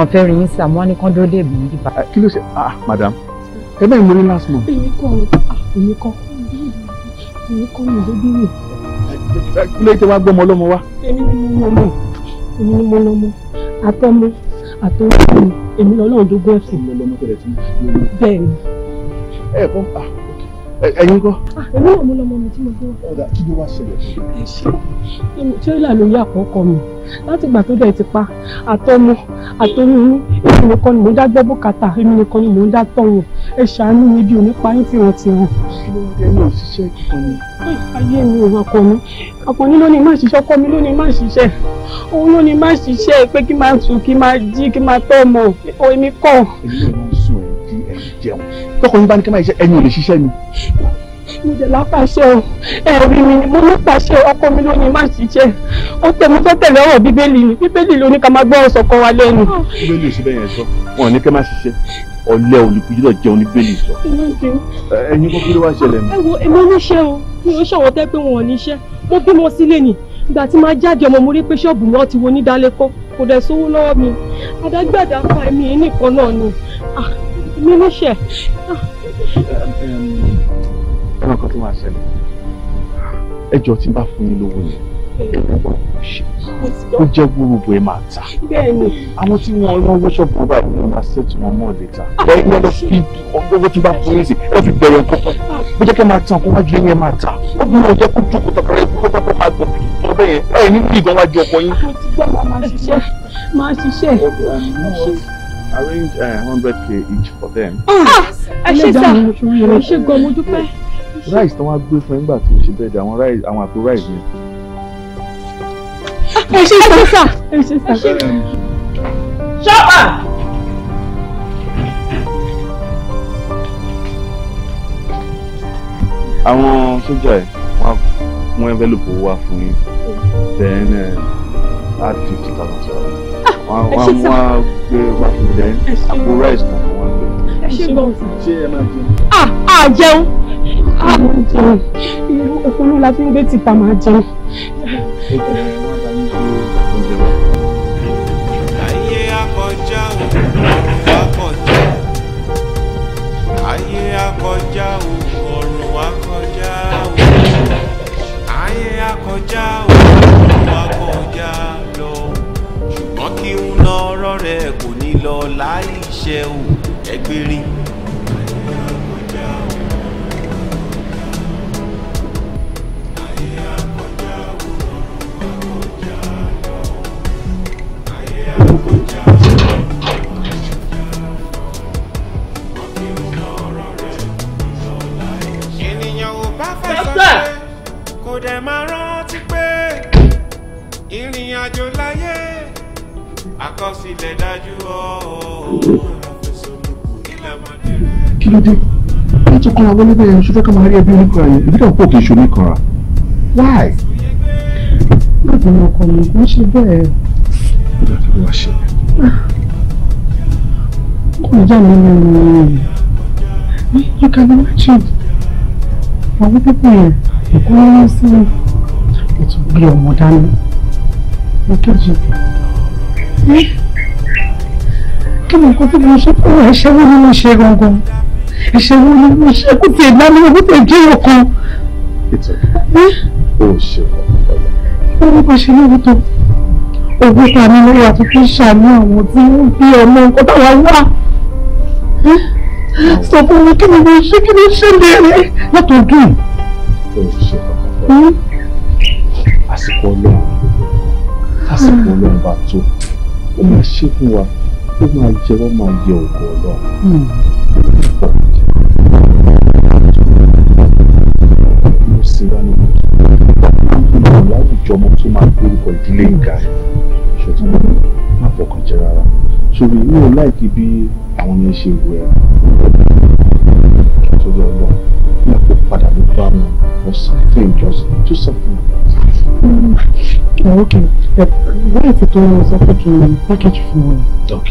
àwọn fẹ́ rí yín sí àmọ́ ní kán dúró dé ìbùn yìí. kí ló ṣe ah madam ẹ bẹ́ẹ̀ mo rí last month. èmi kọ́ ah, èmi kọ́ èmi kọ́ mi ló bí mi. kí ló ṣe wá gbọ́mọ ọlọ́mọ wá. èmi ni mo lọ́mọ èmi ni mo lọ́mọ àtọ́mọ àtọ́mọ èmi lọ́lọ́run dógún ẹ̀sìn. èmi lọ́mọ tẹ̀lé tí mo lọ́mọ. bẹ́ẹ̀ ni. ẹ kọ́ ah ẹ̀yin kọ́. Ah, èmi ò mú lọmọ mi tí mo gbé wá. ọ̀dà kí ló wá ṣẹlẹ̀. ẹ ṣe tírélà ló yà kọ́kọ́ mi látìgbà tó dẹ̀ ti pa àtọ́mọ àtòyún èmi nìkan ni mò ń dá gbọ́ bùkátà èmi nìkan ni mò ń dá tọ̀wọ̀ ẹ ṣàánú mi bí onípa yín tìràn tìràn. kí ló ń dẹ́nu òṣìṣẹ́ ìkànnì. ayé mi ò máa kọ́ mi àkànní ló ní má ṣiṣẹ́ ọkọ mi ló ní má ṣiṣẹ́ òun ló ní má ṣiṣẹ́ pé kí máa sùn kí máa jí kí máa tọ́ ọmọ èmi kọ́. èmi ò ń sùn ẹ̀ ń jẹun tọkọ yín bá ní kí máa ṣiṣẹ́ ẹni ò lè ṣiṣẹ́ ni. mo jẹ lápá ẹ̀rí mi ni mo ló pàṣẹ ọkọ mi ló ní má ṣiṣẹ́ ó pé mo fẹ́ tẹ̀lé ọ̀rọ̀ bíbélì ni bíbélì ló ní ká máa gbọ́ ọ̀sọ̀ kan wa lẹ́nu. bíbélì ò sí bẹ́ẹ̀ yẹn sọ wọn ò ní kẹ́ máa ṣiṣẹ́ ọ̀lẹ olùkújúlọ jẹun ní bíbélì sọ. ẹ̀yin kó kí ló wá ṣẹlẹ̀ mi. ẹ wo èmi oníṣẹ́ o mi ò ṣọ̀wọ́ tẹ́ pé wọn ò níṣẹ́ mo bímọ sílé ni ìgbà tí máa jáde ọmọ mo rí pé ṣọ́ọ̀bù náà ti wo nídálẹ́kọ́ kò dẹ̀ sówó lọ́wọ́ mi àdágbàdá fa èmi yìí nìkan náà ni mi níṣẹ́. ẹ̀rọ kan tó wá ṣẹlẹ̀ ẹjọ́ tí bá fún yín lówó yẹn ó jẹ́ gbogbo ẹ̀ máa ta àwọn tí wọ́n rán workshop ọba ìlú máa ṣètò wọn mọ́ létà ẹ̀yin lọ fi owó tí bá fún yín sí ẹ fi bẹ̀rẹ̀ kọ́kọ́ ó jẹ́ kí ẹ máa tàn kó wájú yín ẹ máa ta ó bí wọn jẹ́ kó jókòó tàkàrà ẹ̀kọ́ tàkàrà máa gbọ̀ tó bẹ́ẹ̀ yẹn ẹ̀ nínú ìgbọ̀n wájú ọkọ yín. máa ṣiṣẹ́ eh, hundred k each for them. Ah, ah, ẹ ṣe sá ẹ ṣe gan mo dúpẹ́ rice tí wọ́n gbé fún ẹ nígbà tí o ṣe bẹ́ẹ̀ dé àwọn rice àwọn àpò rice yẹn. ẹ ṣe sọ sà ẹ ṣe sà. ṣọ́pà. àwọn sójà ẹ wọ́n mú envelope wá fún yín then eh, add fifty thousand dollars wọ́n wọ́n gbé wá fún yín then àpò rice kan wọ́n gbé. ẹ ṣe gbọ́n ṣé ẹ máa jẹun. a ah, a ah, jẹun a máa jẹun ìlú olú la fi ń gbé tìta máa jẹun. ayé akọjá o akọjá ayé akọjá o ọ̀run akọjá o ayé akọjá o ọ̀run akọjá lọ ṣùgbọ́n kí n lọ ọ̀rọ̀ rẹ kò ní lọ láì ṣe ẹgbẹ́rin. dẹ̀ máa rántí pé ìrìn àjò láyé àkọsílẹ̀ dájú ọ̀ọ́ kí ló dé bí tó kọ́ra wọlé bẹ́ẹ̀ ṣe fẹ́ ká máa rí ẹbí oníkura yẹn ìbí dàpọ̀ kì í ṣe oníkura why. má bẹ̀rẹ̀ ọkọ mi kò ṣe bẹ́ẹ̀. ó dàbí kó wá ṣe. kò já mi lẹ́nu you can imagine àwọn pípọ̀ yẹn wọ́n sí mo tún gbé ọmọ dání mo kéjì kí ni nǹkan tí mo ṣe fún wa ẹ̀ṣẹ̀ wo ni mo ṣe gangan ẹ̀ṣẹ̀ wo ni mo ṣe kó tiẹ̀ dá mi kó tiẹ̀ jẹ́ ọ̀kan. ó ṣe kọ́ ọ́ bá ṣe lóhùn owó ta ni lórí àtúntò ṣàánú àwọn tí wọ́n bí ọmọ nǹkan táwa wà sọ fún mi kí ni mo ṣe kí ni ó ṣẹlẹ̀ rẹ̀ látọ̀dún tó ń ṣiṣẹ́ kankan. àsìkò ọlọ́run àsìkò ọlọ́run bá tó ó máa ṣe fún wa ó máa jẹ wọ́n máa yẹ ògo ọlọ́run. láwùjọ ọmọ tó máa gbórúkọ ìdílé ìga ṣùgbọ́n má fọkàn jẹ rárá torí mi ò láìkí bí àwọn yẹn ṣe wù ẹ́ tó lọ́ọ́ padà ló bá mi mo sì fẹ́ ìjọsìn tó sọ fún mi. ok báyìí ti tó sọ pé kí package fún wọn. ok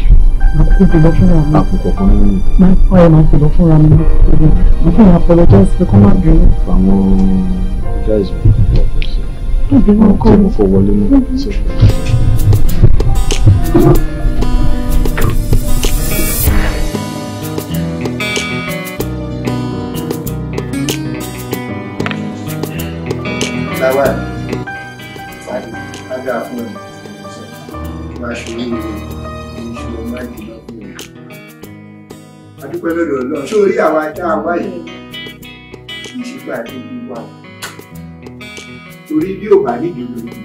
àkókò ìpìlọ fúnra mi. àkókò kan nínú. máa ń kọ́ máa pìlọ fúnra mi ní kókó mo fẹ́ apologize pé kó má bínú. àwọn guys mi wọ̀ pọ̀ sí i. ìbínú kọ́ mi. àwọn tí mo fọ wọlé náà. wà lága fún ẹ máa ṣòro ìwé ìṣòro máàkì lọ́kùnrin adúpẹ́ lọ́dọ̀ ọlọ́run sórí àwa tá a wá yìí kì í ṣe pé àdébí wà torí bí ò bá nídìí lòdì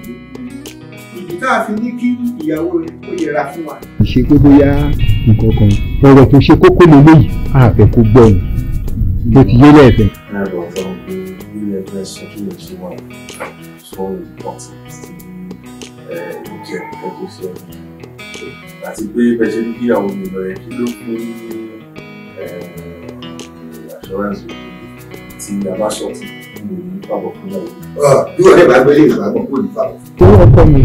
ìdí tá a fi ní kí ìyàwó rẹ bóyá nǹkan kan ọ̀rọ̀ tó ṣe kókó lélẹ́yìí àfẹ́ kó gbọ́ ti yé lẹ́ẹ̀fẹ́. so important sí ìjẹ nǹkan tó ṣe àti pé bẹ́ẹ̀ ṣe ń bí àwọn ènìyàn rẹ̀ kí ló fún ní assurance tí a bá ṣọ́ọ̀tì nínú ìpapọ̀ fún ìyàwó. bí wọn lè bá gbé lè bá gbọ́ kó ní papọ̀. owó ọkọ mi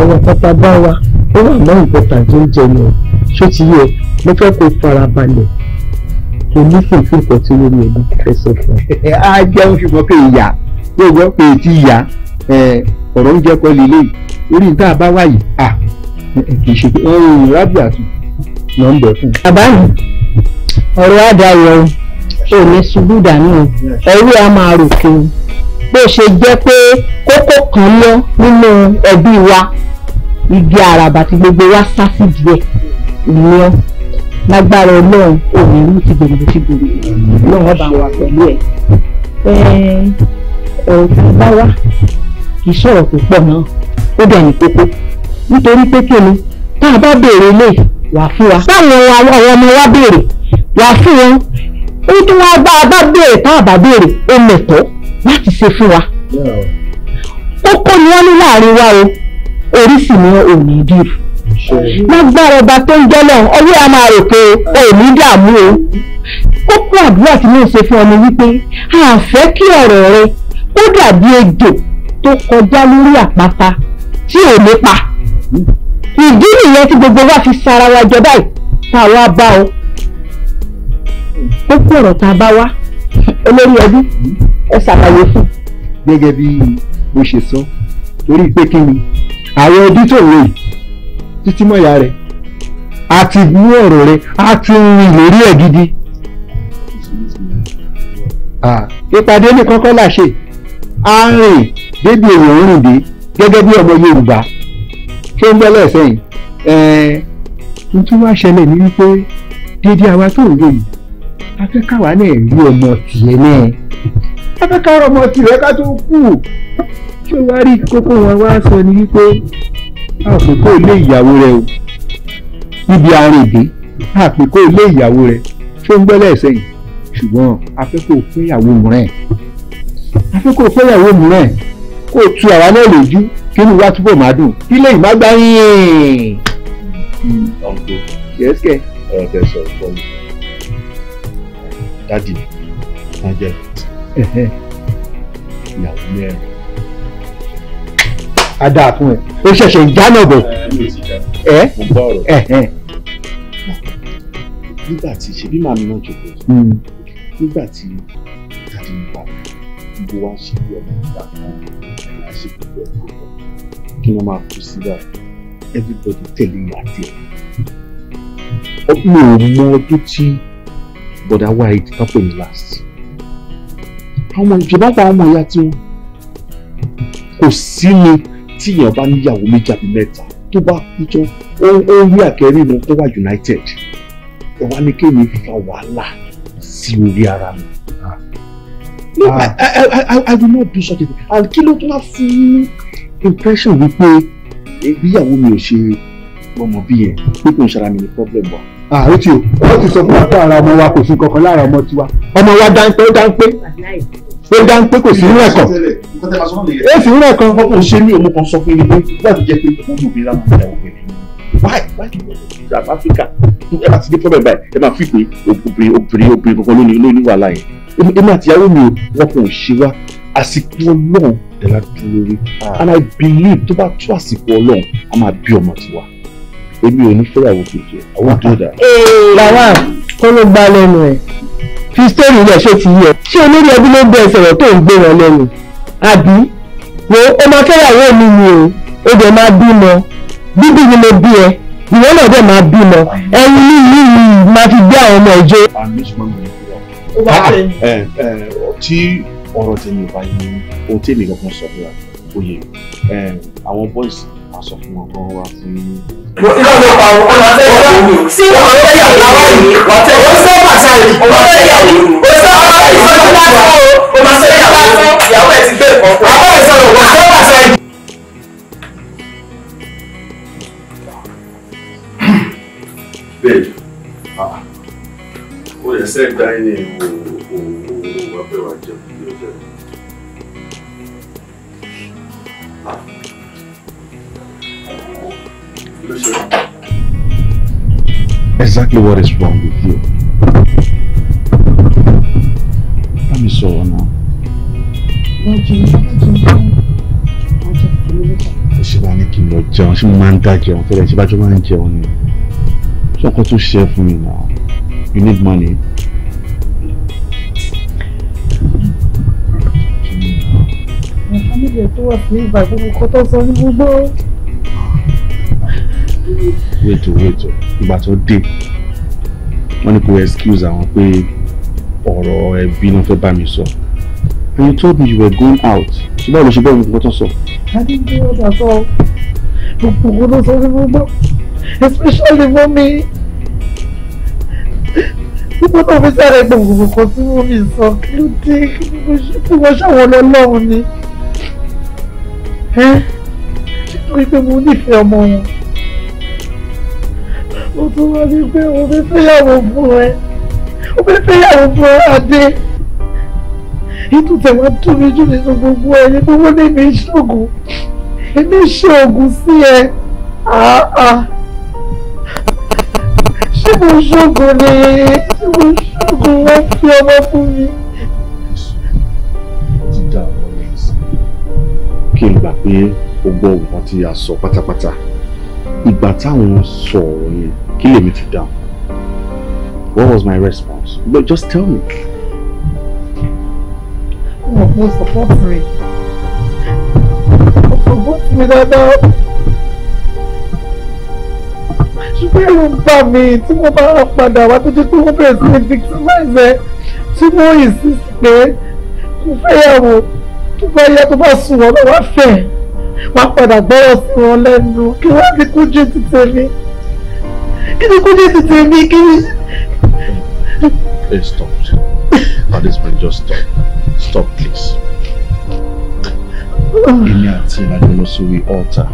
ọwọ́ pápá bá wa ó wà náà important tó ń jẹ ni ṣó ti yẹ mo fẹ́ kó farabalẹ̀ kò ní kí n fi ìpọ̀tí lórí ẹ̀dùn fẹ́ sọ fún ẹ. a jẹun ṣùgbọ́n pé ìyá tó gbọ́ pé ètí ìyá ọ̀rọ̀ oúnjẹ kọ́ lélẹ̀ orí níta bá wáyé à kì í ṣe pé ọ̀hún rábìà tún lọ ń bẹ̀ fún. bàbá mi ọ̀rọ̀ àdáyọ̀ o ò ní ṣubú dànù o a máa ròkè o bó ṣe jẹ́ pé kókó kan lọ nínú ẹbí wa igi àràbà tí gbogbo wa sá sí díẹ̀ ìyẹn lágbára ọlọ́run òun ìlú ti gbòǹgbò ti gbòǹgbò ọlọ́run ọba wa pẹ̀lú ẹ̀ ọ̀rọ̀ tí bá wá kì í ṣọ̀rọ̀ púpọ̀ náà ó dẹ̀ ní kókó nítorí pé kí ni tá a bá béèrè lè wà fún wa báwọn àwọn ọmọ wa béèrè wà fún wọn ó tún wá bá a bá béèrè tá a bá béèrè ó mẹ̀tọ́ láti ṣe fún wa kókó ni wọ́n ní láàrin wa o orí sì ni wọn ò ní dìrù lágbára ọba tó ń jẹ́ náà ọwọ́ a máa rò pé ò ní dààmú o kókó àdúrà tí mò ń ṣe fún ọmọ wípé a fẹ́ kí ọ̀rọ̀ rẹ ó dàbí ejò tó kọjá lórí àpáta tí ò lè pa ìdí nìyẹn tí gbogbo wa fi sara wa jọ báyìí tá a wá bá o kókó ọ̀rọ̀ tá a bá wá olórí ẹbí ẹ ṣàlàyé fún. gẹ́gẹ́ bí mo ṣe sọ torí pé kí ni àwọn ọdún tó wọ̀ yìí títí mọ́ ìyá rẹ̀ àti mú ọ̀rọ̀ rẹ̀ àti rìn lórí ẹ̀ gidi. ìpàdé ní kọ́kọ́ là ṣe á rìn débi èèyàn ń rìn dé gẹ́gẹ́ bí ọmọ Yorùbá ṣé ń gbẹ́lẹ̀ sẹ́yìn ẹ̀ẹ́n n tún wá ṣẹlẹ̀ ní wípé dédé àwa tó ń lò yìí afẹ́káwa náà rí ọmọ tiẹ̀ náà afẹ́káwa ọmọ tiẹ̀ ká tó kù o wàá rí kókó wọn wá sọ ni wípé àpèkó ilé ìyàwó rẹ o níbi arìndé àpèkó ilé ìyàwó rẹ ṣó ń gbẹ́lẹ̀ sẹ́yìn ṣùgbọ́n afẹ́kọ̀ọ́ fún ìyàwó rẹ̀ àfi kò fẹ́yàwó mìíràn kò tu àwa náà lójú kí ni wá túbọ̀ máa dùn kí lè má gbá yín. ọ̀gbìn yẹ́sìkẹ́. ìyàwó mẹ́rin. a fún ẹ o ṣẹ̀ṣẹ̀ ìjánu ọ̀bẹ̀. ẹ mo gbọ́ nígbà tí ṣe bí màmí náà jókòó hmm. nígbà tí dádì ń bá gbogbo wa ṣe bí ọmọ ìgbà kan ṣe gbogbo ẹ̀ tó lọ kí wọ́n máa kú sí báyìí everybody tẹ̀lé ìyá tiẹ̀. mi ò mọ ọdún tí bọ̀dá wá ìdí pápẹ́ mi last. àwọn ìjọba pa ọmọ ìyá tí wọn kò sí ni tíyàn bá níyàwó méjì àbí mẹ́ta tó bá kú tán ó ń rí àkẹ́rí inú united ẹ̀ wá ní kéèmí fa wàhálà sí orí ara mi no ah. I, I, I, I will not do such a thing and kí ló tún wá fún ní impression wípé ìgbéyàwó mi ò ṣe ọmọ bí yẹn pé kò ń ṣara mi ní problem wa. ààrẹ ah, tí o wọ́n ti sọ fún wa pé ara ọmọ wa kò sí kankan lára ọmọ tiwa ọmọ wa dáńpé ó dáńpé ó dáńpé kò sí rẹ̀ kan ó sì rẹ̀ kan. ọkọ ṣe mí òun sọ fún mi pé láti jẹ pé kó ní obìnrin láwọn ìyàwó pẹ̀lú why why do you want to africa ẹ bá ti dé problem báyìí ẹ máa fi pé obìnrin obìnrin obìnrin kankan ló ní wàhálà yẹn èmi àti ìyàwó mi wọn kò ṣe wá àsìkò ọlọ́run dẹ̀la dúró ah. and i believe tó bá tó àsìkò ọlọ́run a máa bí ọmọ tiwa èmi ò ní fẹ́yàwó kejì ẹ̀ àwọn tó dà. làwa kó ló gbá lẹ́nu ẹ̀ fi sórí rẹ̀ ṣé ti yẹ ṣé olórí ẹbí ló bẹ sọ̀rọ̀ tó ń gbé wọn lẹ́nu àbí wo ó máa mi ni o ó dẹ̀ máa bímọ bíbí ni mo bí ẹ ìwọ náà dẹ̀ máa bímọ ẹyin ní ìlú yìí máa fi gbé àwọn ọmọ ìjọ. àmì ó bá fẹ́ ni. Ah, eh, eh, tí ọ̀rọ̀ tèmi ò bá yé mi ohun tèmi kankan sọ fún wa ó yẹ eh, àwọn boys á sọ fún wọn kan wá fún yín. mo ti lọ́ọ́ lọ́ọ́ pa àwọn ọmọ tẹ́ ẹ lọ́wọ́ sí ọ̀rọ̀ tẹ́ yà láwá yìí wà tẹ́ ọ sọ pàṣẹ rẹ̀ ọmọ tẹ́ yà wò ó sọ ọmọ tẹ́ yà wò ó máa sọ yà wò ìyàwó ẹ̀ ti gbé ìkọ̀ọ̀kan àwọn ìsọ̀rọ̀ wà sọ pàṣẹ rẹ̀. Beijo. Ah ó yẹ sẹ́ẹ̀ dá ní ìwò òwò wàpẹ́ wà jẹ bí ó jẹ. Exactly what is wrong with you? Bá mi sọ̀rọ̀ náà. Wọ́n jẹun, wọ́n jẹun, wọ́n jẹun kìí lóṣà ṣe máa ní kí n lọ jẹun ṣé mo máa ń dá jẹun tẹ́lẹ̀ ṣe bá jọ máa ń jẹun ni ṣé nǹkan tó ṣe fún mi náà. You need money. Family tó wà fún ìgbà gbogbo kọ́ tó sọ ní gbogbo. Wait o wait o, ìgbà tó dé, wọ́n ní kò excuse àwọn pé ọ̀rọ̀ ẹbí náà fẹ́ bá mi sọ. And you told me you were going out. So Ṣùgbọ́n olùṣègbè mi kò tó sọ. Adé ń gbé ọjà sọ, gbogbo kò tó sọ ní gbogbo, especially for me ipò tó fi sáré gbogbo kan tí wọ́n mi sọ kí ló dé kí wọ́n ṣàwọn ọlọ́run ni nítorí pé mo nífẹ̀ẹ́ ọmọ wọn mo tún wá ní pé mo fẹ́ fẹ́yàwó fún ẹ mo fẹ́ fẹ́yàwó fún ẹ adé ètò tẹ̀wá tún mi jù nínú gbogbo ẹ ní gbogbo ní mi ṣoògùn èmi ṣe oògùn sí ẹ àá tí mo ṣògùn ni tí mo ṣògùn wọn fi ọmọ fún mi. kí n gbà pé o gbọ́ nǹkan tí a sọ pátápátá ìgbà táwọn sọ ọ̀rọ̀ yẹn kí lèmi ti dáhùn what was my response but just tell me. mo mo support mi mo support mi dáadáa bẹ́ẹ̀rù ń bà mí tí mo bá padà wá tó jẹ́ pé wọ́n bẹ̀rẹ̀ sí ní victimize ẹ tí mo insist pé kò fẹ́yàwó tó bá yá tó bá sùn wọn lọ́wọ́ fẹ́ wá padà gbọ́rọ̀ sí wọn lẹ́nu kí wọ́n á fi kújú ti tèmi kí ni kújú ti tèmi kí ni. Please stop. Policeman, just stop. Stop, please. Ah. Èmi àti ìlàjọ lọ sórí altar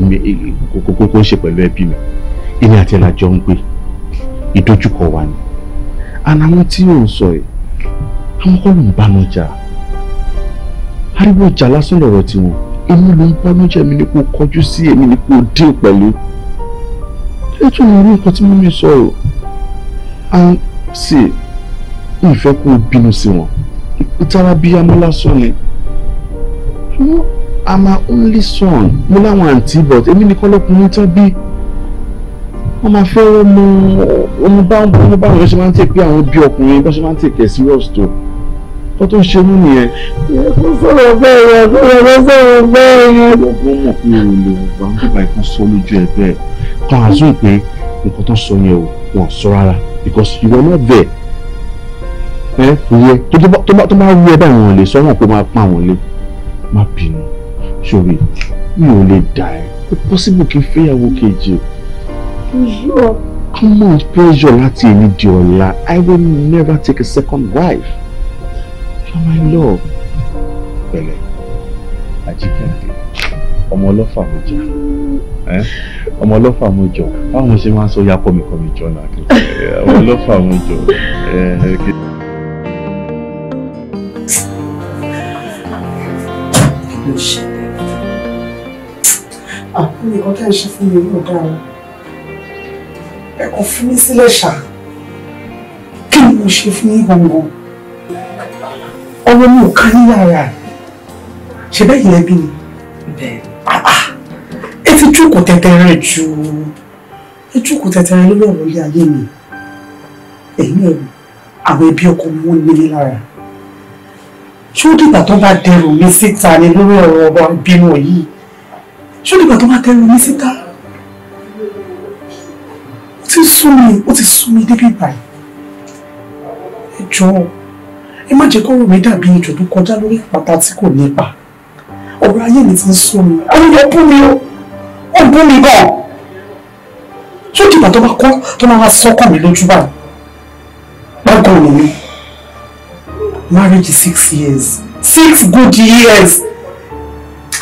èmi kókó ṣe pẹ̀lú ẹbí mi èmi àti ẹ̀la jọ ń gbé ìdojúkọ wa ni àná àwọn tí ò ń sọ ẹ̀ àwọn kọ́ ló ń bánu jà ariwo ìjà lásán lọ̀rọ̀ tiwọn èmi ló ń bánu jà èmi ni kò kọjú sí èmi ni kò dín pẹ̀lú ètò ìrírí nǹkan tí mímí sọ ọ́ à ń sè ìfẹ́ kó bínú sí wọn ìtara bíi amúlásán ni i'm her only son mo láwọn àǹtí but èmi nìkan lọkùnrin tán bí wọ́n máa fẹ́ ọmọ ọmọ báwọn ọmọ báwọn ọmọ ṣe máa ń tẹ̀ pé àwọn bí ọkùnrin bá ṣe máa ń tẹ̀ kẹ̀ serious tó tó tó ń ṣe mú nìyẹn. kó sọ̀rọ̀ bẹ́ẹ̀ yẹn kó sọ̀rọ̀ sọ̀rọ̀ bẹ́ẹ̀ yẹn. ọgbọ́n mọ̀ pé o lè wà ń bá ikán sọ lójú ẹ bẹ́ẹ̀ kan àzún pé nǹkan tó sọ yẹn o wọn sọ rárá because you were not there ẹ kò yẹ tó bá rú ẹ báyìí wọn lè sọ wọn pé máa pa wọn lé má bínú sori mi ò lè dà ẹ́ ó possible kí n fẹ́yàwó kejì. sure. come on pressure láti èmi di ọ̀la i will never take a second wife. you my love. pẹ̀lẹ́ ajíkàdé ọmọ ọlọ́fà mo jà ọmọ ọlọ́fà mo jọ báwo mo ṣe máa ń sọ ya kọ́mikọ́mi jọ náà ọmọ ọlọ́fà mo jọ. àkúrò ah, nǹkan tẹ́ ẹ ṣe fún mi yóò dára ẹ kò fi mí sílẹ̀ ṣá kí ni mo ṣe fún yín gbọ̀ngàn ọwọ́ mi ò ká ní yàrá ṣe bẹ́ẹ̀ yẹn bí mi bẹ́ẹ̀ ah, ah. ẹ ti jókòó tẹ́tẹ́rẹ́ ju ẹ jókòó tẹ́tẹ́rẹ́ lórí ọ̀rọ̀ ilé ayé mi èyí ẹ̀rù àwọn ẹbí ọkọ mi wọ́n nílé lára ṣé ó dìgbà tó bá dẹrù mi síta ni lórí ọ̀rọ̀ ọba ìbímọ yìí ṣó nígbà tó máa tẹrù mi síta ó ti sún mi ó ti sún mi débi báyìí ẹ jọ̀ọ́ ẹ má jẹ́ kọ́rọ̀ mi dàbí ejò tó kọjá lórí àpáta tí kò nípa ọ̀rọ̀ ayé mi ti ń sún mi àwọn èèyàn bú mi o ó bú mi gan ṣó dìgbà tó máa kọ́ tó máa wá sọ́kàn mi lójú báyìí gbọ́ngàn ni mi marriage is six years six good years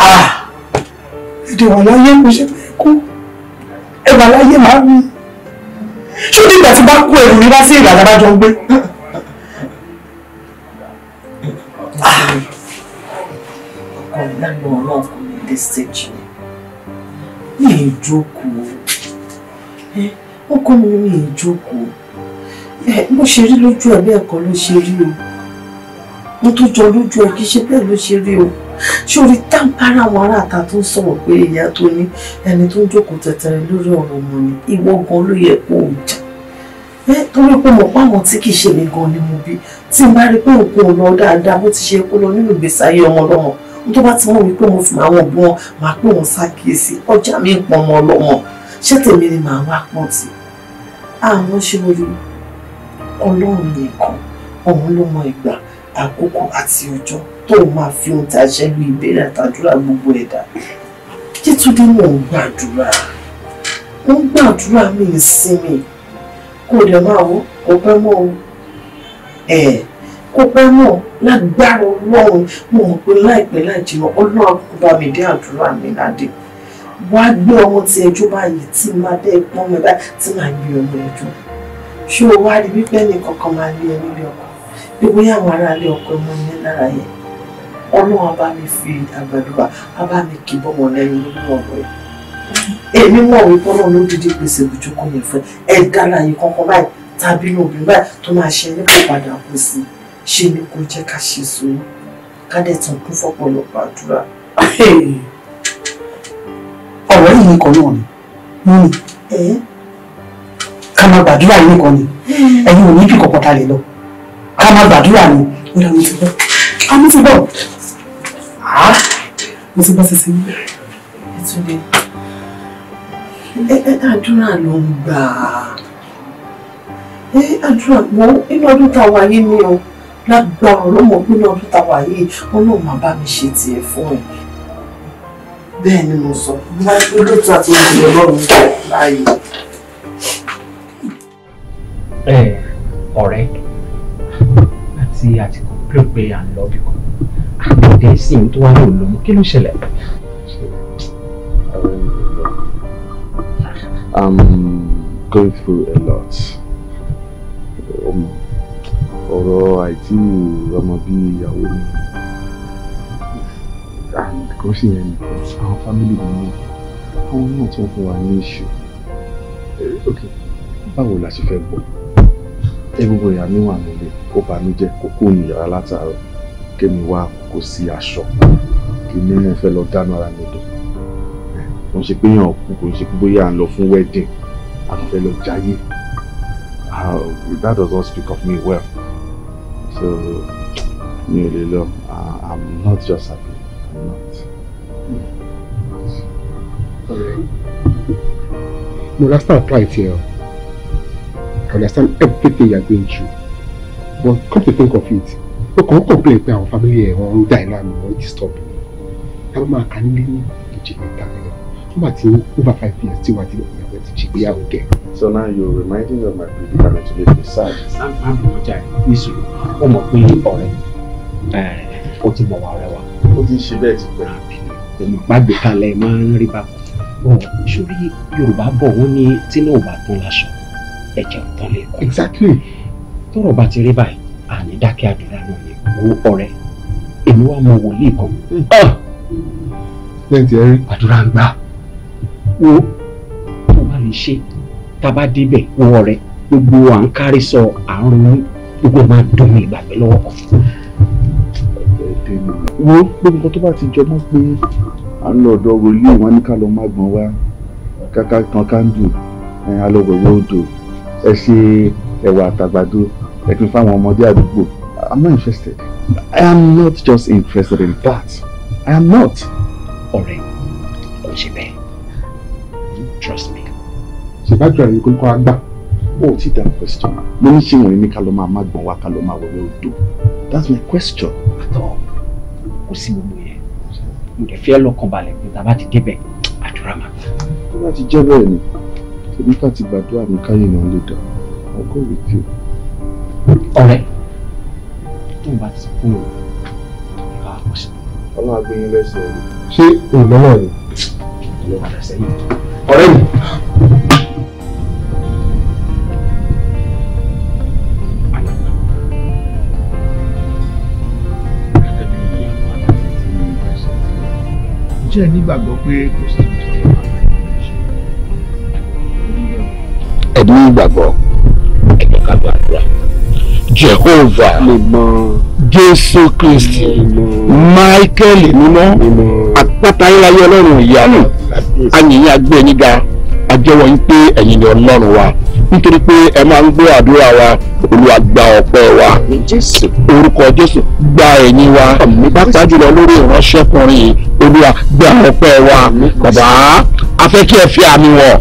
ah tètè wà láyé mo ṣe fẹ́ kú ẹ wà láyé màá mi ṣó nígbà tí bá kú ẹrù rí bá sí ìlànà bá jọ ń gbé. ọkọ ìlànà ọlọ́run kò ní dé stage yẹn mi ì jókòó ọkọ mi mi ì jókòó bó ṣe rí lójú ẹ bẹ́ẹ̀ kọ́ ló ṣe rí o mo tó jọ lójú ẹ kì í ṣe bẹ́ẹ̀ ló ṣe rí o sórí táǹpárá àwọn aráàta tó ń sọ̀rọ̀ pé ìyá tó ní ẹni tó ń jókòó tẹ̀tẹ̀rẹ̀ lórí ọ̀rọ̀ ọmọ ni ìwọ gan ló yẹ kó o jà ẹ torí pé mo pàwọn tí kì í ṣe mi gan ni mo bí tí n bá rí pé nǹkan ò lọ dáadáa bó ti ṣe kó lọ nínú ìgbésí ayé ọmọ lọ́mọ n tó bá ti mọ̀ wípé mo fi máa wọn bí wọn máa pé wọn ṣàkíyèsí ọjà mi ń pọn ọmọ ọlọ́mọ ṣé tèmi ni màá wá pọ́n tì àwọn ṣe orí ọlọ́run nìkan òun ló mọ ìgbà àkókò àti ọjọ́ tó máa fi ohun tá a ṣe lu ìbéèrè àtàdúrà gbogbo ẹ̀dá Yétúndé mò ń gbàdúrà mo ń gbàdúrà mi ìsinmi kó dẹ̀ máa wọ kó pẹ́ mọ́ o ẹ̀ kó pẹ́ mọ́ lágbára ọlọ́run mo mọ̀ pé láìpẹ́ láì jìnnà ọlọ́run kò bá mi dé àdúrà mi ládé wàá gbé ọmọ tí ẹjọ́ báyìí tí máa bẹ́ẹ̀ pọ́n mi báyìí tí máa gbé ọmọ ẹjọ́ ṣé o wá rí wípé ẹnì kankan máa lé ẹ nílé ọkọ pé bóyá àwọn aráalé ọkọ ọmọ mi lára yẹn ọlọ́run bá mi fi àgbàdùbà á bá mi kì bọ́mọ lẹ́yìn nínú ọ̀rọ̀ ẹ̀ èmi mọ̀ wípé ọlọ́run ló dídí pèsè ìbùjókò yẹn fún ẹ dára yìí kankan báyìí tàbí inú obìnrin báyìí tó máa ṣe ní kò padà kú sí i ṣe ni kò jẹ́ ká ṣe sóyún ká dẹ̀ tún kún fọ́pọ̀lọpọ̀ àdúrà. ọ̀rọ̀ yìí nìkan náà ni mú mi ká máa gbàdúrà yìí nìkan ni ẹ̀yin ò ní bí kọ̀ọ̀kan lè lọ ká máa gbàdúrà ni ó yà mo ti bọ́ a ah, mo ti bọ́ a ah, mo ti bọ́ sísè mi. ìtúndé ẹ ẹ àdúrà ló ń gbà ẹ àdúrà mọ inú ọdún tá a wà yé mi o lágbára ọlọ́mọ pé inú ọdún tá a wà yé ọlọ́run máa bá mi ṣe tiẹ̀ fún ẹ bẹ́ẹ̀ ni mo sọ lójú tó àti ojú ọlọ́run láàyè. ẹ ọ̀rẹ́ tí a ti complain pé à ń lọ bí kan àgbẹ̀dẹ sì ń tó wá ní òlòmú kí ló ṣẹlẹ̀. I'm going through a lot. Um, ọ̀rọ̀ àìtí ọmọ bíi ìyàwó mi and kò sí yẹn nìkan àwọn family mi ní àwọn náà tí wọ́n fún wa ní ìṣù. Eh, ok báwo la ṣe fẹ́ gbọ́? egungun ìyá mi wà nílé ó bà mí jẹ́ kó kúrò ní yàrá látàárọ̀ kémi wá kó sí aṣọ kí ni mo fẹ́ lọ dáná ara mi dùn kò ṣe pé yàn kú kò ṣe pé bóyá à ń lọ fún wedding a kò lọ jáyé ah, that does not speak of me well so mi ò lè lọ i'm not just happy i'm not. mo rasta apply tiẹ̀ o understand everything you are going through but come to think of it o kàn complain pé Our family ẹ̀ wọ́n ń dà ẹ̀ láàmú wọ́n ń disturb ẹ ló máa kà nílé over five years tí wàá ti lọ ìyàwó ẹ̀ ti ṣe ìgbéyàwó so now you're reminding me of my baby parent to make me sad. má bí mo jà nísòro ó mọ̀ pé ọ̀rẹ́ ó eh, ti mọ̀ wà ọ̀rẹ́ wa. ó ti ń ṣe bẹ́ẹ̀ ti pẹ́. èmi má gbé kalẹ̀ máa ń rí bá a. ìṣòrí Yorùbá bọ̀ wọ́n ní tínú ò bá tán ẹ̀jẹ̀ ọ̀tán lè kú. exactly. tọrọ bá ti rí báyìí àní dákẹ́ àdúrà náà ni wo ọ̀rẹ́ èmi wá mọ wòlíì kan. Ah! lẹ́yìn tí àdúrà ń gbà wo tó bá lè ṣe tá a bá débẹ̀ wo ọ̀rẹ́ gbogbo à ń kárí sọ à ń ronú gbogbo máa dùn mí ìgbàgbé lọ́wọ́ kan. wo gbogbo nǹkan tó bá ti jọ mọ́ pé à ń lọ ọ̀dọ̀ wòlíì wọn ní ká lọ má gbọ́n wá káká kan kándù alọ́gbọ̀gbọ̀ odò ẹ ṣe ẹ̀wà àtàgbàdo ẹ tún fáwọn ọmọdé àdúgbò i'm not interested i am not just interested in that i am not. ọ̀rẹ́ kò ṣe bẹ́ẹ̀ trust me. ṣèbájú àyè kò kọ́ agbá. o ti dá question mo ní ṣé wọ̀nyí ní ká lọ máa má gbọ̀n wá ká lọ máa wọlé odò that's my question. àtọ kò sí gbogbo yẹn mo lè fi ẹ lọ́kàn balẹ̀ pé tá a bá ti débẹ̀ àdúrà máa gbà. tó bá ti jẹ́ bẹ́ẹ̀ ni èmi ká ti gbàdúrà mi káyé náà lè dà I'll go with you. ọ̀rẹ́ tó ń bá ti kú o ìwà àkọsí. ọlọ́run agbẹ́yìn lẹ́sẹ̀ rẹ̀. ṣé olùdánwò rẹ̀. ọ̀rẹ́ mi. jẹ́ nígbàgbọ́ pé kò sí ní ìgbàgbọ́ ẹ jehova jésù kristi michael mímọ́ àpáta iláyé ọlọ́run ìyanu àyìnyín agbé yín ga ajẹ́wọ́ yín pé ẹ̀yin ni ọlọ́run wa nítorí pé ẹ máa ń gbọ́ àdúrà wa olúwa gba ọpẹ́ wa orúkọ jésù gba ẹ̀yìn wa pàápàá jùlọ lórí ìránṣẹ́kùnrin olúwa gba ọpẹ́ wa bàbá a fẹ́ kí ẹ fi àmì wọ̀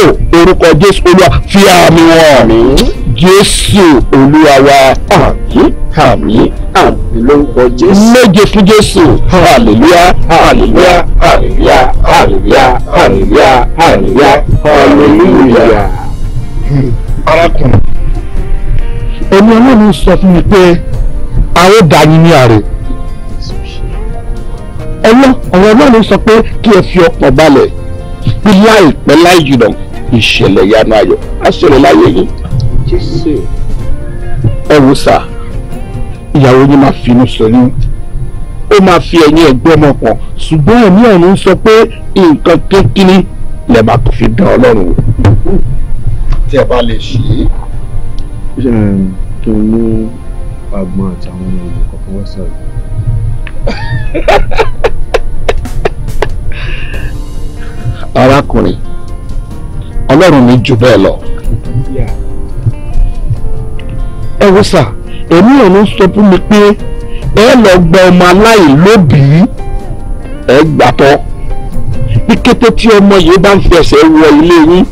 o orúkọ jésù olúwa fi àmì wọ̀ jésù olúwa wa àmín àmín àmín lórúkọ jésù méje fún jésù hallelujah hallelujah hallelujah hallelujah hallelujah hallelujah hallelujah. arákùnrin èmi ọlọ́run sọ fún mi pé a ó dá yín ní àárẹ̀ ọlọ́ ọ̀rọ̀ ọlọ́run sọ pé kí ẹ fi ọkàn balẹ̀ bí láìpẹ́ láì jùlọ ìṣẹ̀lẹ̀ ìyanu ayọ̀ á ṣẹlẹ̀ láyé yín ẹ wò sá ìyàwó yín máa finú sọyún ó máa fi ẹ̀yìn ẹ̀gbẹ́ ọmọ kan ṣùgbọ́n ẹ̀mí ọ̀run sọ pé nǹkan kékeré lè máa tó fi dán ọlọ́run wò. tí ẹ bá lè ṣe é. ṣé kí n mú agbọn àtàwọn ọmọ ìlú kọ̀ọ̀kan wá sọ̀rọ̀. arákùnrin ọlọ́run mi jù bẹ́ẹ̀ lọ. ẹ wo sà èmi ò ní sọ fún mi pé ẹ lọ gba ọmọ aláìlóbìí ẹ gbàtọ́ ní kété tí ọmọ yìí bá ń fi ẹsẹ̀ wọ ilé yín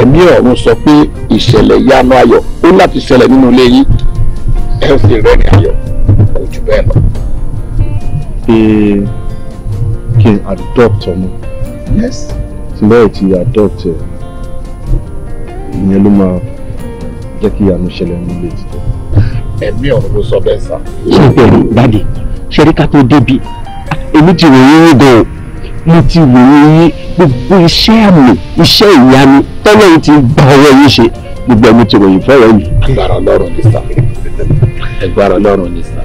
ẹ̀mí ọ̀run sọ pé ìṣẹ̀lẹ̀ yanu ayọ̀ ó láti ṣẹlẹ̀ nínú ilé yín ẹ ń fi rẹ́ni ayọ̀ kò jù bẹ́ẹ̀ lọ. pé kí n adopt ọmọ. yes tí bẹ́ẹ̀ ti adopt ẹ̀ ìyẹn ló máa jẹ́ kí ìyanu ṣẹlẹ̀ nílé ti tẹ̀. ẹ̀mí ọ̀run ló sọ bẹ́ẹ̀ sá. ṣé bẹ́ẹ̀ dáàdì ṣe rí ká tó débi èmi ti ròyìn yín gan-an mo ti ròyìn yín gbogbo iṣẹ́ àmì iṣẹ́ ìyanu tọ́lọ́ ti gba ọwọ́ yín ṣe gbogbo ẹ̀mí ti ròyìn fẹ́rẹ̀ mi. agbára ọlọ́run ni sá agbára ọlọ́run ni sá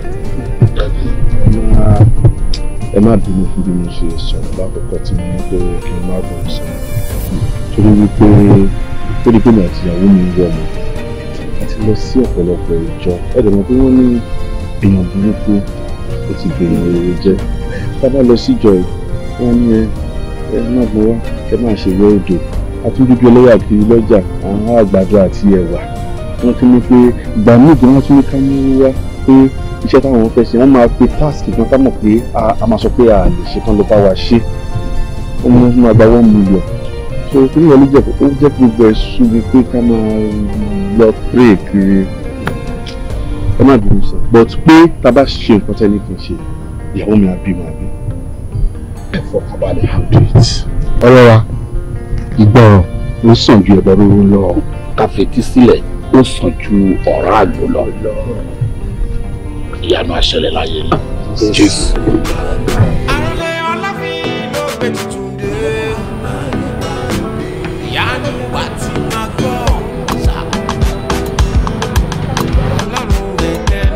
ẹ má bínú fún bí mo ṣe sọ̀rọ̀ lákòókò tí mo ní pé kí n má bọ̀ sọ̀rọ̀ torí wípé torí pé mi àti ìyàwó mi wọ̀ mọ́ àti lọ sí ọ̀pọ̀lọpọ̀ ìjọ ẹ̀rọ mọ̀ pé wọ́n ní èèyàn burúkú ó ti bèèrè èrè jẹ́ tá a bá lọ síjọ ẹ̀ wọ́n ní ẹ ẹ má bọ̀ wá ẹ má ṣe wẹ́ òdò àtúndúdú ẹlẹ́yà kiri lọ́jà àwọn àgbàdo àti ẹ̀wà wọ́n tún ní pé ìgbà míì iṣẹ́ táwọn fẹ́ ṣe wọ́n máa pe task gan ká mọ̀ pé a máa sọ pé a lè ṣe tán ló bá wa ṣe wọ́n máa gba one million so kí ló lè jẹ́ ó jẹ́ gbogbo ẹ̀ sùn mi pé ká máa lọ pray kiri ẹ má bínú sọ but pé tá a bá ṣe nǹkan tẹ́ ní kàn ṣe ìyàwó mi àbí màá bí ẹ fọkànbalẹ̀ handle it. ọ̀rẹ́ wa ìgbọràn ló sàn ju ẹ̀bọ rúru lọ ká sílẹ̀ ó sàn ju ọ̀rá àgbò lọ. ìyanu àṣẹlẹ̀ láyé mi. Jésù. Àròlé ọlọ́fin ló gbé tuntun dé. Ìyanu wà tí máa gbọ́. Ọlọ́run tẹ́lẹ̀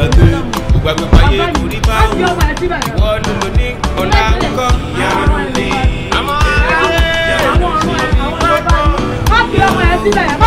gbàgbé gbàgbé pàyé kùrí báwọn wọ́n ló lò ní ọ̀la ńkọ́ yàrá ní. àwọn ọmọ ẹ síbẹ̀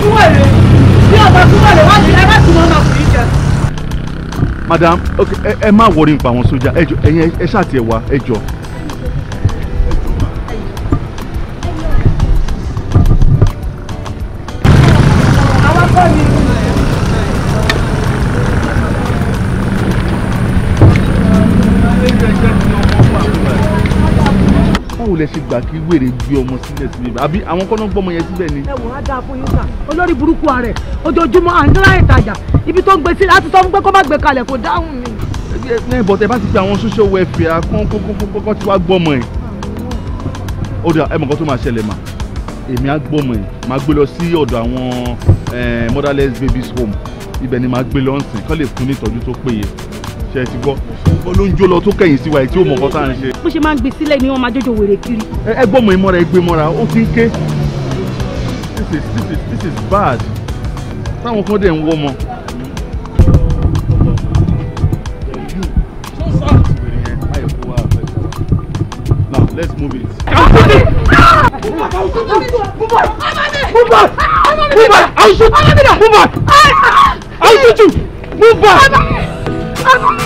túwèlé madam ẹ má wọrí nípa àwọn sójà ẹ jọ ẹyin ẹ ṣáà tiẹ̀ wá ẹ jọ wèrè gbé ọmọ sílẹ̀ síbẹ̀ àbí àwọn kọ́nà gbọ́mọ yẹn síbẹ̀ ni. ẹ̀wọ̀n á dáa fún yín sà olórí burúkú ààrẹ ojoojúmọ́ à ń dúrà ìtajà ibi tó ń gbé sí láti sọ fún pé kó má gbé kalẹ̀ kó dáhùn mi. ẹ bọ̀tẹ̀ bá ti fi àwọn social welfare kán kókókókó tí wàá gbọ́mọ yìí. ó dà ẹ mọ̀ kó tó máa ṣẹlẹ̀ mà èmi á gbọ́mọ yìí máa gbé lọ sí ọ̀dọ̀ àwọn motherless babies home ibẹ̀ ni máa gbé lọ́nsìn kán lè fún ní ìtọ́jú tó péye ṣe ti gbọ́ ó ló ń jó lọ tó kẹ̀yìn sí wa tí ó mọ̀ kọ́ tá à ń ṣe. bó ṣe máa ń gbé sílẹ̀ ni wọ́n máa jọjọ wèrè kiri. ẹ gbọ́ mọ̀ gbé mọ́ra ó ti ń ké this is this is this is bad táwọn kan dẹ̀ ń wọ́ mọ́. now let's move it. Move back! Move back! I'll shoot you! Move back! I'll shoot you! Move back! mi ò mọ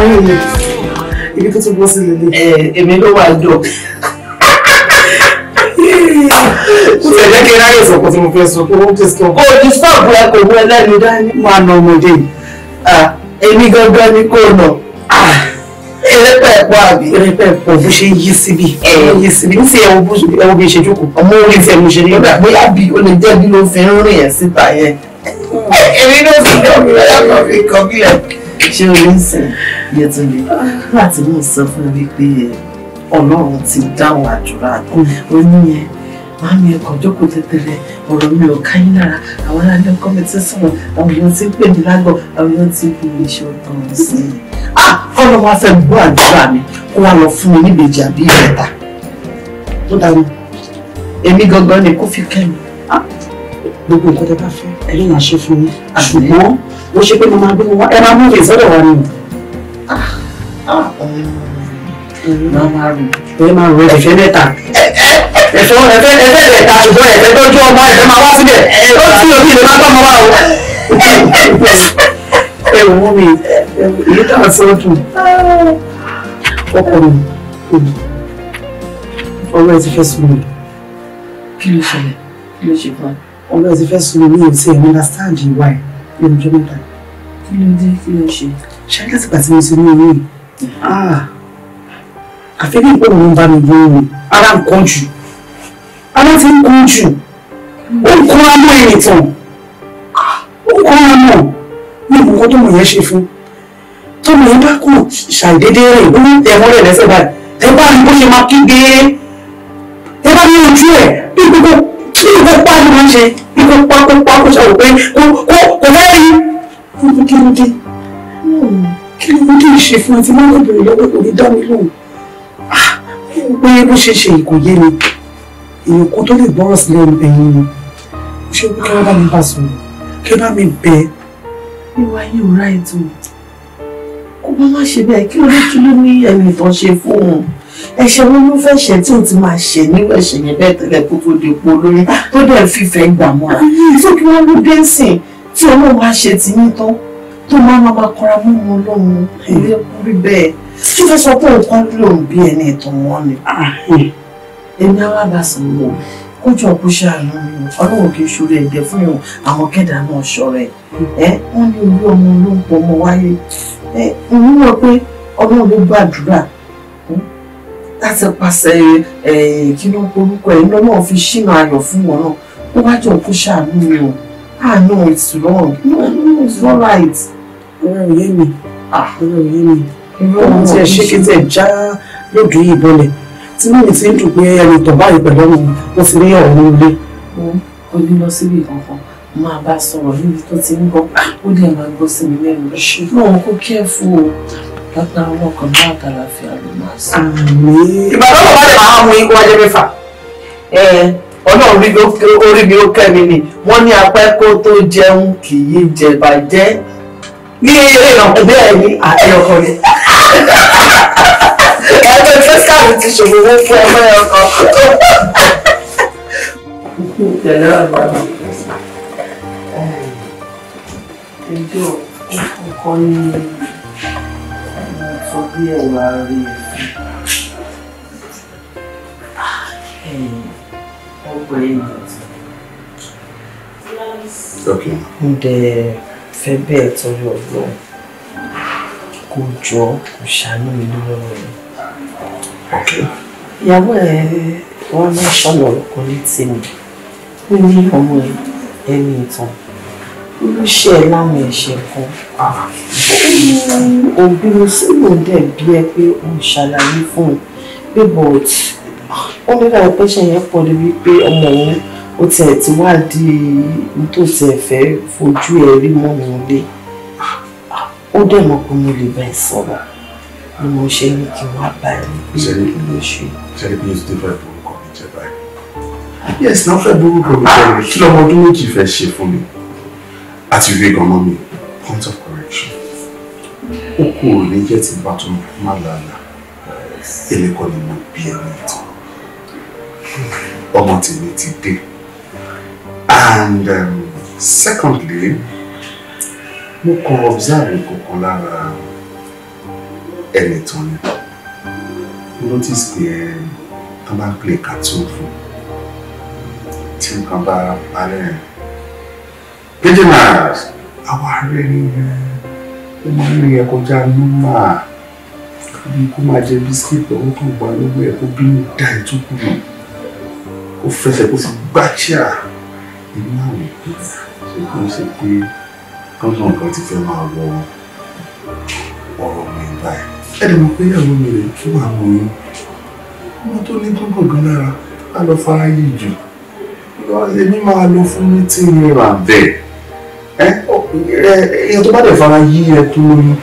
ẹ̀yìn ibi tó tún bó sí lélẹ̀. èmi ló wà dùn. kú tẹ̀ jẹ́ kí n ráyè sọ̀kò tí mo fẹ́ sọ kó o ti sọ. kò ní sọ́ọ̀bù ẹ kò mú ẹ lẹ́nu dání máa nà ọmọdé yìí èmi gangan ni kò nà erépẹ̀ ẹ̀pọ̀ àbí erépẹ̀ ẹ̀pọ̀ bó ṣe yí síbi yí síbi ń fi ẹ̀wọ̀ ẹ̀wọ̀ bí ṣe jókòó ọmọ orí fẹ́ mo ṣe rí ọ̀dà bóyá bí o lè jẹ́ bí ló fi ń rìn yẹn síta yẹn èmi ló fi kọ́ fi kọ́ mi lẹ̀. ṣé o ní sìn Yétúndé láti mú sọ fún mi pé Ọlọ́run ti dáhùn àdúrà mm. ó ní yẹn màámi ẹ̀kọ́ jókòó tẹ̀tẹ̀rẹ̀ ọ̀rọ̀ mi ò káyín lára àwọn aláǹdẹ̀ ọkọ mi ti sùn àwọn èèyàn ti ń pè mí lágọ̀ àwọn èèyàn ti ń fi mi ṣe ọ̀tàn sí i. kọ́lọ́ wá fẹ́ gbọ́ àdúrà mi kó wá lọ fún mi níbejì àbí ìrẹ̀ta tó dáná èmi gangan ni kó fi kẹ́ mi gbogbo nǹkan tó bá fẹ́ ẹ̀yìn àṣẹ fún mi ṣùgbọ́n mo ṣe pé mo máa gbé wọn ẹ máa mú mi sọ́dọ̀ wa ni o. ẹ máa rò ẹ fẹ́ mẹ́ta ẹfẹ ẹfẹ ẹfẹ ta ṣùgbọ́n ẹfẹ tọ́jú ọmọ ẹfẹ máa wá síbẹ̀ tó tí omi ìlú máa tọ́ ọmọ wa o. ẹ wú mi èyí tá a sọ dùn ọkọ mi òbí ọwọ́ ẹ ti fẹ́ sùn mi kí ló ṣẹlẹ̀ kí ló ṣe fún ọ. ọwọ́ ẹ ti fẹ́ sùn mi mi ò tí ẹ ní understand ìwà ẹ lórí ọjọ́ mẹ́ta. kí ló dé kí ló ṣe. ṣé láti pàṣẹ mi sí ní ìlú yìí ah, àfi bí ìpò mi ń bá mi gbóòórùn ara nǹkan jù àmọ́ ti ń kun jù ó ń kun amọ́ ẹ̀yìn ó ń kun amọ́ ní ìkókó tó mọ̀ yẹn ṣe fún tó mọ̀ yẹn bá kù ṣàìdédé rẹ̀ ó ń tẹ̀ mọ́lẹ̀ lẹ́sẹ̀ báyìí ẹ bá rí bó ṣe máa kígbe ẹ bá ní ojú ẹ bí gbogbo kí ìwé pa ló máa ṣe bí kò pa kó pa kó ṣàwò pé kò kò kò fẹ́ rí gbogbo kí ló dé kí ló dé ṣe fún ẹ tí má lọ bèrè lọ́wọ́ kò ní dá mi lóhùn ah, pé bó ṣe ṣe kò yé èèyàn kó tó lè gbọ́rọ̀ sílẹ̀ ẹ̀yìn ni ó ṣe wí kí wọ́n bá mi bá sùn kí wọ́n bá mi bẹ̀ ẹ́. ìwà yìí ò ráyè tó kó bá má ṣe bẹ́ẹ̀ kí ló dé kí ló ní ẹnì kan ṣe fóun ẹ̀ṣẹ̀ wọn ló fẹ́ ṣẹ̀ tí ò ti máa ṣẹ̀ nínú ẹ̀ṣẹ̀ yẹn bẹ́ẹ̀ tẹ́lẹ̀ kó tó di ipò olóyún ah, tó dẹ̀ fífẹ́ gbà mọ́ra tó kí wọ́n ló dé sìn tí ọlọ́run á ṣe ti yín tán tó máa máa máa kọra mú wọn lọ́run ilé kúrí bẹ́ẹ̀ tó fẹ́ sọ pé òun kọ́ lóun bí ẹni ìtàn wọn ni. Ah, eh èmi àwa bá sì ń wò kójọ kó kì í ṣòro ẹ̀dẹ̀ fún ìwọ̀n àwọn kẹ́dà náà ṣọ̀rẹ́ ẹ wọ́n ní orí ọmọ ló ń pọ̀ ọmọ wáyé ẹ ń wọ́n pé ọlọ́run ló gbàdúrà hmm? láti pàṣẹ ẹ kí ló ń porúkọ ẹ lọ́nà fi ṣínà ayọ̀ fún wọn náà kó wá jọ kó ṣàánú o ah no it's wrong no no it's not right. ọ̀rọ̀ òye mi ah. ọ̀rọ̀ òye mi ọ̀rọ̀ òye mi ṣé kí tẹ̀ já lóògùn yìí bọ́lẹ̀ tí mímì fi ń dùn pé ẹni tọ̀ báyìí pẹ̀lú ọmọ wọn fi rí ọ̀rọ̀ ilé. ó ní lọ síbi kankan máa bá sọ̀rọ̀ níbi tó ti ń gbọ́ ó dẹ̀ máa gbọ́ sí mi lẹ́nu ṣùgbọ́n kó kẹ́ẹ̀fù o látà wọn kan náà àtàlàfíà ló máa sọ. ìbàdàn bàbá rẹ̀ máa mú ikú wájú mẹ́fà ọlọ́run orí mi ó kẹ́ mi ni wọ́n ní apẹ́ kó tó jẹun kì í jẹ bàjẹ́ ní ilé ìrànlọ́wọ́ ẹ̀yọkọ̀ rẹ̀ káàdì ti ṣòwò owó fún ọmọ ẹ̀ ọkọ. ẹjọ́ ọkọ ni mo sọ bí ẹ̀wà rí ẹ̀fún ọgbà ẹ̀yìn. mo dẹ̀ fẹ́ bẹ́ẹ̀ tọ́jú ọgbọ́n kó jọ kó ṣàánú mi lórí ọ̀rọ̀ yìí ìyàwó ẹ wọn ní sọnà ọkọ ní tèmi ó ní ọmọ ẹni ìtàn ó ló ṣe ẹ láwọn ẹ̀ṣẹ̀ kan ah. ó ní òbí mi sí mò ń dẹ̀ bí ẹ pé ó ń ṣàlàyé fún un but ah, ó ní láwọn pẹ́ṣẹ̀ yẹn pọ̀ débi pé ọmọ òun ó tiẹ̀ ti wá di nítòsí ẹ̀fẹ́ fojú ẹ̀ rí mọ́ mi lé ah. ó dẹ̀ mọ̀ pé mo lè bá sọ̀rọ̀ ni mo ṣe ní kí wọ́n á bá ẹni pé kí ló ṣe. ṣẹ́ni bí yóò ti fẹ́ borúkọ mi jẹ́ báyìí. yes náà fẹ́ borúkọ mi jẹ́ rẹ̀ kí lọ́mọ ọdún méjì fẹ́ ṣe fún mi àti ìwé gan mi point of correction ó kú ò ní jẹ́ ti bá tó má lànà èmi kọ́ ni mo bí ẹni tán ọmọ tèmi ti dé and um, secondly mo kàn observe kankan lára àwọn ẹnì tán eh, ni notice eh, pé ẹ tó bá ń pè cartoon fún tí nǹkan bá parẹ́ ẹ̀ pidgin mask àwọn ààrẹ ni ẹ ó máa ń rí ẹ kọjá nọ́mà bí kó máa jẹ bisikíìtì ọwọ́ tó gbà lọ́wọ́ ẹ kó bínú da ẹ tó kù kó fẹsẹ̀ kó fi gbáchíà inú àwọn ìpínlẹ̀ ṣe kó ṣe pé kọ́ńtà nǹkan ti fẹ́ máa wọ wọn ẹ lè mọ̀ pé ìyàwó mi rè tún wà lóyún ọmọ tó ní gbọ́ngàn gan lára á lọ fara yìí jù èmi máa lọ fún mítìrì rà bẹ́ẹ̀ ẹ ìyẹn tó bá dẹ̀ fara yí ẹ tó lóyún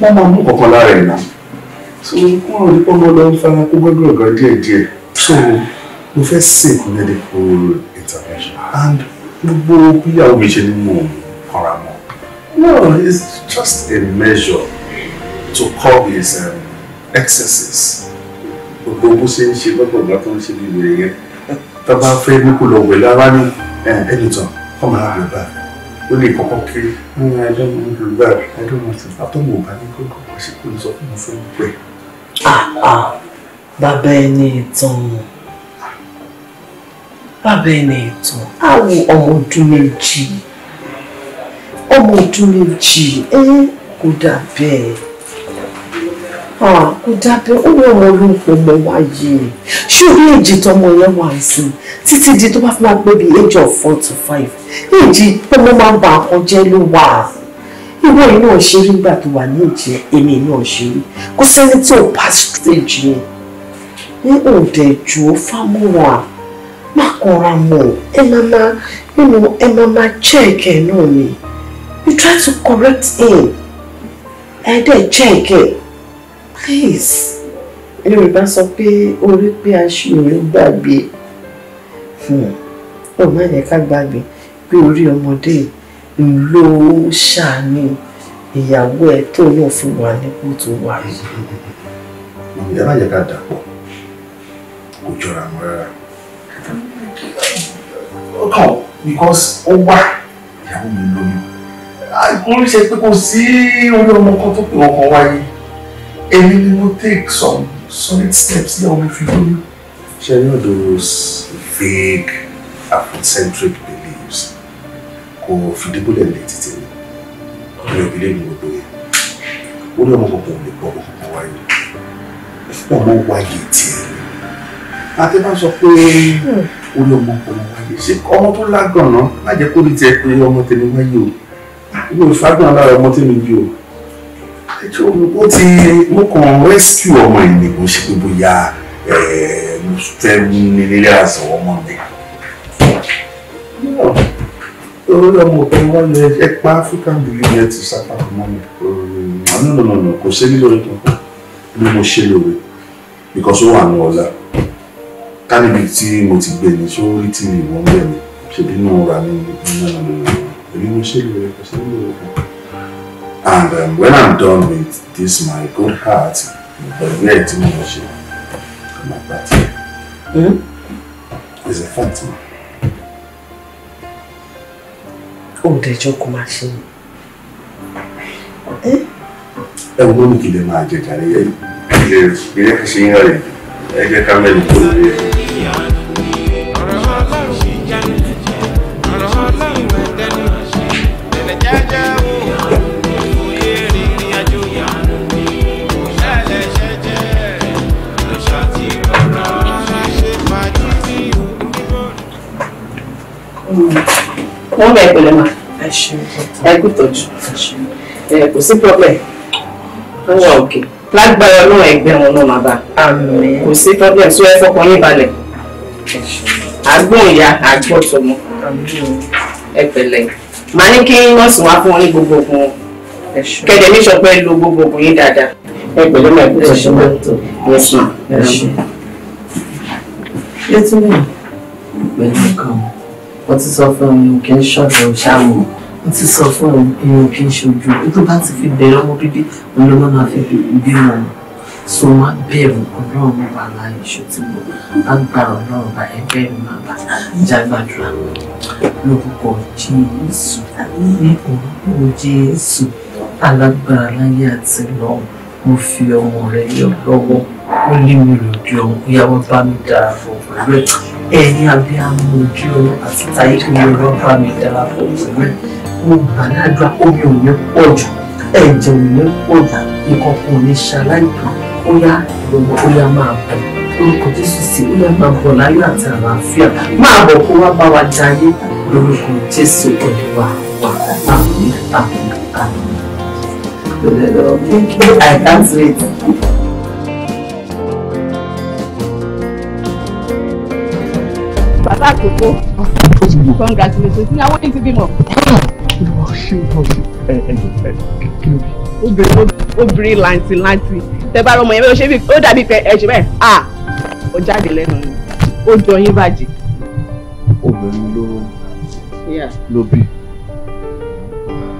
wọ́n máa mú kọ̀ọ̀kan lára ẹ̀ náà so kúrò ní pọ́nmọ́ lọ ń fara kó gbọ́dọ̀ gan díẹ̀díẹ̀ so mo fẹ́ sèkú lẹ́dẹ̀ kóró intervention and gbogbo bíyàwó mi ṣe ni mo kọ́ra mọ́ no it's just a measure to curb his um, excesses. Gbogbo bó ṣe ń ṣe lọ́gbọ̀gbà tó ń ṣe bí ìwé yẹn. Tó bá fẹ́ ní kò lọ wẹ̀ lára ní ẹnìtàn, eh, kọ́ máa rẹ̀ bá. Ó lè kọ́kọ́ kiri. Mo ní ẹjọ́ mi ló gbà rẹ̀. Ẹjọ́ mi ti fa tó mò bá ní kókò kò ṣe kó lè sọ fún mi fún mi pẹ̀. Ah, ah, bàbá ẹni ìtàn. Bàbá ẹni ìtàn. Àwọn ọmọ ọdún méjì. Ọmọ ọdún méjì. Ẹ eh, kò dà bẹ́ẹ̀. Ah, kò dábẹ́ ó ní ọmọ olóńpọ̀ ọmọ wa yìí ṣé orí èjì tọmọ yẹn wà sí títí di tó bá fi máa pé bíi age of four to five èjì tọmọ máa ń ba àkàn jẹ́ ló wà ìwọ yìí náà ṣe rí nígbà tó wà ní èjì èmi náà ṣe rí kò sẹ́ni tí ò pass stage yẹn ní òde jù ó fámúra má kọra mọ́ ẹ máa máa nínú ẹ máa máa check ẹ náà ni you try to correct him ẹ dẹ̀ check ẹ please yorùbá sọ pé orí pé aṣọ ìlú o hmm. ó má yẹ ká gbàgbé pé orí ọmọdé ló ṣàánú ìyàwó e tó náà fi wà nípò tó wà yìí. ìyá má yẹ ká dàpọ̀ kò jọra mọ́ rárá. ó kàn because o wá ìyàwó mi lóyún. ai ń ṣe pé kò sí orí ọmọ kan tó pè ọkàn wáyé èmi ni mo take some solid steps now mo you lóyún. ṣe ní those vague afrocentric beliefs kò fìdíbúlẹ̀ lè títí mi mi ò bílẹ̀ ní gbogbo yẹn ó ní ọmọ kòkòrò lè gbọ́ kòkòrò wáyé púpọ̀ mọ́ wáyé tiẹ̀ ni àti bá sọ pé ó ní ọmọ kòkòrò wáyé ṣé ọmọ tó lágànná má jẹ́ kó ní tiẹ̀ pé ọmọ tẹ̀mí wáyé o mi ò fagbọ́n lára ọmọ tẹ̀mí bí o ó ti mú kan rescue ọmọ ẹni kò ṣe pé bóyá mo fẹ́ ní nílé àṣọ ọmọ mi. lórí ọmọ ọ̀gbìn wọn lè ẹ pa African billionaire ti sápá mọ́ mi. Mm, no no no kò ṣe ní lórí kankan bí mo ṣe lóore because ó wà ní ọ̀la kánibí tí mo ti gbé ni sórí tí mi ìwọ̀n bẹ́ẹ̀ ni ṣèbí náà ní ìnáwó lórí èmi mo ṣe lóore kò ṣe ní lórí kankan. And um, when I'm done with this, my good heart, the way it's worship, come back back here. Hmm? It's a fact, ma. Oh, the joke machine. Eh? I'm going to ní kí lè máa jẹ jàre ẹ lè rí ẹ ṣe ń rẹ ẹ jẹ ká mẹ́rin kúrò wọ́n bẹ̀ pẹ̀lẹ́ ma ẹ kú tọ́jú ẹ é sí problem wọ́n wà òkè lágbára ọlọ́run ẹgbẹ́ wọn náà máa bá kò sí problem so ẹ fọkàn yín balẹ̀ àgbọ̀n ìyá àgbọ̀n tọmọ ẹ pẹ̀lẹ́ màá ní kí nọ́ọ̀sì wá fún wọn ní gbogbo ogun wọn kẹ̀dẹ̀ ní sọ pé lo gbogbo ogun yín dáadáa ẹ pẹ̀lẹ́ máa kú tọ́jú yes ma. yẹ́tí mi pẹ̀lú kan wọ́n ti sọ fún mi kì í ṣọ̀dọ̀ ṣáàmù wọ́n ti sọ fún mi èèyàn kì í ṣojú ní tó bá ti fi bẹ̀rẹ̀ ọmọ bíbí òun ló máa fi bí wọn so wọn á bẹ̀rù ọlọ́run mi wà láàyè ṣòtí mo á gba ọlọ́run bá ẹgbẹ́ mi máa bá jágbàdúrà lórúkọ Jésù ní orúkọ Jésù alágbára láyé àti lọ́wọ́ mo fi ọmọ rẹ yọ lọ́wọ́ ó lé mi lòdì ọ̀hún ìyàwó bá mi dára fún ọ̀rẹ́ rẹ̀ ẹ̀yin abiyamọ ojú ọ̀rọ̀ àti táyé kí ni rọ́bà mi dára pọ̀ pẹ̀lú ẹ̀ mo gbà ládùúrà omi ò ní pọ̀ jù ẹ̀jẹ̀ ò ní pọ̀ jù nǹkan kò ní ṣaláìpẹ́ ó yá gbogbo ó yá máa bọ̀ orúkọ Jésù sí ó yá máa bọ̀ láyọ̀ àti àlàáfíà máa bọ̀ kó wá bá wa jayé lórúkọ Jésù Olúwa wa àmì àmì àmì. I can't wait. bàbá àkókò congratulations ìyàwó yìí ti bímọ. o ṣe ẹ ẹ ẹ kí ló bí. obìnrin obìnrin lanti lanti tẹ bá rọmọ yẹn o ṣé bí ó dàbí pé ẹ ṣe bẹ́ẹ̀ à ah! ó jáde lẹ́nu ni ó jọ yín bàjẹ́. obìnrin ló ló bí.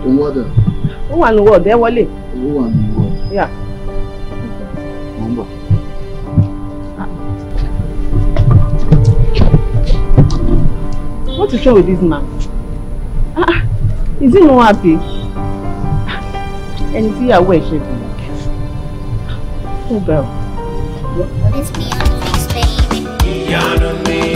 o wá dà. ó wà ní wọ́ọ̀dù ẹ wà ní wọ́ọ̀dù. mo ń What is wrong with this man? Ah, ah, is he not happy? Ẹni tí ìyàwó ẹ̀ ṣe bì í. Ó bẹ̀rù. Miss me on baby.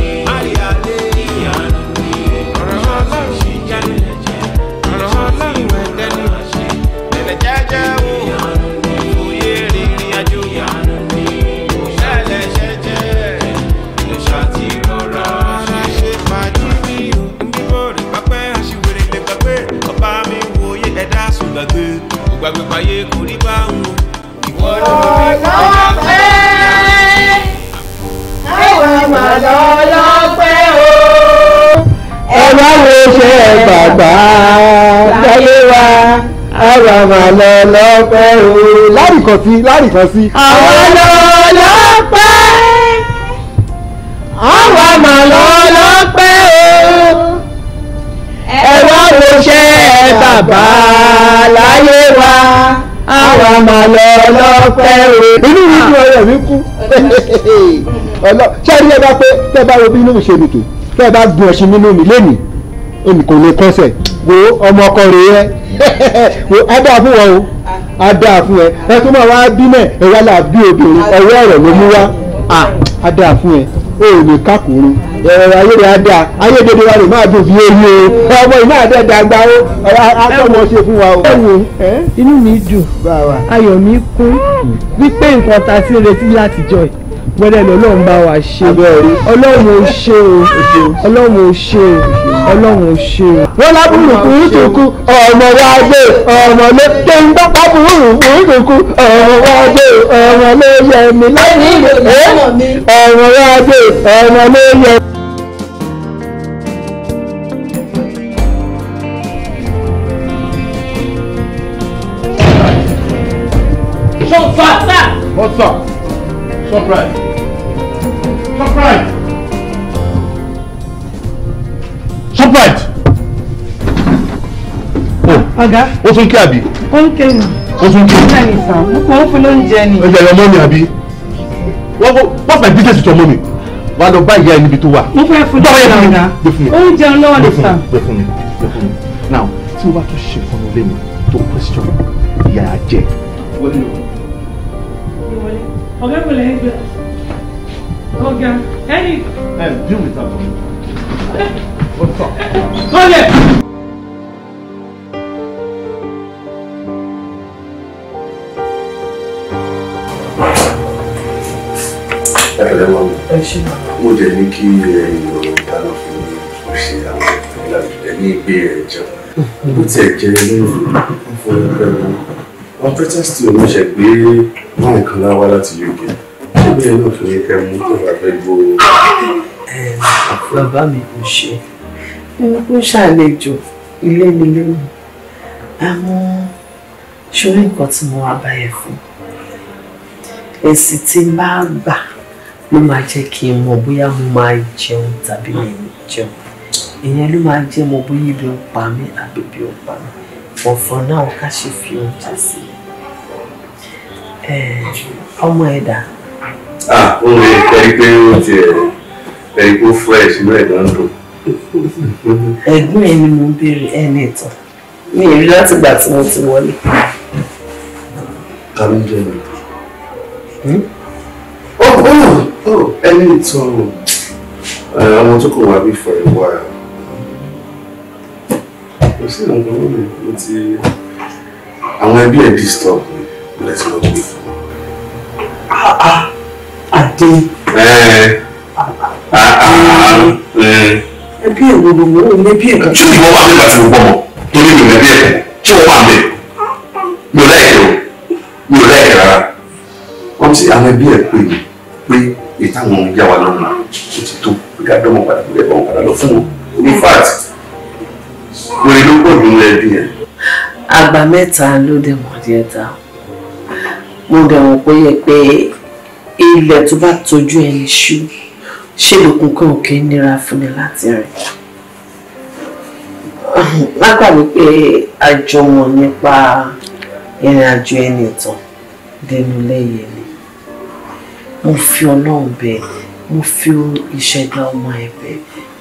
ṣe bàbá tẹ̀lé wa àwa máa lọ lọ́pẹ́ o. lárìkan sí lárìkan sí. àwa lọ lọ́pẹ́ àwa máa lọ lọ́pẹ́ o. ẹ wá wo ṣe bàbá láyé wa àwa máa lọ lọ́pẹ́ o. inú mi dùn ọ̀rẹ́ mi kú ṣé ẹ rí ẹ bá pé tẹ bá wo bí inú mi ṣe nìkè tẹ bá gbin ọ̀sìn nínú mi lénìí èmi kò lè kọsẹ̀ wo ọmọ ọkọ rẹ yẹ wo á dáa fún wọn o á fún ẹ ẹ tó máa wá bí ẹ wá là bí obìnrin ọwọ́ ọ̀rọ̀ ló mú wá á fún ẹ o ò lè kákòrò ẹ̀rọ ayé rẹ̀ ayédèdè wa rè máa dùn bí eyi o ọmọ yìí máa dẹ̀ dàgbà o akọ́mọ ṣe fún wa o. ẹ inú mi dùn ayọ̀ mi kún wípé nǹkan ta sí retí látijọ́ yìí wẹ́rẹ́ lọ ọlọ́run bá wa ṣe ọlọ́run ò ṣe o ọlọ́run ò ṣe o ọlọ́run ò ṣe o. wọ́n lábùrù kùrú tùkú ọmọ wa gbé ọmọ lé tó ń bá lábùrù kùrú tùkú ọmọ wa gbé ọmọ lé yẹ mi ọmọ wa gbé ọmọ lé yẹ. What's up? Surprise. ọ̀gá ó tún kí àbí. ó ń kéwì. ó tún kí. ọ̀gá ni sàn mo kàn ń fún lóúnjẹ ni. ẹ̀jẹ̀ lọ mọ́ mi àbí wọ́n fẹ́ bíjẹ́sì tọ́ mọ́ mi wà á lọ bá ìyá ẹ níbi tó wà. mo fẹ́ fún mi ọ̀gá oúnjẹ ọlọ́wọ́ ni sàn. bẹ́ẹ̀ fún mi bẹ́ẹ̀ fún mi now tí o bá tún ṣe fún mi lé mi tó question ìyá jẹ. ọ̀gá kò lè ń gbé ọ̀gá ẹni. ẹ bí mi ta bọ̀ mi. kọ́lẹ̀. mo dẹ̀ ní kí ẹ̀yọ̀ dáná fún mi fún ṣe àwọn ìlànà ní ìgbé rẹ̀ jẹun bó tiẹ̀ jẹ́ nínú fún ẹgbẹ́ wọn wọn protest omi ṣe pé wọn nìkan náà wá láti UK ṣé bẹ́ẹ̀ náà kì í kẹ́ mú kó bá fẹ́ gbó. bàbá mi kò ṣe ẹni kó ṣàlejò ilé mi lónìí àmọ́ ṣorí nǹkan tí mo wá báyẹn fún èsì tí n bá gbà ló máa jẹ́ kí n mọ̀ bóyá mo máa jẹun tàbí mi ò jẹun ìyẹn ló máa jẹ́ mọ̀ bóyá ibi ń pa mí àbí ibi ò pa mí fọ̀fọ̀n náà ká ṣe fi oúnjẹ sí i eh, ọmọ ẹ̀dá. Ah, ó lè pẹ́ẹ́rí pé ó ti pẹ́ẹ́rí kó fresh inú ẹ̀dá ń dùn. ẹ̀gbọ́n ẹ̀ ni mo ń béèrè ẹ̀ ní ìtàn mi ì rí láti gbà tí mo ti wọlé. ta ló ń jẹ́ mi? Hmm? Oh, ẹni ìtàn ọmọ tó kàn wá bí for a while. Kò sí nǹkan ló lè mo ti àwọn ẹbí ẹ̀ disturb mi láti lọ gbé fún mi. Àdé. Ẹbí ẹ̀ ah, lòun ò ní ẹbí ẹ̀ kan. Ṣé ìwọ wà nígbà tí mo gbọ́ mọ́? Torí mi ò lẹ́bí ẹ̀ ṣé wọ́n wà bẹ́ẹ̀? Mi ò láyè o, mi ò láyè rárá. Wọ́n ti àwọn ẹbí ẹ̀ pè mí pé èyí táwọn yà wá lọ́nà ó ti tó gbígbà dọ́mọ̀ padà kúrẹ́ bọ́n padà lọ fún wọn in fact wèrè ló pọ̀ nínú ẹbí yẹn. àgbà mẹ́ta ló dẹ̀ mọ̀ díẹ̀ ta mo dẹ̀ wọ́n pé yẹ pé ilẹ̀ tó bá tọ́jú ẹni ṣú ṣé lókun kan òkè nira fún mi láti rìn lágbàgbé pé àjọmọ̀ nípa ìrìn àjò ẹni ìtàn dénú lẹ́yìn mo fi ọlọ́run bẹ̀ mo fi ìṣẹ̀dá ọmọ ẹ̀ bẹ̀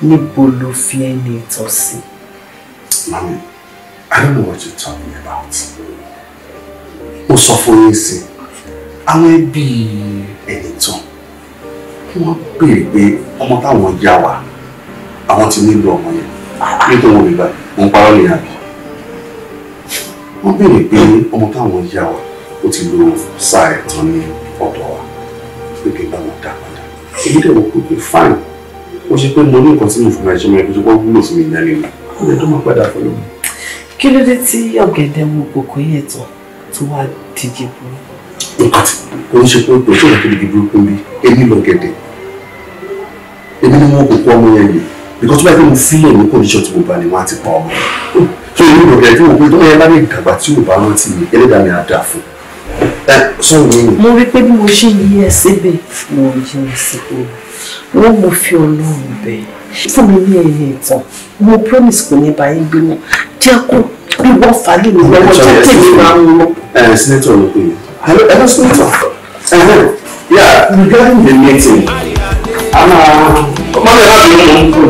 níbo ló fi ẹni ìtàn sí. Mami, I don't know what you're talking about. Mo sọ fún yín sí, àwọn ẹbí ẹni tán, wọ́n béèrè pé ọmọ táwọn yá wa, àwọn ti nílò ọmọ yẹn. Nítorí wọn bèbá, mo ń parọ́ nìyà bí. Wọ́n béèrè pé ọmọ táwọn yá wa, ó ti lo sáà ẹ̀tàn ní ọ̀dọ̀ wa pé kí n bá wọn dá padà èyí dẹ̀ wọ́n kó pé fáìn ó ṣe pé mo ní nǹkan tí mo fún ẹṣin mi ẹgbẹ́ wọ́n wúlò sí mi náà nínú ọ̀rẹ́ tó máa padà fọlọ́ mi. kí ló dé tí ọ̀gẹ̀dẹ̀ wọn kò kó tán tó wá díje burú. nǹkan tí ń ṣe pé kò tó wà tó díje burú pé èmi lọ̀gẹ̀dẹ̀ ni wọn kò ọmọ yẹn yìí because báyìí mo fílẹ̀ ní condition tí mo bá ní wọn á ti pa ọmọ so èmi lọ̀gẹ̀dẹ̀ tí mo pé tó yẹ bá ìdàgbà tí mo bá rántí ẹlẹ́dàá mi á dà fún mo rí pé bí mo ṣe yí ẹ síbẹ̀ mo yí ẹ síbẹ̀ wọ́n mo fi ọlọ́run bẹ̀ fún mi ní ẹ̀yìn ìtàn mo promise kò ní báyìí gbéná jẹ́ kó bí wọ́n fà á lè mi lọ́wọ́ jẹ́ tèmi máa ń lọ. senator ló pè mí hello hello senator yeah regarding the meeting a ọmọ mi láti lọ́wọ́ ń bọ̀.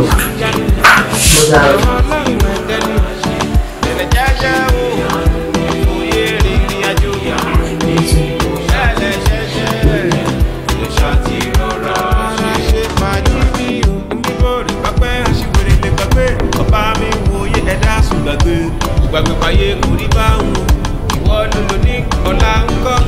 ìgbàgbé payé kò rí báwọn ìwọ ló lò ní ọ̀la ńkọ́.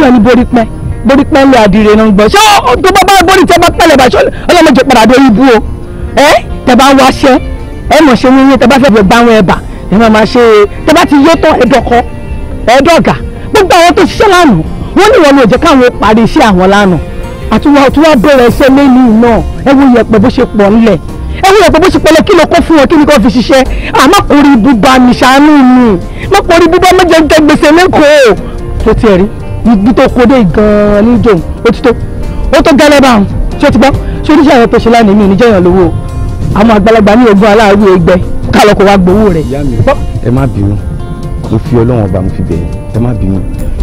pé ẹni borí pẹ́ borí pẹ́ ńlẹ̀ àdìrẹ́ náà gbọ́ ṣé tó bá bá borí tẹ́ bá pẹ́lẹ̀ bàṣọ ọlọ́mọdé padà dé ibú o ẹ tẹ́ bá wá ṣẹ́ ẹ mọ̀ ṣe wíyẹn tẹ́ bá fẹ́ fẹ́ gbá ẹ̀bà ẹ máa máa ṣe tẹ́ bá ti yé tán ẹ̀dọ̀kọ ẹ̀dọ̀gà gbogbo àwọn tó ṣiṣẹ́ lánàá wọ́n ní ìwọ ni ò jẹ́ káwọn parí iṣẹ́ àwọn lánàá àtúwà àtúwà bẹ̀rẹ̀ ẹsẹ̀ tó tiẹ̀ rí ibi tó kó dé gan-an níjọ ó ti tó ó tó gẹ́lẹ́ bá wọn ṣé o ti gbọ́ ṣé oníṣẹ́ àwọn tó ṣe lánàá mi ò ní jẹ́yàn lówó àwọn àgbàlagbà ní ogun aláàrú ẹgbẹ́ kálọ̀ kó wá gbowó rẹ̀. ìyá mi ẹ má bínú mo fi ọlọ́run ọba mo fi bẹ̀ ẹ má bínú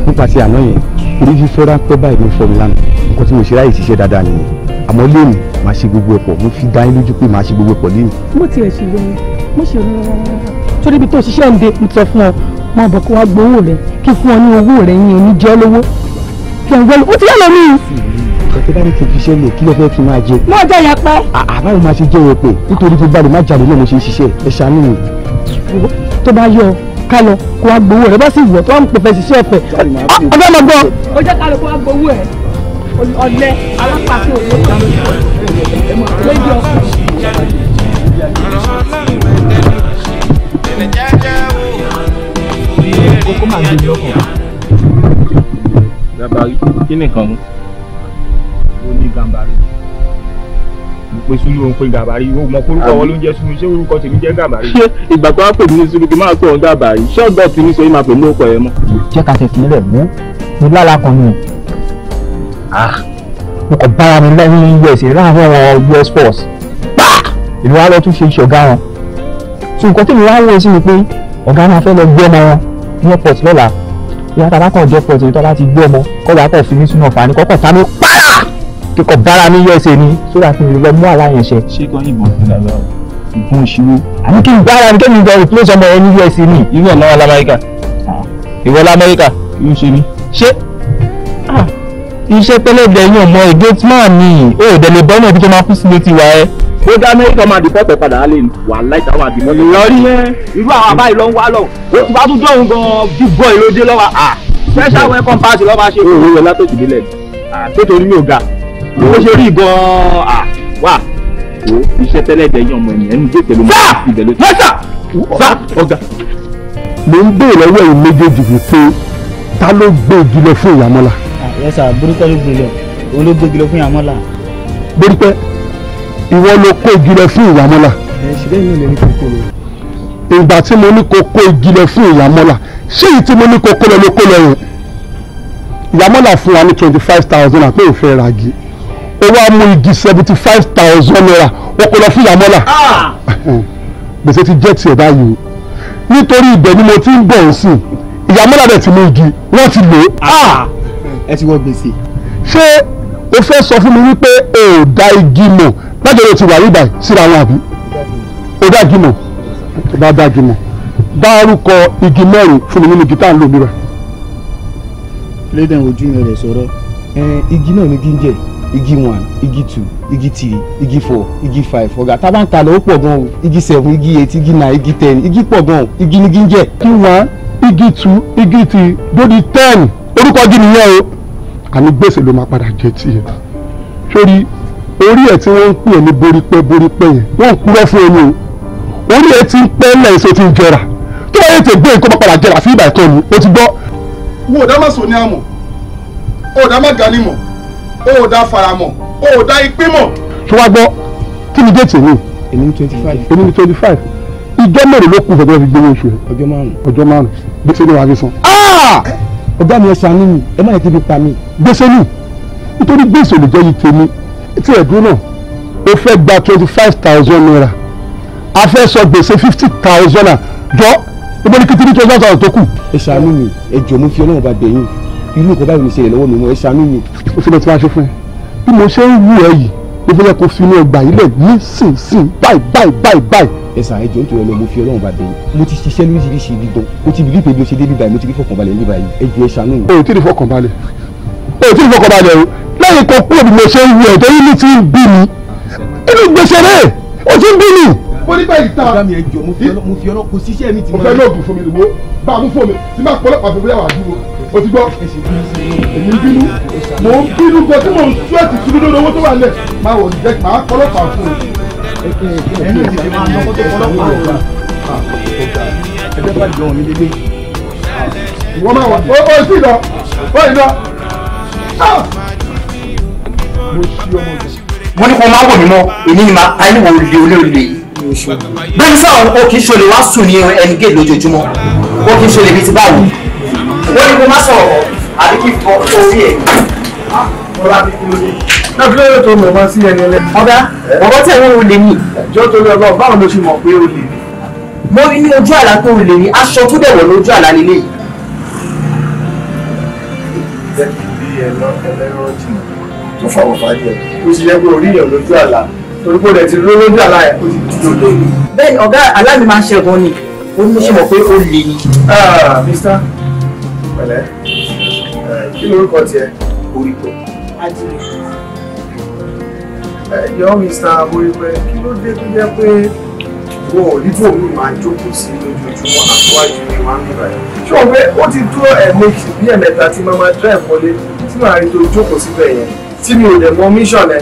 nípasẹ̀ àná yẹn orí fífẹ́ ráńpẹ́ báyìí ló fọ́ mi lánàá nǹkan tí mo ṣe ráyè ṣiṣẹ́ dáadáa nìyẹn àmọ́ lónìí màá ṣe gbogbo ẹ̀pọ̀ mo fi dá lójú pé màá ṣe gbogbo ẹ̀pọ̀ lónìí. mo tiẹ̀ ṣe yẹn mo ṣe rárá torí ibi tó ṣiṣẹ́ ń de mo sọ fún ọ máa bọ̀ kó wá gbowó rẹ kí fún ọ ní owó rẹ yín òní jẹ́ lówó kí ẹ̀ ń gbọ́ lọ ó ti yẹ lọ mí. ọ̀tẹ́ bá ní kí n fi ṣẹlẹ̀ kí ló fẹ́ kí n máa jẹ. mo jẹ yẹn pẹ́. àbáwo máa ṣe jẹ́ yẹn pé nítorí tó bá lè má jáde náà mo ṣe ń ṣiṣẹ́ ẹ ṣàánú mi. tó bá yọ ká lọ kó wá gbowó rẹ bá sì wọ̀ tó wà ń pèfẹ́ ṣiṣẹ́ ọ̀fẹ́ ọ̀fẹ́ mọ̀ gbọ́. ó jẹ́ ká lọ kó wá gbowó ẹ̀ ọ̀lẹ́ alápàtì òwò kókó máa gbé mi lọ́kàn. gàbàrí kí nìkan ó ní gàbàrí mo pe sulu òun pe gàbàrí o mọ orúkọ wọn ló ń jẹ sulu ṣé orúkọ tèmi jẹ gàbàrí. ṣé ìgbà tó wá pè mí ní sulu kí n máa pè òun gàbàrí ṣé ọgbẹ́ tí mi sọ yìí máa pè mí lóko ẹ mọ́. jẹ́ ká ṣe sílẹ̀ mú mo lára kan ni ah! mo kàn bára mi lẹ́yìn us láàárín àwọn us force ìlú wa lọ tún ṣe iṣẹ́ ọ̀gá wọn so nǹkan tí mo wá ń wọ sí ni pé ọ̀gá máa fẹ́ lọ gbé ọmọ wọn fún airport lọ́la ìyá tàbá kan jẹ́ airport nítorí láti gbé ọmọ kọ́lá kọ̀ fi mí sínú ọ̀fà ni kọ́kọ́ ta mi pààrà kíkọ̀ bára mi yẹ̀sẹ̀ ni sódà kí n lè lọ mú àlá yẹn ṣẹ. ṣé kò yìnbọn fún dàgbà o ìbọn ìṣúwó. àní kí n bára mi kémi bẹ̀rù place ọmọ yẹn ní us ni. ìwọ lọ́wọ́ lamẹ́ríkà ah! yín ọmọ ìgẹ́tìmá ni ó ìdẹ̀lẹ̀ bọ́ọ̀nà ibi tó máa kú sí létí wa kódà mẹ́ríkà máa di pọ́pẹ́ padà á lè wà láìta wà di mọ́lẹ̀. lọ́rí yẹn irú àwọn àbáyé ló ń wá lọ o ti bá tún dọ̀hún gan big boy ló dé lọ́wọ́ à special welcome pass lọ́ máa ṣe. o ò yẹ látòkì délẹ̀ àtòtòrí ah, mi ò ga bó ṣe rí gan-an à wà o iṣẹ́ tẹ́lẹ̀ dẹ̀ yan ọmọ ènìyàn ní gbèsè ló máa fi ibẹ̀ ló ti. sá sá ọ̀gá. mo ń béèrè lọ́wọ́ ìwé méjèèjì wípé ta ló gbé igi lọ fún ìyàmọ́lá. Ah, yẹ́sà ìwọ ló kó igi lẹ fún ìyàmọ́lá. ìgbà tí mo ní kó kó igi lẹ fún ìyàmọ́lá ṣé èyí tí mo ní kó kó lọ ló kó lọ yẹn. ìyàmọ́lá fún wa ní twenty five thousand àpé òfin ra igi ó wá mú igi seventy five thousand naira ó kó lọ fún ìyàmọ́lá. Ah! gbèsè ti jẹ́ tiẹ̀ báyìí o nítorí ibẹ̀ ni mo ti ń bọ̀ ọ́ sí ìyàmọ́lá rẹ̀ ti mú igi wọ́n ti lò ó. Ah! Ah! ẹ ti wọ gbèsè. ṣé o fẹ́ sọ fún mi wípé o ò da igi mọ̀ lájọyọ̀ ti wà yíbàá síra wọn àbí ó dájú mọ̀ ó bá dájú mọ̀ dárúkọ igi mẹ́rin fún mi nínú gítà ń lò níbẹ̀. lédè ojú mi rẹ̀ sọ̀rọ̀ igi náà ni gíńjẹ igi one igi two igi three igi four igi five ọ̀gá tá a bá ń talẹ̀ ó pọ̀ gan o igi seven igi eight igi nine igi ten igi pọ̀ gan o igi ni gíńjẹ. igi one igi two igi three dódi ten orúkọ igi nìyẹn o àní gbèsè ló máa padà jẹ tiẹ̀ sórí orí ẹ̀ tí wọ́n ń pè ní borípẹ́ borípẹ́ yẹn wọ́n ń kúrọ́ fún ẹni o orí ẹ̀ ti ń pẹ́ lẹ́yìn tó ti ń jẹrà tó bá yẹ tẹ̀ gbé nǹkan padà jẹrà fún ìgbà ìtọ́ni o ti gbọ́. wo ò dá má sòní àmọ̀ o ò dá má gani mọ̀ o ò dá fara mọ̀ o ò dá ipé mọ̀. ṣé wàá gbọ́ kí ni déètì èmi. èmi ní twenty five. èmi ní twenty five ìjọ mẹ́rin ló kù fẹ́ẹ́ fi gbóyè oṣù rẹ̀. ọjọ́ márùn-ún. ọjọ́ márùn-ún gbèsè ni wàá fi san. Ah! ọ̀gá mi ẹ ṣàánú mi ẹ má yẹ kí n fi pa mi. gbèsè ni nítorí gbèsè olùjẹ́ yìí tí ẹ̀dùn náà ó fẹ́ gba twenty five thousand naira a fẹ́ sọ gbèsè fifty thousand naira jọ ibo ni kìtìrì twenty five thousand tó kù. ẹ ṣàánú mi ẹ jọ̀ọ́ mo fi Ọlọ́run bá bẹ̀ yín irú nǹkan báyìí ní ṣe ìlọ́wọ́ mi mọ́ ẹ ṣàánú mi. o fi lọ tí wàá ṣe fún ẹ bí mo ṣe ń wù ẹ yìí mo fẹ́ kó fi inú ọgbà yìí lẹ̀ nísinsìnyí báyìí báyìí báyìí báyìí. ẹ ṣàn ẹjọ nítorí Ọlọ́run mo fi Ọlọ́run bá bẹ̀ yín mo ti ṣiṣẹ́ lóríṣiríṣi dídán mo ti bìlí pé bí o ṣe dé bíbáyìí mo ti rí fọkànbalẹ̀ o ti fọkànbalẹ̀ o lẹ́yìn kó kúrò bí mo ṣe ń wù ẹ̀ torí ní ti ń bí mi inú gbèsè rẹ̀ o ti ń bí mi. bónígbà yìí tán. ọ̀gá mi ẹ jọ mo fi ọlọ́ kò síṣẹ́ mi ti máa. mo fẹ́ lóògùn fún mi lówó bá a mú fún mi tí máa pọ́ lọ́pàá fún mi yàrá àdúgbò o ti gbọ́ èmi ń bínú mò ń bínú gan tí mò ń tú ẹ̀tì tí lódò owó tó wà lẹ̀ máa wọ̀ jẹ́ máa pọ́ lọ́pàá fún mi. ẹni ìdílé máa ń lọ́kọ́ tó pọ́ lọ́pàá. ẹgbẹ́ bá jọ òun ní dédé. ìwọ máa wà ó ó sì lọ ó ì lọ mo ṣí ọmọ rẹ. mo ní kó máa wò mí mọ́ èmi ni màá pa wo olè olè olè yìí. bẹ́ẹ̀ni sọ àwọn òkè ìṣòlè wá sùn ní ẹni gé lójoojúmọ́ òkè ìṣòlè bíi ti báwo. wọ́n ní kó má sọ̀rọ̀ kọ́ àbí kí fọ orí ẹ̀. náà fi lóye tó mọ̀ mọ́ sí ẹni ẹlẹ́ni. ọ̀gá ọ̀gá tí ẹ̀wọ̀n olè ní. jọ́ torí ọlọ́ báwo ló ṣe mọ̀ pé olè ní. mo rí ní ojú àlá tó olè ní aṣọ tó dẹ̀ wọ̀ lójú àlá ẹlẹ́rọ̀ jìnnà tó fa òfà díẹ̀ ó sì yẹ pé orí èèyàn lójú àlá torí kò dẹ̀ ti ló lójú àlá ẹ̀ ó ti di olè mi. bẹ́ẹ̀ni ọ̀gá aláàmì máa ń ṣẹ́gun ni ó ní ṣe mọ̀ pé ó lè ní. Ah, mista pẹ̀lẹ́ eh, kí lorúkọ tiẹ̀ oríkọ. Eh, ẹ̀yọ́ mista borípẹ́ kí ló dé tó jẹ́ pé wọn ò ní tó mi máa jókòó sí lójoojúmọ́ àtúwájú ni wọ́n á mi báyìí. ṣé o pé ó ti dúró ẹ̀ẹ̀mejì bí ẹ̀ẹ̀mẹta tí mama drive wọlé tí màá tó jókòó síbẹ̀ yẹn tí mi ò dẹ̀ mọ mission ẹ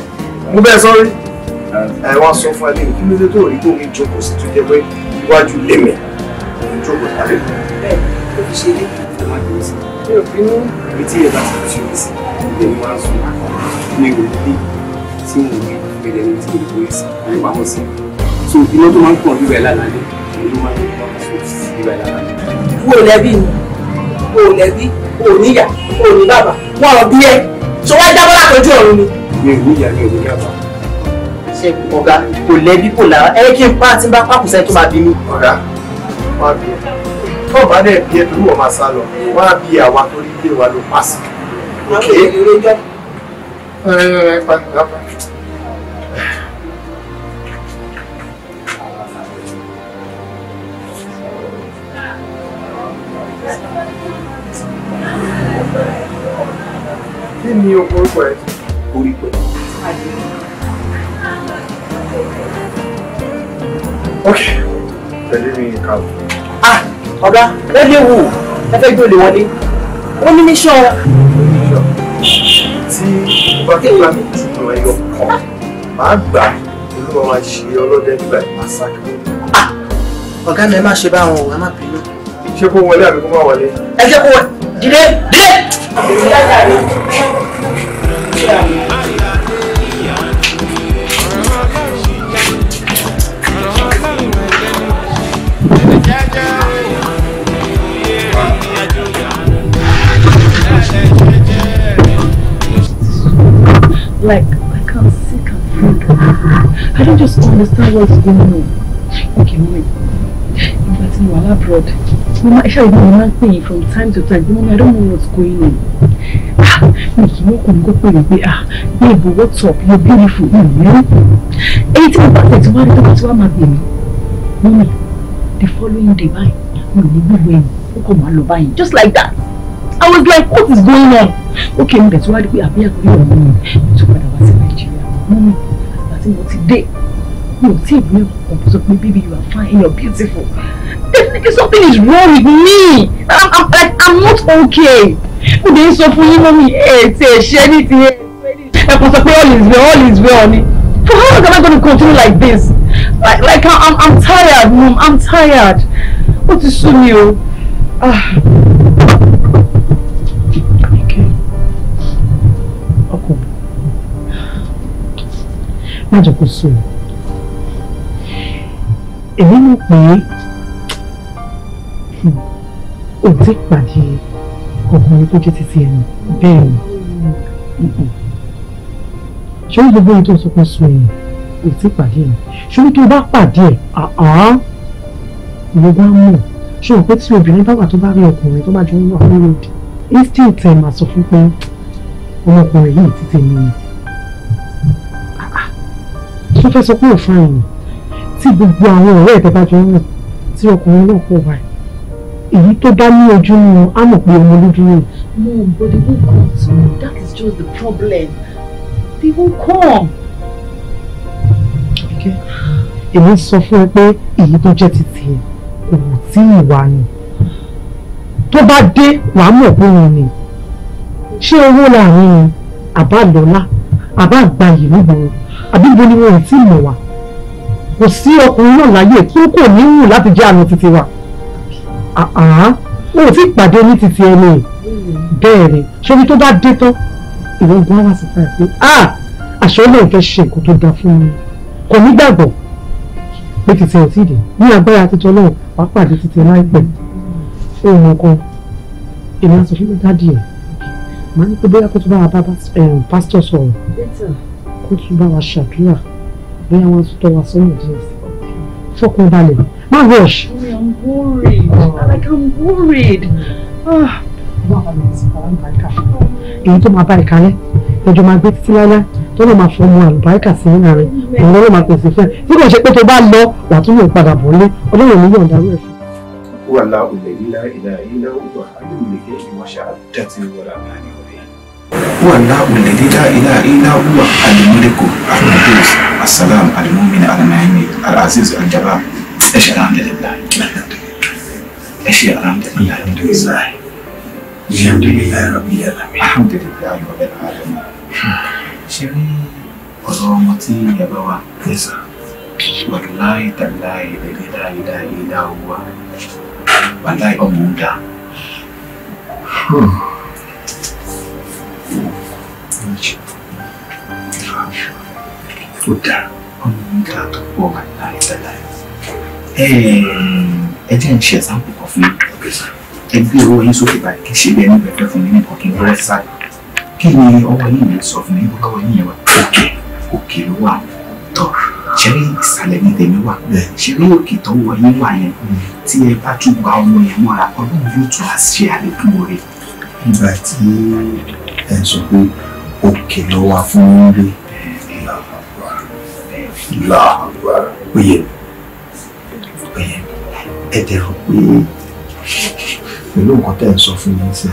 mo bẹ́ẹ̀ sọ́rí ẹ sọ fún ẹ lẹ́yìn kí ló dé tó rí kó jókòó sí tó jẹ́ pé iwájú lé mi jókòó tàbí. bẹ́ẹ̀ ló tí mo rí ìpìlẹ̀ tí mo rí sí mi pamọ́ sí so iná tó máa ń pọ̀ bíbẹ̀ lálẹ́ ìlú máa ń pọ̀ bíbẹ̀ lálẹ́. wo lẹ́bí wo lẹ́bí kò níyà kò ní bàbá wọn ò bí ẹ tó wá jábọ́ látọjú ọ̀run ni. mi ò níyà mi ò ní bàbá. ṣe ọ̀gá kò lẹ́bí kò lára ẹ kí n pa àti bá pàkùsẹ́ tó máa bí mi. ọ̀gá wá bí ẹ tó bá dẹ̀ bí ẹ lúwọ̀ máa sá lọ wá bí àwa tó rí ilé wa ló pa sí. ok. kí ni orúkọ ẹ ti orí pẹ. ok tẹ̀lé mi ká ah ọ̀gá lẹ́lẹ́ wù ẹ fẹ́ gbé olè wọlé ó ní ní sọ́ọ̀. tí bàtí bá mi ti tàn ẹyọ kan màá gbà olúwa máa ṣe ọlọ́dẹ nígbà ìpàsákì. Ah, ọ̀gá mi ẹ má ṣe báwọn o ẹ má bínú. ṣé kó wọlé àbí kó má wọlé. ẹ jẹ́ kó wọlé. Dìde dìde. Like, I can't see, can't think. I don't just understand what's going on. Okay, wait. tí mo wà lábroad mo máa ṣáà ìdí mi from time to time Mama, I don't know what's going on ah mi kì í wọ́n go, ní kó pè mí pé ah babe what's up you're beautiful ìlú èyí tí mo bá tẹ̀ tí wọ́n á rí tó bá ti wá máa gbè mí wọ́n mi the following day báyìí mi ò ní gbogbo ẹ̀yìn ó kò máa lọ báyìí just like that I was like what is going on okay mi bẹ̀ tí wọ́n á rí pé àbí àkórí ọ̀rọ̀ mi tó padà wá sí Nàìjíríà mọ́mí àti mo ti dé You see, tí ì ní ọkàn tó baby you are fine you are beautiful definitely something is wrong with me i'm i'm like i'm not okay mo dé sọ for you know me, tí ẹ̀ ṣẹ́ ní ti And for kò all is well all is well for how long am i gonna continue like this like like i'm i'm tired mom i'm tired What is sú mi o. Ah. má jẹ́ kó sú mi èmi mọ̀ pé hmm, o ti pàdé ọkùnrin tó jẹ́ títí ẹnu bẹ́ẹ̀ ni ṣé o gbogbo ètò ìsopọ̀ sọ èyí o ti pàdé ẹ̀ ṣé o ní kí o bá pàdé ẹ̀ àá mo bá mọ̀ ṣé o pé tí obìnrin bá wà tó bá rí ọkùnrin tó bá jọ ń wà lórí òdì instinct ẹ̀ máa sọ fún pé ọmọkùnrin yìí ti tèmi ni tó fẹ́ sọ pé òfin ẹ̀yìn tí gbogbo àwọn ọ̀rẹ́ ìtẹ́fà jọ ń rìn tí ọkùnrin náà kò wáyé èyí tó dá ní ojú nínú á mọ̀ pé ọmọ lójú rẹ̀. no but they won't come too that is just the problem they won't come. èmi sọ fún ẹ pé èyí tó jẹ́ ti tiẹ̀ kò tí ì ni tó bá dé wàá mọ̀ pé òun ni ṣé owó láàrin àbá lọ́lá àbá àgbáyé nígboro àbí bo ni wọn ò tí ì mọ̀ wá kò sí ọkùnrin náà láyé tí ó kò ní wù láti jẹ́ àna títí wa o ti pàdé ní títí ẹni bẹ́ẹ̀ ni ṣébi tó bá dé tán ìwọ gbọ́n wá sí táyà pé a àṣọ náà fẹ́ ṣe nǹkan tó dáa fún mi kò ní gbàgbọ́ pé títí ẹ̀ tíì dé ní agbára àtijọ́ náà wàá pàdé títí ẹ láìpẹ́ ohun nǹkan èmi àti òṣèlú dádì ẹ̀ máa ń pẹ́ bóyá kó tún bá wa bá eh, pásítọ̀ sọ̀rọ̀ kó tún bá wa ṣàdúrà bí àwọn asutọ wa sọnù díẹ̀ sí fọkàn balẹ̀ má rush. I'm worried oh. like I'm worried. Ah. èyí tó máa bá ìkálẹ̀ ẹjọ́ máa gbé títí lálẹ́ tó lè máa fọmọ àlùbáríkà sí nínú rẹ̀ òun ló máa pèsè fẹ́ tí kò ṣe pé tó bá lọ wà yóò padà bọ̀ lé ọlọ́run ní yọ̀ǹda rẹ̀ wà láwùn lè ní láìláà yìí láwùn wà á lè lè gé ìwọ̀n ṣáàdá tí wọ́n rà láàrin wọ̀nyí. wà láwùn lè ní láìláà yìí láwùn wà á lè mú السلام المؤمن المهيمن العزيز الجبار ايش الحمد لله ايش الحمد لله الحمد لله الحمد لله رب العالمين الحمد لله رب العالمين ṣeré ọ̀rọ̀ ọmọ tí ẹ bá wà wàláì tàláì èdè dáadáa ìdá owó wàláì ọmọ ń dà. Thank you. ó dáa ọ̀nà nígbà tó pọ̀ wà láì tẹ́lẹ̀. ẹ jẹ́ ń ṣe ẹ̀sáǹpù kan fún mi ẹ gbé owó yín sókè báyìí kí ṣe bẹ́ẹ̀ níbẹ̀ fẹ́ fún mi ni ọwọ́ yín yẹn sọ fún mi nípa ọwọ́ yín yẹn wà òkè òkè ló wà tọ́ ṣe rí ìsàlẹ̀ ní tèmi wà ṣe rí òkè tọ́wọ́ yín wà yẹn hmm. tí ẹ bá tún gba ọmọ yẹn mọ́ra ọlọ́run yóò tún á ṣe láàbà péye péye ẹ dẹ̀rọ pé pẹ̀lú nǹkan tẹ́ ń sọ fún mi sí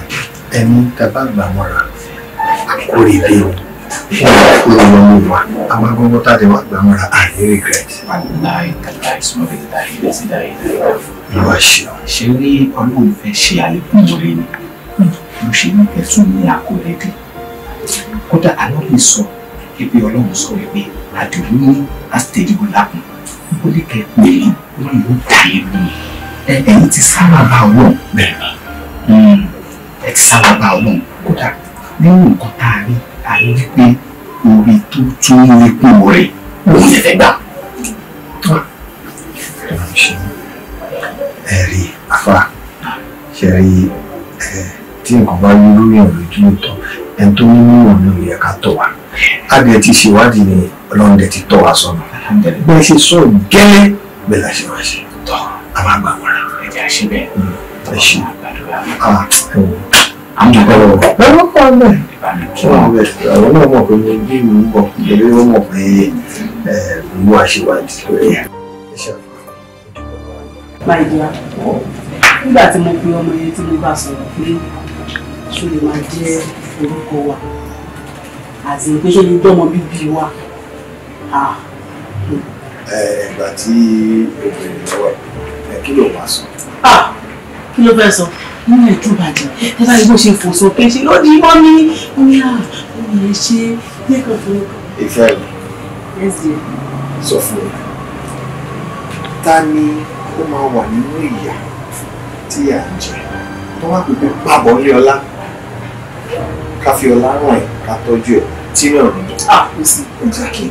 ẹni tá a bá gbà mọ́ra àkórè bí o wọn ò kó lọ mú wa àwọn agbọ́ngbọ́ tá a ti wá gbà mọ́ra àyè regret. ìwà ṣe o. ṣe rí ọlọ́run fẹ́ ṣe àlékún ìwọlé ni mo ṣe ní kẹtù ní àkórè dé kódà àlọ́ lè sọ ibi ọlọ́run sọ wípé àdùnnú ní àstẹ́dìbò lápò ó lè kẹ́ pé wọ́n yóò dá ìlú ẹ̀yìn ti sábà bá ọlọ́run bẹ̀rẹ̀ hmm, ẹ̀ ti sábà bá ọlọ́run kódà nínú nǹkan tá a rí a rí wípé orí tó tó nípò rẹ̀ òun yẹn fẹ́ gbà. ẹ rí afa ṣe rí tí nǹkan bá yọ lórí ọ̀rọ̀ ìdúró tán ẹni tó ní mímọ̀ ní òye ẹ̀ka tó wà adìẹ ti ṣèwádìí ni ọlọ́run dẹ̀ ti tọ́ wa sọ̀nà bẹ́ẹ̀ ṣe sọ gẹ́lẹ́ bẹ́ẹ̀ la ṣe wá ṣe tọ́ a máa gbà wọ́n. ẹ̀jẹ̀ àṣẹ bẹ́ẹ̀ mm. ẹ ṣe àmúgbọ́ ẹ̀rọ pọ̀ mẹ́ àwọn náà mọ̀ pé mo bí mo ń bọ̀ pẹ̀lú ó mọ̀ pé mo wá ṣèwádìí lórí ẹ̀. My dear, nígbà tí mo pe ọmọ yẹn tí mo bá sọ̀rọ̀ pé ṣo máa jẹ́ orúkọ wa àti pé ṣé ní dọ́mọ bíbí wa. ẹgbà tí obìnrin lọ́wọ́ ẹ kí ló wá sọ. kí ló fẹ́ sọ nínú ẹ̀dùn ìbàdàn ẹ bá igbó ṣe fò sókè ṣe ló di mọ́ ní omi à omi ẹ ṣe lẹ́kọ̀ọ́ fún mi. ìfẹ́ mi sọ fún mi ta ni ó máa wà nínú ìyá tí à ń jẹ tó wá pípé pàbọ̀ ńlẹ̀ ọlá ká fi ọlá ràn ẹ̀ ká tọ́jú ẹ̀ tí náà ní. ah kò sí ẹjákè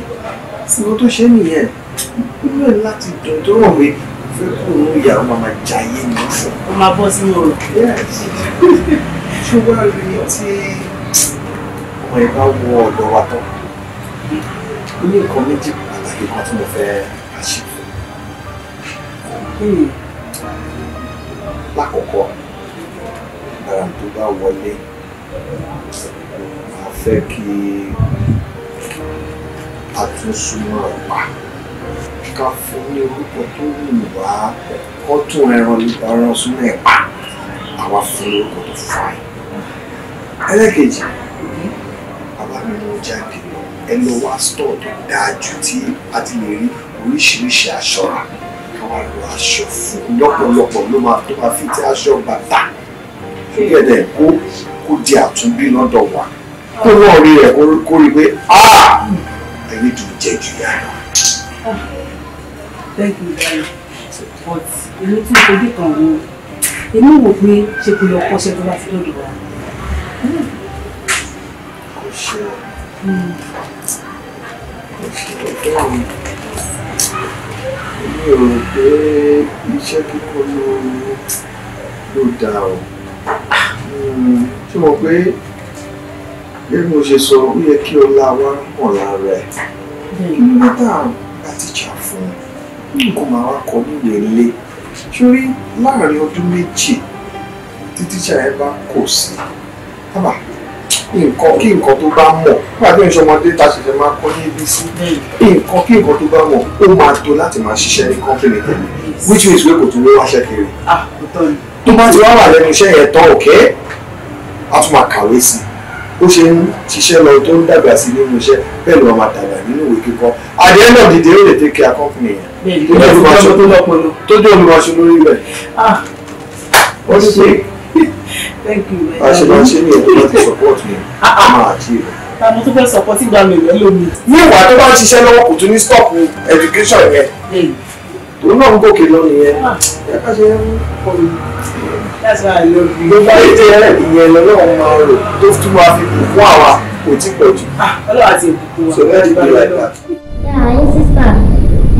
sí ohun tó ṣe nìyẹn nínú ẹ láti dùn tó rọ̀ pé fẹ́ kó òun ìyàwó máa máa jayé ní ọ̀sẹ̀. ó máa bọ́ sínú ọ̀rọ̀. ṣùgbọ́n rí i tí ọmọ ẹ bá wọ ọ̀dọ̀ wa tán ó ní nǹkan méjì pàtàkì kan tí mo fẹ́ àṣìfò. Hmm. lákọ̀ọ́kọ́ ara tó bá wọlé fẹ́ kí a tún súnmọ́ ọ̀pá ká fún ní orúkọ tó wù wá kó tún ẹran ẹran súnmọ́ ẹ̀pá àwa fún ní orúkọ tó fà á. ẹlẹ́kejì bàbá mi ló jáde lọ ẹ lọ wá stọ̀ tó dáa jù tí a ti lè rí oríṣiríṣi aṣọ rà káwa lo aṣọ fún lọ́pọ̀lọpọ̀ ló máa tó máa fi ti aṣọ bàtà fún gẹ̀dẹ̀ kó kó di àtúnbí lọ́dọ̀ wa kó wọ́n rí rẹ̀ kó rí pé ah, I need to jẹ́ jù yá lọ. you darling ah, but èmi tún fojú kan wo èmi wò pé ṣe kò lọ kọ́ṣẹ́ tó bá ti lórí wa. kò ṣe hmm. kò mi èmi ò rò pé iṣẹ́ kíkọ́ ló dáa o hmm. ṣé mo pé bí mo ṣe sọ ó yẹ kí ọlá wa hàn lára ẹ kí ló dé tá a ti jà fún nǹkan máa wá kọ nílé ilé sórí láàrin ọdún méjì tí tíṣà ẹ bá kò sí bàbá nǹkan kí nǹkan tó bá mọ̀ nígbàdí ìṣọmọdé ta ṣẹ̀ṣẹ̀ máa kọ́ ní ibi sí nǹkan kí nǹkan tó bá mọ̀ ó máa tó láti máa ṣiṣẹ́ ní kọ́ńpìnì tẹ̀lé which means wípé kò tún ló wáṣẹ́ kiri ah, tó bá ti wá wà lẹ́nu iṣẹ́ yẹn tán òkè á tún máa kàwé sí i ó ṣe ń ṣiṣẹ́ lọ tó ń dàgbà sí nínú iṣẹ́ bẹ́ẹ̀ ló máa dàgbà nínú ìwé kíkọ́ àdé náà dìde ó lè tẹ́ kí akọ́kùnrin yẹn tó dé olùmọ̀ṣọ́ tó lọ́pọ̀lọ tó dé olùmọ̀ṣọ́ lórí rẹ̀ ah, ó ṣe àṣemáṣe ní ẹ̀kọ́ láti support mi ah, ah. máa kí rẹ̀. àwọn tó fẹ́ support ìgbà mi rẹ̀ lómi. ní ìwà tó bá ń ṣiṣẹ́ lọ́wọ́ kò tún ní stop education yẹn tó náà ń gòkè lọ nìyẹn ẹ that's why I love you. gbogbo ayé tẹ ìyẹn lọ́wọ́ máa rò tó tún máa fi kù fún àwa kò tí pọ̀ jù. Ah, ọlọ́wà ti ìbùkún wa. so let it be like that. yàrá yín sísà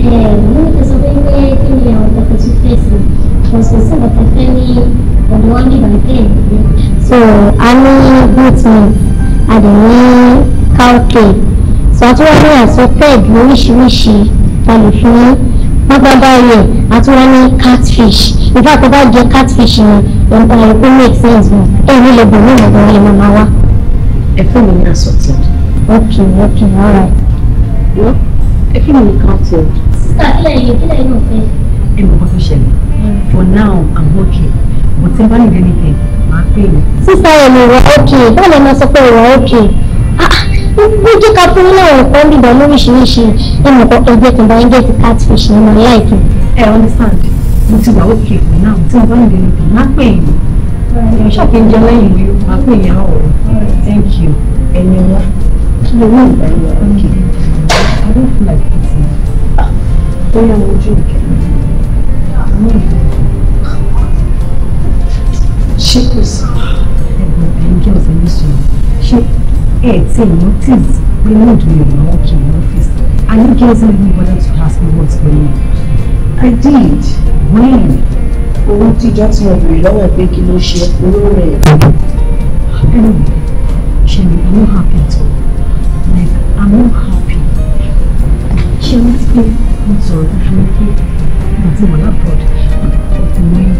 mo ní sọ pé pé kí ni àwọn ọkọ̀ so a ní goat meat a dẹ̀ ní cow cake so àtúwọ́n ní àsopẹ́ ìdúró oríṣiríṣi ta lè fi ní nígbà báyìí àti wọn ní catfish nígbà tó bá jẹ catfish yẹn ẹ̀ka ẹ̀kú make sense mu ẹ̀yìn lè bọ̀ ní ìmọ̀gbọ̀n ẹ̀ mọ̀ máa wá. ẹ fún mi ní assorted. ok ok all right. yọ ẹ fún mi ní counted. sísá kílẹ̀ yìí kílẹ̀ yìí ò fẹ́. ẹ mọ̀ kó tó ṣẹlẹ̀ hmm. for now i'm okay kò tí bá nìyẹn nìyẹn máa pè mí. sísá ẹ̀ mi wà ókè báwo máa sọ pé wà ókè gbójú ká fún ilé ọ̀rọ̀ kan bíbọ̀ lóríṣiríṣi ẹnì kan ẹgbẹ́ kan bá ń gẹ̀ẹ́sì catfish ní my life. ẹ understand mo ti wà ókè náà tí mo bá nìyẹn nìyẹn máa pè mí ẹ ṣáà kí n jẹ lẹ́yìn rí máa pè yẹn ọ̀rọ̀ thank you ẹni wọn kí ló wọ́n ìgbà yẹn ókè I don't feel like eating ah, bóyá ojú ìkẹyìn ṣé kò sí. ẹ̀gbọ́n ẹ̀jẹ̀ ọ̀sẹ̀ ní sọ ṣé ẹ̀ tí notice. tíìs pé lóòdù rẹ̀ máa wọ́n kì í ọ́fíìsì I know girls even bother to ask me what's going on. I did when owó tíjọ́ tí mo bèrè lọ́wọ́ ẹ̀ pé kí ló ṣe owó rẹ̀. ẹnu ṣe mi I'm not happy at all like I'm not happy ṣé wọ́n ti pé mo sọ̀rọ̀ fífi wípé mo ti wà lábọ̀dù ọkùnrin.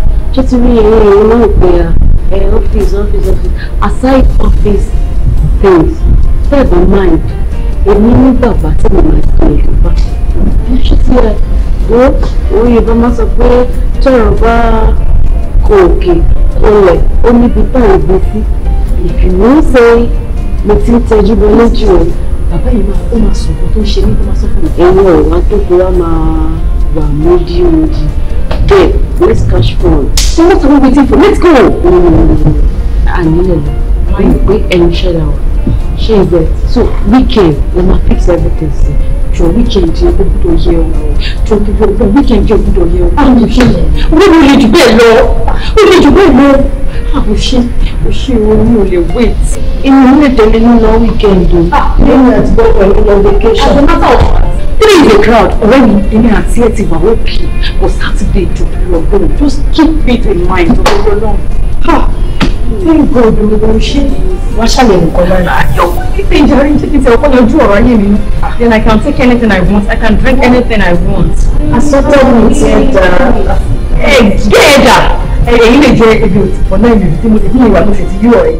Just ti rí ẹ̀yìn ẹ̀yìn náà pé office. ọ́fíìsì ọ́fíìsì aside office things bẹ́ẹ̀ bá mind èmi ní bàbá tí mo máa sọ yorùbá ṣé ti ẹ wo òun yorùbá máa sọ pé tọrọ bá kò òkè olè ó níbi tá à ń gbé sí you ń ṣe mo ti ń tẹjú bọ lójú ẹ bàbá yìí máa ó máa sọ̀rọ̀ tó ń ṣe mí tó máa sọ fún mi. ẹ̀yin ọ̀rọ̀ wa tó kó there. Where's cash phone? So what are we waiting for? Let's go. No, no, no, mm. no. no. Anilele, ah, wait, wait and shut out. She is there. So weekend, we must fix everything. So weekend, you go put on here. So the weekend, you put on here. I'm not sure. We will need to pay law. We need to pay law. Àwọn ṣe òṣè omi ò lè wait. Inú ilé tẹ̀lé ní lọ weekend o. Ah, lẹ́yìn àti bọ́ọ̀lù lọ vacation. As a matter of fact, in the crowd ọ̀rẹ́ mi èmi àti ẹ̀ ti wà òkè for Saturday ìdòwú ọgbọ́n just keep it in mind ọgbọ́n náà ha thank God olùwọ́ ṣé wàá ṣàlẹ̀ nǹkan lára. ayọ̀ ah, kíkẹ́ ìjàre ń ṣèkìtì ọ̀pọ̀ yanjú ọ̀rọ̀ ayé mi ah, then I can take anything I want I can drink anything I want. asọ́tọ̀ mi ti ẹ̀ dà ẹ̀ gé ẹ̀ dà ẹ̀yìn lè jẹ́ ebi òtìpọ̀ náà ìrìn tí mo ti ní ìwà mo sì ti yí ọ̀rẹ́.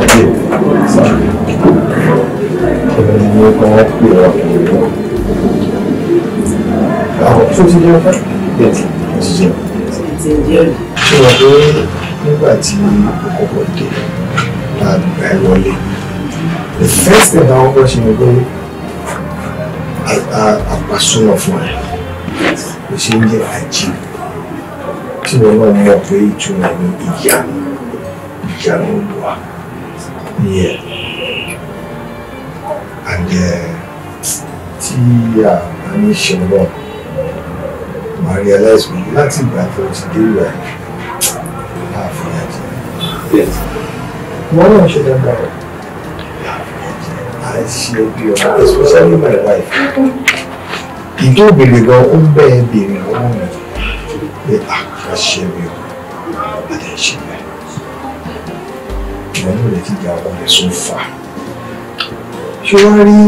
Eh, ní first thing àwọn ọkọ̀ ṣe ni pé àpàsúnà fún ẹ kò ṣe ń jẹ àjì tí wọn náà mọ̀ pé ìtumọ̀ ní ìyanu ìyanu wà. Yeah jẹ́ tí a bá ní ṣọlọ máa realize pé láti ìgbà tó ti dé ìwà yìí a fi àjẹ. wọ́n náà ṣe dáadáa o a ṣe bí ọmọ especially my wife ìjọ òbèrè gan ó ń bẹ ẹ béèrè lọ́wọ́ mi pé a ṣe mi o a lè ṣe bẹ́ẹ̀. ìwọ náà lè ti jà ọmọ ṣé wàá rí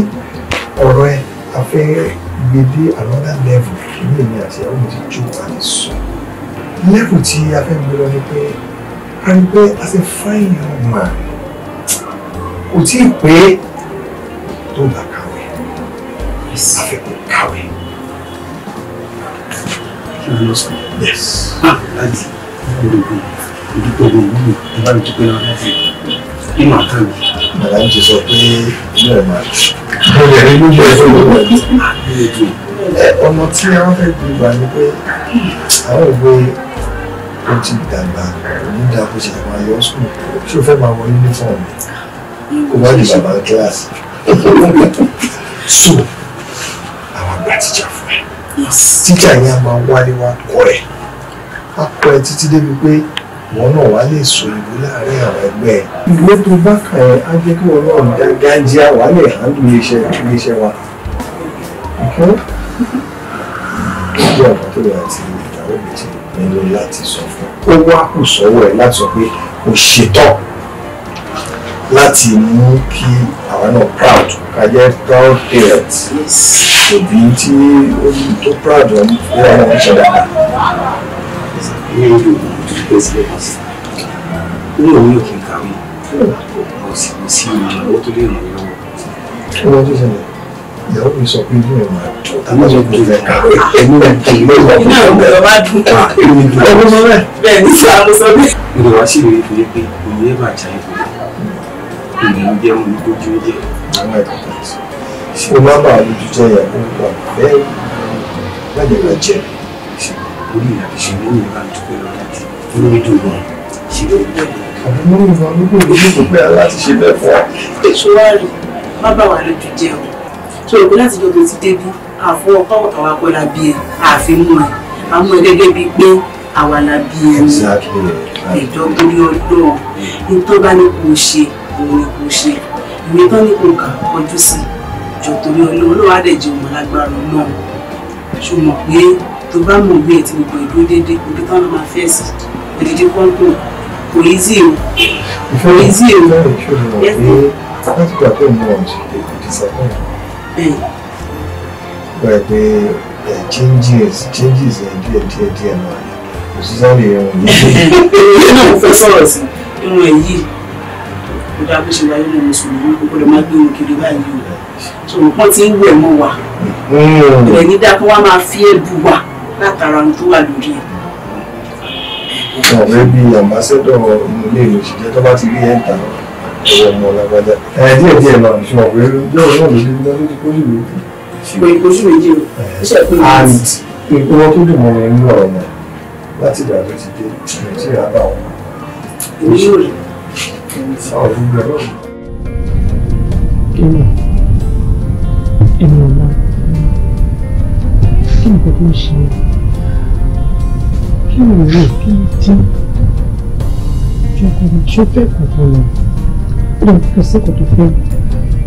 ọ̀rọ̀ ẹ àfẹ́ gbèdé another level ní èmi àti ìyàwó mi ti jó àti sùn level tí a fẹ́ gbé lọ ni pé a rí pé as a fine young man kò tí ì pé tó bá kàwé a fẹ́ kàwé. Yes. Ah, that's it. Ìdúpọ̀ gbogbo ìdúpọ̀ gbogbo ìdúpọ̀ gbogbo ìdúpọ̀ gbogbo ìdúpọ̀ gbogbo ìdúpọ̀ gbogbo ìdúpọ̀ gbogbo ìdúpọ̀ gbogbo ìdúpọ̀ gbogbo ìdúpọ̀ aláǹjẹ sọ pé inú ẹ̀ máa jù. mo lè rí gbogbo ẹ̀fọ́ gbogbo ẹ̀ ọ̀nà tí wọ́n fẹ́ gbé gbà ni pé àwọn òwe ó ti dàgbà onídà bó ṣe máa yọ sùn ṣé o fẹ́ máa wọ yúnífọ̀mù kó má di bàbá kíláàsì. so àwọn àgbà tíjà fún ẹ tíjà yẹn a máa wálé wá kọ ẹ á kọ ẹ títí débi pé wọn náà wá lè so ìlú láàrin àwọn ẹgbẹ́ ẹ̀. ìwé tó bá kàn ẹ́ á jẹ́ kí wọn náà dáńgájíá wà lè hàndù iléeṣẹ́ iléeṣẹ́ wa. ìjọ àwọn tó yà ti ìyàwó méjì nílò láti sọ fún ó wá kù sọ́wọ́ ẹ̀ láti sọ pé kò ṣetán láti mú kí àwa náà proud ká jẹ́ proud parents òbí tí ó tó proud ọmọ ìfowópamọ́ ìṣẹ̀dá ní odò ìgbésílẹ̀ ọ̀sẹ̀ ó lè ní òkè kàwé ọ̀sẹ̀ kò sí ìrànlọ́wọ́ tó lè ràn mí lọ́wọ́. kí wọ́n ti sọ̀rọ̀ ìyàwó mi sọ pé inú ẹ̀ máa dùn tàbí sọ pé ìfẹ́ ká ẹ̀mí rẹ̀ dùn ilé ìwà fún mi. ìnáwó ẹ̀rọ bá dùn ká ẹ̀mí dùn ah, ẹ̀mí sọ bẹ́ẹ̀ bẹ́ẹ̀ ní sọ orí ìrìnàjò ní ìlú àdúgbò lọ láti olórí tó lọ ṣe ló bẹ̀rẹ̀. àbúrò ìfọ̀ àbúrò ìlú kò pẹ́ láti ṣe bẹ́ẹ̀ fún ọ. èso wa rè má bà wá lójú jẹ o tó o pé láti jọ bẹ́ẹ̀ ti débí àfọwọ́ káwọ́ àwa kọ́ la bí ẹ àfi mú ẹ àmọ́ ẹ gẹ́gẹ́ bíi pé àwa la bí ẹ mú ẹjọ́ torí ọdún ní tó bá ní kò ṣùgbọ́n pé tó bá mọ̀ bí ẹ̀ tí gbogbo ìdúró déédéé ibi táwọn máa fẹ́ sí òdìdí pọ́ńpọ́n kò yí sí o kò yí sí o. láti gbà pé mo ọ̀n ṣe lè disappoint. gba pé eh, changes changes ẹ̀ díẹ̀ díẹ̀ díẹ̀ náà kò sí sáré ẹ̀wọ̀n yìí. ìwé náà mo fẹ́ sọ̀rọ̀ sí irun ẹ̀ yìí kò dáa bó ṣe wáyé lóun mùsùlùmí kò gbọdọ̀ má gbé òun kiri báyìí o ṣòwò pọ́n ti ń wẹ̀ mọ́ wa ìrẹ̀ mm. ní dáa kó wá máa fi ẹ̀ bù wá látara ohun tó wà lórí ẹ̀. ọ̀rẹ́ bíi àmbásẹ́dọ̀ inú ilé ìlú ṣiṣẹ́ tó bá ti rí ẹ̀ǹtà ọ̀rọ̀ ọmọ làgbàjá ẹ̀ díẹ̀ díẹ̀ náà ṣùgbọ́n pé yóò náà lójú ní ọdún tó kójú mi. pé kójú méjì o iṣẹ́ pé mi. tó dùn mọ́ mi nínú ọ̀rọ̀ náà láti ìgbà tó ti dé nàìjíríà bá wọn. èmi yóò rí. àwọn òbí gbẹ nǹkan tó ń ṣe kí òun rò kí n dín jọkọ mi ṣó fẹ́ kọ̀ọ̀kan lọ ó lè kó sí kòtò fẹ́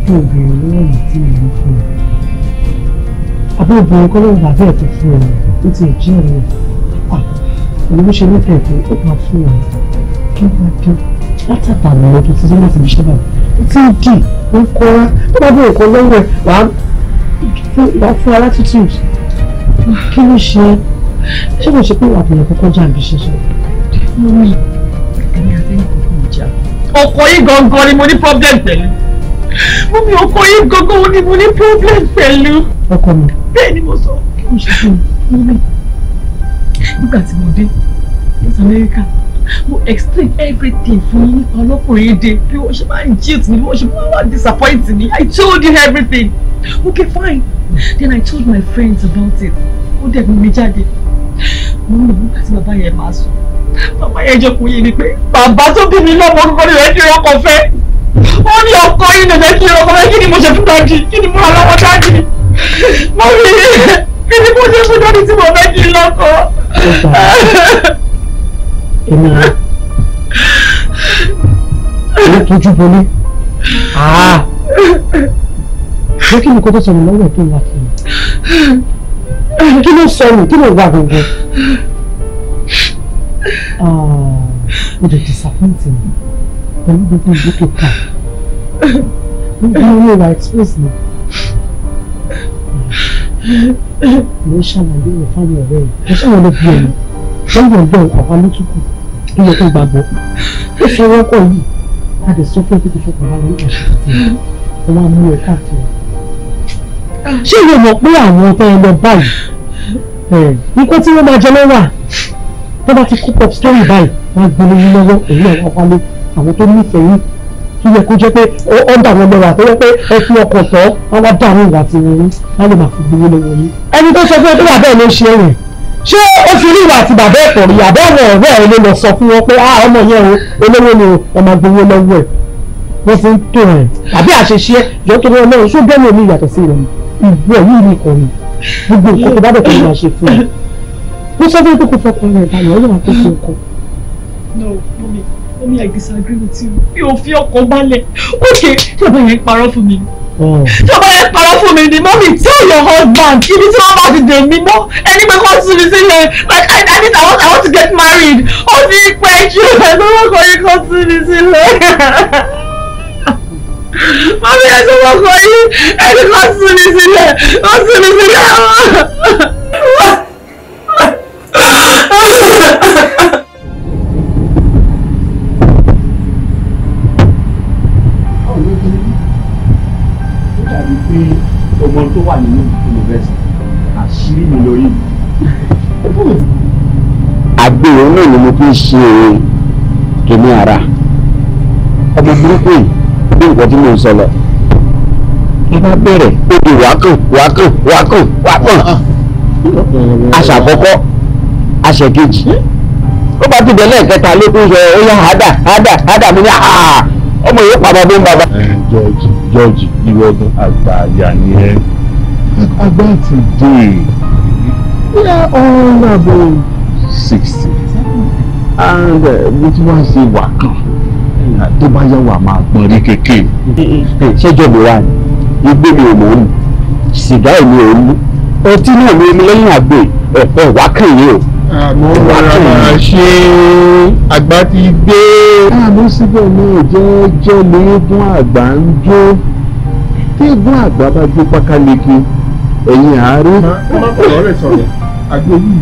kí obìnrin lọ́wọ́ mi tí mo ní fún ọ àbí obìnrin lóun bàbá ẹ̀ tó fún ọ ó ti jí ọ̀rẹ́ à òun ló ṣe nífẹ̀ẹ́ pé ó máa fún ọ kí wọ́n dín látàbà lọ́wọ́ tó ti dé láti ibi ó ti ń dì ó ń kọ́ra tó bá bẹ̀rẹ̀ kan lọ́wọ́ ẹ̀ wàá fún attitude kí ló ṣe ṣé kò ṣe pé ìwà àtẹ̀yẹ kọ́kọ́ jà bí ṣe sọ. mo ní yìí gangan ni mo ní problem pẹ̀lú mo ní ọkọ yìí gangan ni mo ní problem pẹ̀lú. ọkọ mi. bẹ́ẹ̀ ni mo sọ. kí ló ṣe fún mi. nígbà tí mo dé north america mo explain everything for me? nípa ọlọ́kùnrin èdè bí wọ́n ṣe máa ń cheat mi bí wọ́n ṣe máa wà disappoint me I told you everything okay fine then I told my friends about it ó dẹ̀ gbé mi jáde mo ní ìgbà tí bàbá yẹn máa sùn bàbá yẹn jẹ́ kó yé mi pé bàbá tó bí mi lọ́mọ orúkọ rẹ̀ kí ọkọ fẹ́ ó ní ọkọ yìí nìyẹn kí ọkọ fẹ́ kí ni mo ṣe fún dáàdì kí ni mo rà lọ́wọ́ dáàdì mo rí kí ni mo ṣe fún dáàdì tí mo fẹ́ kí lọ́kọ èmi rẹ ó tójú bolé ṣé kí ni kó tó sọnù lọ́wọ́ tó wà fún mi kí ló sọnù kí ló wà gbogbo ó ah, lè disappoint mi pẹ̀lú gbogbo ìlú tó kà nígbà wo wà expose mi mo ṣàlàyé rẹ̀ fáwọn ọ̀rẹ́ rẹ̀ mo ṣàlàyé bí ẹ̀mí lọ́wọ́ ọ̀gbọ́n àwọn alótùkù ó yẹ kó gbàgbọ́ ó ṣe wọ́pọ̀ yìí a lè sọ fún ìpínlẹ̀ fọkàn bá lóyún ọ̀sẹ̀ tí wọ́n á mú ẹ káàkiri. ṣé ìwé mọ̀ pé àwọn tó ń lọ báyìí nǹkan tí wọ́n máa jẹ lọ́wọ́ tó bá ti kú pop story báyìí wọ́n gbé lórí lọ́wọ́ èyí àwọn wálé àwọn tó nífẹ̀ẹ́ yìí tó yẹ kó jẹ́ pé ó ń dàrú ọgbẹ́rẹ́ àtọ́wọ́ pé ẹ fi ọkọ̀ tọ́ wọn wá dàrú ìwà tiwọn wọn lè máa fi gbowó lọ́wọ́ yìí ẹni tó sọ pé ó tó wà bẹ́ẹ̀ ló ṣe rẹ̀ ṣé ó ti rí ìwà àti bàbá ẹ̀kọ́ rí àbẹ́ ọmọ ọ̀rẹ́ ẹ̀ ló lọ sọ fún wọn pé ah ọmọ yẹn o olówó ni ẹ máa gbowó lọ́wọ́ ẹ̀ wọ́n fi ń tó ẹ̀ àbí àṣeṣe ẹ̀ jọ tó lọ́wọ́ lọ́wọ́ ṣó bẹ́ẹ̀ ni ìyàtọ̀ sí rẹ̀ ìwọ yìí ni kò ní gbogbo nǹkan tó bá bẹ̀ tó máa ṣe fún ẹ mo sọ fún kókó fọkùnrin ẹ̀ balẹ̀ ọlọ́run tó fi nǹkan. no mummy mummy I disagree with you mi ò fi ọkọ̀ balẹ̀ ó ṣe tí ọ̀bẹ yẹn parọ́ fún mi tó bá yẹ parọ́ fún mi ni mọ́mí tí ò yọ husband ibi tí wọ́n bá ti dè mí mọ́ ẹni pé kó tún mi sílẹ̀ like I, I need I want, I want to get married ó ti pẹ́ jù ẹ̀ lọ́wọ́ kò yẹ kó tún mi sílẹ̀ mọ́mí ẹ̀ tó wọ́n kọ́ yí ẹni kó tún mi sílẹ̀ kó tún mi sílẹ̀ wọ́n. ọmọ tó wà nínú yunifásitì àṣírí mi lórí. àgbèrò náà ni mo fi ń ṣe kìnìún ara ọmọ burúkú yìí bí nǹkan tí mo ń sọ lọ ẹ bá bẹ̀rẹ̀ odò wákàn wákàn wákàn wákàn aṣàkọ́kọ́ aṣèkejì ó bá ti bẹ̀ lẹ́ẹ̀kẹta ló tún sọ ó yá àádà àádà àádà mi ní ọmọ yìí pàmò bí ń bàbá. George George Abiodun àgbàyà ni ẹ àgbà ti dé we are all about sixty and uh, mo ti wá ṣe wà kan tó bá yẹ wà máa gbọ́n rí kékeré. ṣéjọba wa ni igbó mi ò mọ̀ ọ́nù sìgá èmi ò mú ọtí náà mi omi lẹ́yìn àgbè ẹ̀fọ́ wà kàn yín o. àmọ́ rárá ṣé àgbà ti dé. káàmú síbẹ̀ náà jẹ́ẹ́jẹ́ lè dún àgbà ń jó téégún àgbà bá gbé pákáleke ẹ̀yìn àárẹ̀. má kọ̀ lọ́rẹ̀ sọ̀rọ̀ àgbo yìí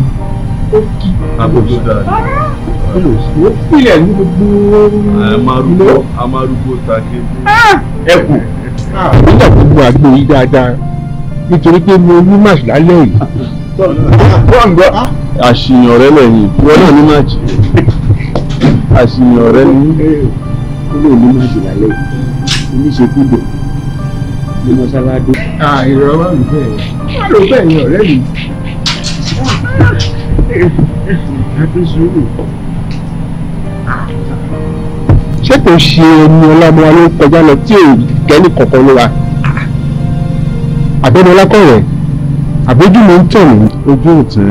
ó kí àbòjò dáadáa ó filẹ̀ ní gbogbo amarugo take ah! ẹ kù. nígbà tó mu àgbo yìí dáadáa nítorí pé mo ní match lálẹ́ yìí. àṣìyàn ọ̀rẹ́ lẹ́yìn ìwọ náà ní match àṣìyàn ọ̀rẹ́ ní olóòlù match lálẹ́ yìí oníṣekú bẹ̀rẹ̀ ni mo sábà dé. ìrọ̀ wà mí bẹ́ẹ̀ wà ló bẹ́ẹ̀ ni ọ̀rẹ́ mi. àbísùúrù. ṣé kò ṣe omi ọlámọlá ló kọjá lọ tí ò kẹ́lí kọ̀ọ̀kan ló wa àbẹ́ni ọlákọ̀rẹ́ àbójú ló ń tẹ̀wé ojú òtẹ́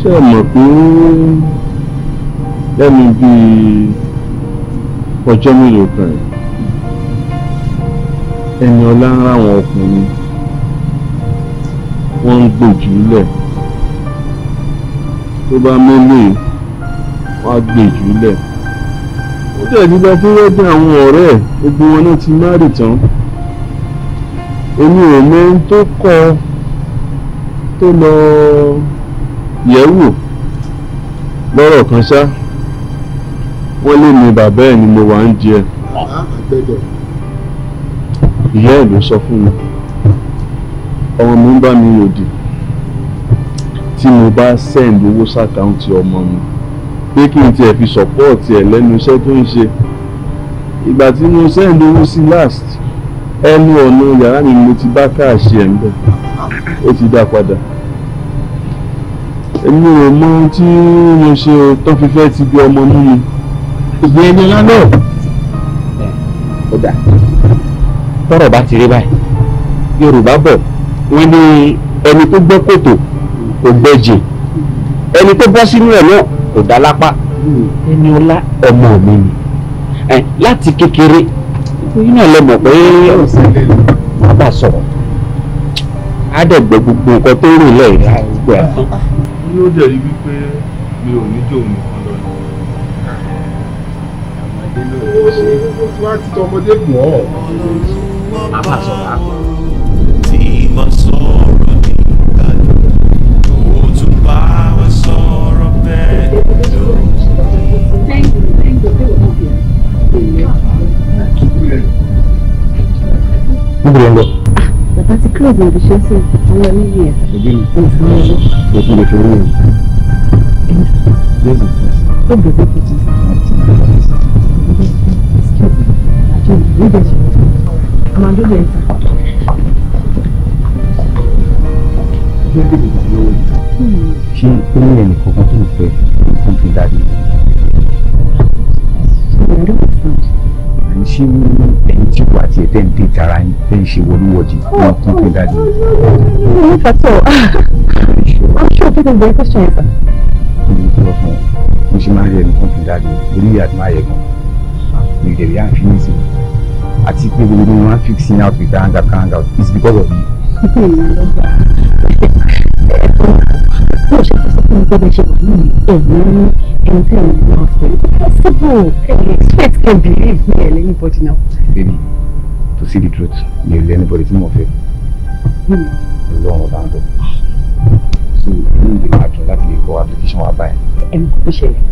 ṣé ẹ mọ̀ pé lẹ́nu bíi ọjọ́ mélòó kan yìí ẹni ọlá ń ráwọn ọkùnrin wọ́n ń gbèjú lẹ̀ tó bá mélòó wọ́n á gbèjú lẹ̀ ó dẹ̀ nígbà tó rẹ́gbẹ́ àwọn ọ̀rẹ́ ẹ̀ gbogbo wọn náà ti márì tán èmi ò mọ ohun tó kọ tó lọ yẹ̀wò lọ́rọ̀ kan ṣá wọ́n lé mi bàbá ẹ̀ ni mo wà ń jẹ ìyá ẹ̀ ló sọ fún mi ọmọ mi ń bá mi lòdì tí mo bá send owó sàkáǹtì ọmọ mi pé kí n tiẹ̀ fi support ẹ̀ lẹ́nu iṣẹ́ tó ń ṣe ìgbà tí mo send owó sí last ẹnu ọ̀nà yàrá mi mo ti bá káàṣì ẹ̀ ń bẹ̀ ó ti dá padà èmi ò mọ ohun tí mo ṣe tó fi fẹ́ ti bí ọmọ mú ìgbìyànjú lánàá. tọ́rọ̀ bá ti rí báyìí yorùbá bọ̀ wọ́n ní ẹni tó gbẹ́ kòtò kò gbẹ́ jìn ẹni tó bọ́ sínú ẹ̀ náà kò dá lápá ẹni ọlá ọmọ mi ni láti kékeré yín náà lè mọ̀ pé bàbá sọ̀rọ̀ á gbogbo nǹkan tó rò lẹ́yìn àgbẹ̀ ní ó dẹ̀ rí wípé mi ò ní jòun nìkan lọ ni ọmọdé ló ń ṣe wá ti tọmọdé gùn ọ́ má bàa sọ̀rọ̀ àpò. tí mo sọ̀rọ̀ ní ìgbàlù ó tún bá wa sọ̀rọ̀ bẹ́ẹ̀ lọ. níbo ló ń lọ. bàbá ti kílò bí ibiṣẹ́ sí ọmọ mi yìí ẹ̀. ẹbí mi kò sí ọmọ mi. kò sí lè fi orí mi. jésù. ó bẹ̀rẹ̀ kò jésù. jésù máa dé bẹ̀rẹ̀ Ṣé ó ẹnì kankan tó ń fẹ́ kó fi dáadé? Ṣèlérí kò sàn. Àní ṣé tí wà tí ẹ tẹ́ ń dé tara yín tẹ́ ń ṣe wọlúwọ̀dì wọn kún fi dáadé? Mo ní fàtọ̀. I'm sure people very question yẹn sir. Mo ní fún ọ, mo ṣe máa ń rí ẹnì kan fi dáadé, orí àti máa yẹ Mi ò dẹ̀ bí à ń fi ní ìsìn àti pé gbogbo ni wọ́n fixing out with hang out it's because of you. ó ṣe fẹ́ sọ fún mi gbọ́dọ̀ ṣe wà ní ẹ̀mí ẹni tí ẹ̀mí ń lọ sí possible straight can believe me and anybody now. baby to see the truth mi ò lè anybody tí mo fẹ́ lọ́wọ́ bá ń bọ̀ so inú ìdè máa dùn láti lè kọ application wa báyìí. ẹ̀mí kò ṣẹlẹ̀ kí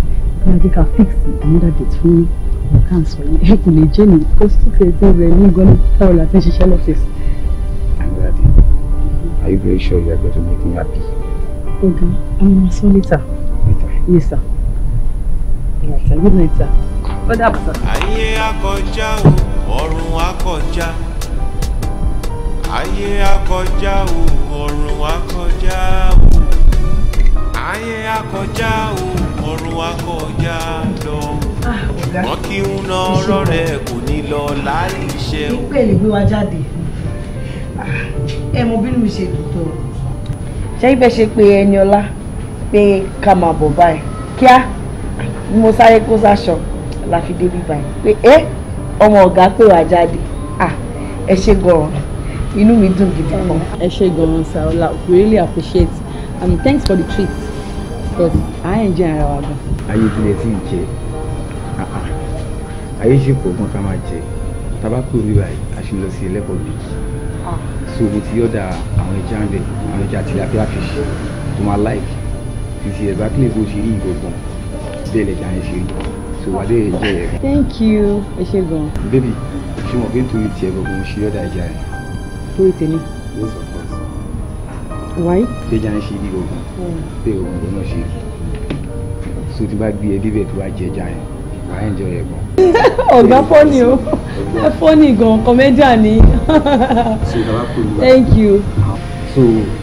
wọ́n jẹ́ ká fix another date fún mi ọ̀rọ̀ sọ yìí kò lè jẹ́ ní positive ẹgbẹ́ rẹ̀ ní gan táwọn la ń ṣiṣẹ́ lọ́fíìsì. Andrade, are you very sure you are going to make me happy? Oga, I'm gonna sọ later. Later? Yes, sir. Alright, sir. Good night, sir. Ó dàbọ̀ Ayé akọjá o, ọ̀run akọjá. Ayé akọjá o, ọ̀run akọjá o. Ayé akọjá o, ọ̀run akọjá lọ wọ́n kí ń ná ọ̀rọ̀ rẹ̀ kò ní lọ láì ṣe o. ìpè lè gbé wa jáde ẹ mọ bínú mi ṣe dùtò ṣé ibẹ̀ ṣe pé ẹni ọlá pé ká máa bọ̀ báyìí kíá ni mo sáré kó sáṣọ la fi débi báyìí pé ẹ ọmọ ọ̀gá pè wá jáde ẹ ṣe gan-an inú mi dùn gidi kan. ẹ ṣe gan-an Sarọlá we really appreciate and thanks for the treat because i enjoy ara wa gan. ayé tilẹ̀ ti jẹ́ ayé ṣe pọ̀ gan ká máa jẹ tabako rírà àṣì lọ sí ẹlẹ́kọ̀ọ́ bíi ah. so mo ti yọ̀dà àwọn ẹja ń bẹ̀ àwọn ẹja tilapia fish tó máa like ti ti ẹ̀bá kílẹ̀ bó ṣe rí ìgbọ̀ngàn bẹ́ẹ̀ lẹ̀jà yẹn ṣe rí so wà lóye jẹ́ ẹ̀. thank you ẹ ṣe gan. bébì ṣé mo fi ń torí tiẹ̀ gbọ̀ngàn mo ṣe yọ̀dà ẹja yẹn. torí tèmi. yes of course. why. ẹja yẹn ṣe rí ìgbọ̀ngàn hmm. bẹ́ẹ̀ ìgbọ̀ngàn náà ṣe rí so tí bá gbé ẹ débẹ̀ tó bá jẹ ẹja yẹn wà á ọ̀gá fọ́ọ̀nì o ẹ fọ́ọ̀nì gan kọ́mẹ́díà ni thank you. so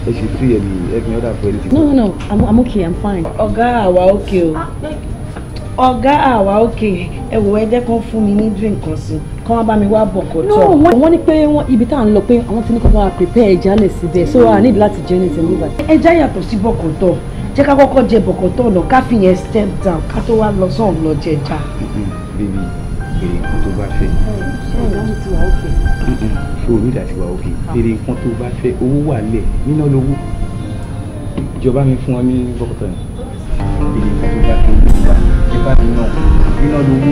ẹ ṣe free ẹ ní ẹ ní ọ̀dà fún ẹni. no no no i'm, I'm okay i'm fine. ọ̀gá àwa okay o ọ̀gá àwa okay ẹ wò ẹ jẹ́ kán fún mi ní drink kan sí kán wá bá mi wá bọ̀ kọ́ no wọ́n ní pé wọ́n ibi tá à ń lọ pé àwọn tí ní kọ́ bá prepare ẹja lẹ̀ síbẹ̀ so i need láti jẹ́ ní tẹ̀lé ìbàdàn. ẹja yàtọ̀ sí bọ̀kọ̀tọ̀ jẹ́ ká kọ́kọ́ jẹ bọ̀kọ̀tọ̀ ọ̀nà ká fi yẹn step down ká tó wá lọ sọ̀rọ̀ lọ jẹja. Mm-hmm. Baby, bèrè nǹkan tó bá fẹ́. ṣòro ìdá ti wà òkè bèrè nǹkan tó bá fẹ́ owó wà lẹ̀ níná lówó ìjọba mi fún ọ ní bọ́kọ̀tọ̀ yẹn bèrè nǹkan tó bá fẹ́ owó wà lẹ̀ ẹ bá mi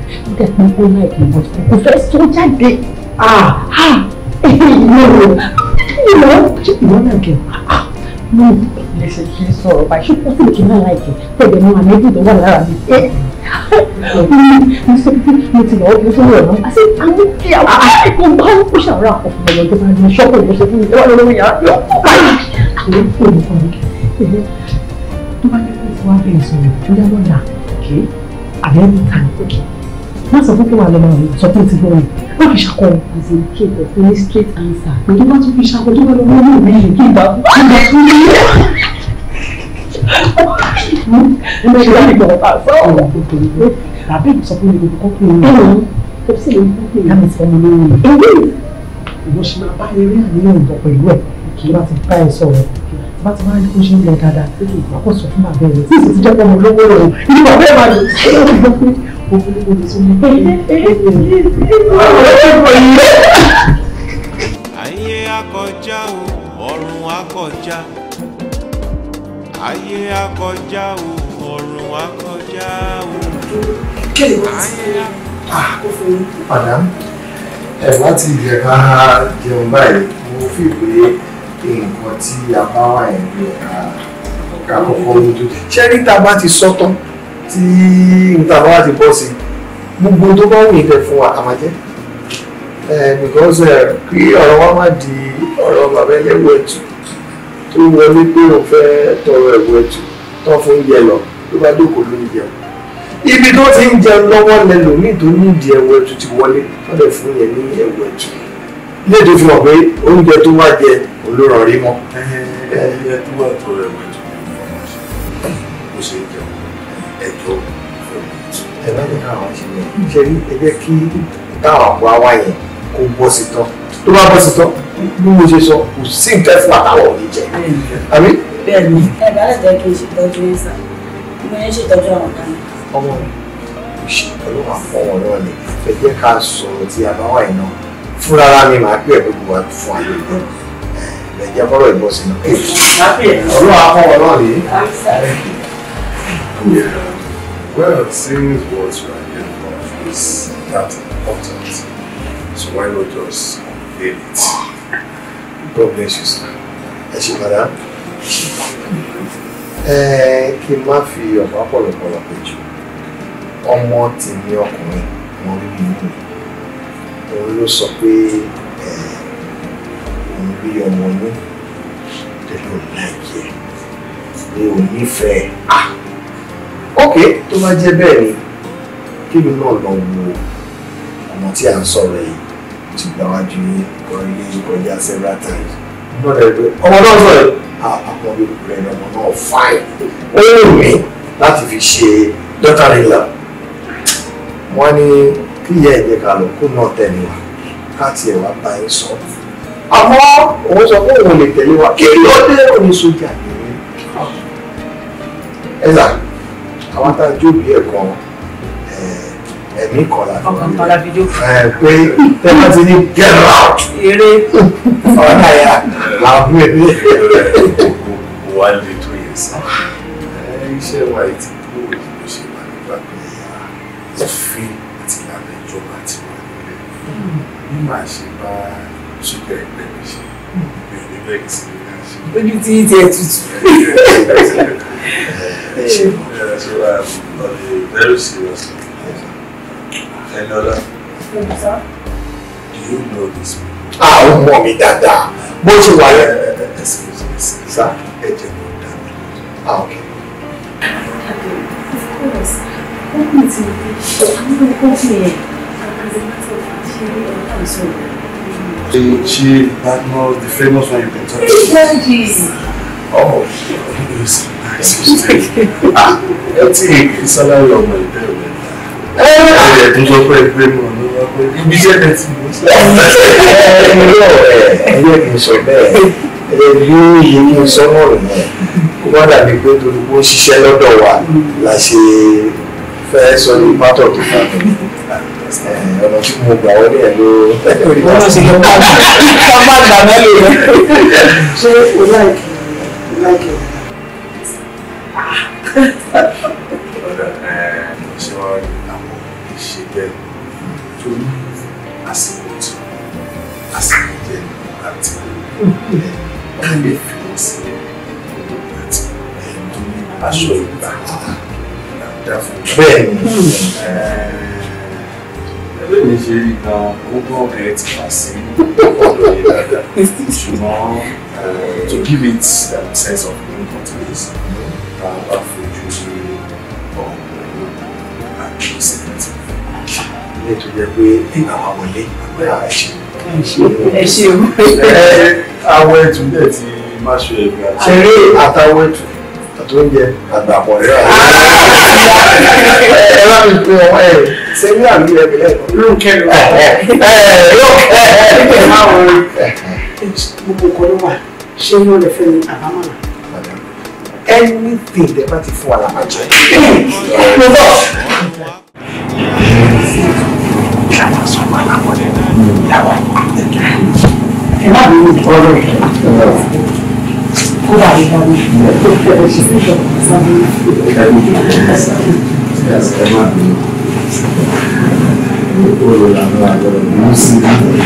pé ó láìpẹ́ bọ̀ kò fẹ́ sọ jáde ìlú ìlú ṣé ìlú náà kẹ mo lẹsẹ kí n sọ̀rọ̀ báyìí ṣé kókò kí n náà láìpẹ́ tẹ̀lé mọ́ àmì ẹ̀dùn tó wà lára mi mo sọ pé mo ti lọ́ọ́ fún ọ̀rọ̀ náà àti àwọn kí àwọn àìkú bá ń kó ṣàrọ̀ àkọ́kọ́ lọ́jọ́ bá ní ṣọ́kù ló ṣe fún mi wọ́n lọ́wọ́ yàrá yọ kó báyìí. àwọn èèyàn kan ní tó bá ní kó fún wa bẹ́ẹ̀ sọ̀rọ̀ tó yá lọ́la kí àbẹ́rù ta ní kókè wọ́n sọ fún kí wà lọ́mọ rẹ̀ sọ pé ti gbọ́ rẹ̀ wọ́n fi ṣàkọ. àti kéèkó fún ní straight answer pé tó bá tún fi ṣàkọ tó bá lọ́wọ́ ní òbí yìí kí ìgbà kí ìgbà fún mi. ṣé wàá gbọ́ sọ ọ̀rọ̀ kòkòrò tàbí sọ fún mi kò pé ẹ̀rọ tó fún mi láti ọmọ lórí mi. ewé ìwọ ṣe máa bá eré àníyàn ìbọ̀ pẹ̀lú ẹ̀ kí wọ́n ti bá ti máa ń kó ṣe ń dáadáa wọ́n kò sọ fún bàbá rẹ̀ tí ti jẹ́ pọ̀ lọ́wọ́ rẹ̀ ìdí bàbá ẹ̀ máa lò ó ayé akọjá o ọ̀run akọjá ayé akọjá o ọ̀run akọjá o. kéde wá sí ah, madam ẹ láti ìjẹba jẹun báyìí mo fi pé nǹkan tí a bá wà yẹn ní ẹ̀ka àkọ́kọ́ lójú ṣé rí tá a bá ti sọ́tọ̀ tí nǹkan àwọn àti bọ́ sí gbogbo tó bá wù ilẹ̀ fún wa àmàjẹ́ because kí ọ̀rọ̀ wa má di ọ̀rọ̀ bàbá ẹlẹ́wù ẹ̀tù tó wọlé pé òun fẹ́ tọrọ ẹ̀wù ẹ̀tù tán fún yẹ lọ ló bá dókòó ló ń ibi tó ti ń jẹun lọ́wọ́ lẹ́nu nítorí ìdí ẹ̀wù ẹ̀tù ti wọlé wọ́n lè fún yẹn ní ẹ̀wù ẹ̀tù léde fi hàn pé oúnjẹ tó wá jẹ olórọ̀ rí mọ́. ẹ ẹ ẹ tó wà tó rẹ̀ wẹ̀ tó ṣe é jẹ ẹjọ́ ẹ bá lè ká àwọn ṣẹlẹ̀ ṣe rí ẹgbẹ kí táwọn àpò àwa yẹn kó bọ́ sí tán tó bá bọ́ sí tán bí mo ṣe sọ kò sí nǹkan fún àtàwọn òní jẹ àbí. bẹ́ẹ̀ni ẹ bá lè jẹ kí n ṣètọ́jú ẹ sàn mo yẹn ṣètọ́jú àwọn kan. ọmọ mi ṣe pẹ̀lú àfọwọ́ náà ni ẹ jẹ́ ká sọ̀rọ̀ tí a bá wà yìí náà fúnra ara mi máa pè gbogbo wa fún ayé ìgbọ́ ẹ jẹ́ kọ́rọ̀ ìbọ̀ sínú. ọlọ́run àfọwọ́ náà ni. Well, seeing what you are here for is that important. So why not just pay it? God bless you, sir. Ẹ ṣé padà. kí n má fi ọ̀pá pọ̀lọpọ̀lọ̀ pè jù. Ọmọ tèmi ọkùnrin wọn rí mi nù. Òun ló sọ pé òun rí ọmọ inú. Tẹ̀lé òun láì jẹ́. Mi nífẹ̀ẹ́. Ah! ok tó bá jẹ́ bẹ́ẹ̀ ni kí mi náà lọ wo ọmọ tí à ń sọ̀rọ̀ yìí mo ti gbà wájú yín kọrin yín kọjá several times ọmọ náà sọ̀rọ̀ yìí àpapọ̀ bí rẹ̀ ni ọmọ náà fine ó wù mí láti fi ṣe daughter in law wọ́n ní kí ìyá ẹ̀jẹ̀ ká lọ kó náà tẹ̀lé wa káàtì ẹ̀ wá bá yín sọ àmọ́ òun sọ pé òun lè tẹ̀lé wa kí ló dé òun sójà nìyí ẹ̀sà àwọn tá a jó bí ẹ̀kan ẹ̀mí kan la ọkàn kan la fi jó. ti ní get out. eré ọ̀nà ìyá làwọn ẹ̀mí. wà á lè tó yẹn sá iṣẹ́ wa ti kú òyìnbó ṣe wà nígbà pé òfin àti ìlànà ìjọba ti wà nílẹ̀ bí màá ṣe bá ṣúgà ẹgbẹ́ mi ṣe mi ò ní bẹ́ẹ̀ sí i ojú tí ì tiẹ̀ tutù. Very seriously. Ẹnlọ́lá. Do you know this man? A ò mọ̀ mi dáadáa. Bó ṣe wà lẹ́. Excuse me, sir. Ẹ jẹ́ Ah, ok. Of course, wọ́n pè tí mo fi ṣe àwọn ọkọ̀ fi yẹn. As a matter of fact, ṣe é ọ̀tá ìṣòro. The chief, Bagnos, the famous one you can talk about. Please. Oh, he's nice. He's nice. Ah, that's a salary of my parents. Eh. ẹ tún sọ pé pé mo ní wọn pé ibi iṣẹ́ rẹ ti mú sí. Eh, ẹ yọ ẹ ẹgbẹ́ kì í sọ bẹ́ẹ̀ ẹ yóò yí ní sọ́nà rẹ̀ mọ́ kó má dàbí pé torí bó ṣiṣẹ́ lọ́dọ̀ wa la ṣe fẹ́ sọ ní pátọ̀ tó fà mí ọ̀nà tí mo gbà wọlé ẹ̀ ló rí wọ́n sì lọ bá a bá gbà mẹ́lẹ̀ rẹ̀. ṣé o láìkì o láìkì o. ọ̀dà mo ṣe wá àwọn ìṣe bẹ́ẹ̀ lèmi ṣe rí gan gbogbo ọ̀rẹ́ ti fà sí ọ̀dọ̀ yẹn ṣùgbọ́n eh, to give it that um, sense of being continuous a bá fojú sí ọ̀rọ̀ um, àti secret ilé tó jẹ́ pé nígbà wà wọlé àgbẹ̀ àṣẹ. ẹ ṣe o. Eh, awọ ẹtù dẹ ti má ṣe ẹgbẹ àti eré àtàwọ ẹtù àtúnjẹ àgbàpọ̀ rẹ. Ah. Eh, ẹ bá mi pè ọmọ ẹ sẹ́yìn àmì rẹ̀ bẹ̀rẹ̀ lóńkẹ́ ló níbẹ̀ máa wọ gbogbo nǹkan ló wà ṣé yóò lè fẹ́ ni àbámọ̀ràn. anything tẹ bá ti fún wa la jẹ. mo bọ̀. ìlànà sọ̀rọ̀ àlámọ̀ ni ìlànà ẹ̀ má bínú ọ̀rọ̀ yìí kódà ní báyìí tó fi ẹ̀ṣẹ̀ sí ìjọba sábẹ́ ìlú. ẹ má bínú. Olè làwọn àgbọ̀dọ̀ ló sí i.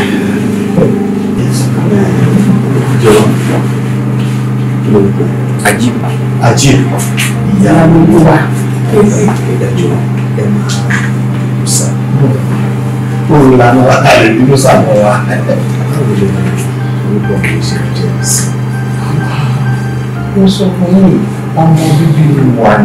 Jọ̀wọ́. Lórúkọ. Ajib. Ajib. Ìyá gbogbo wa. Ìdájọ́ ẹ máa Musa. Olè làwọn wa kálẹ̀ bí Musa mọ̀ wá. Olè orúkọ mi ṣe jẹ́ sí. Wọ́n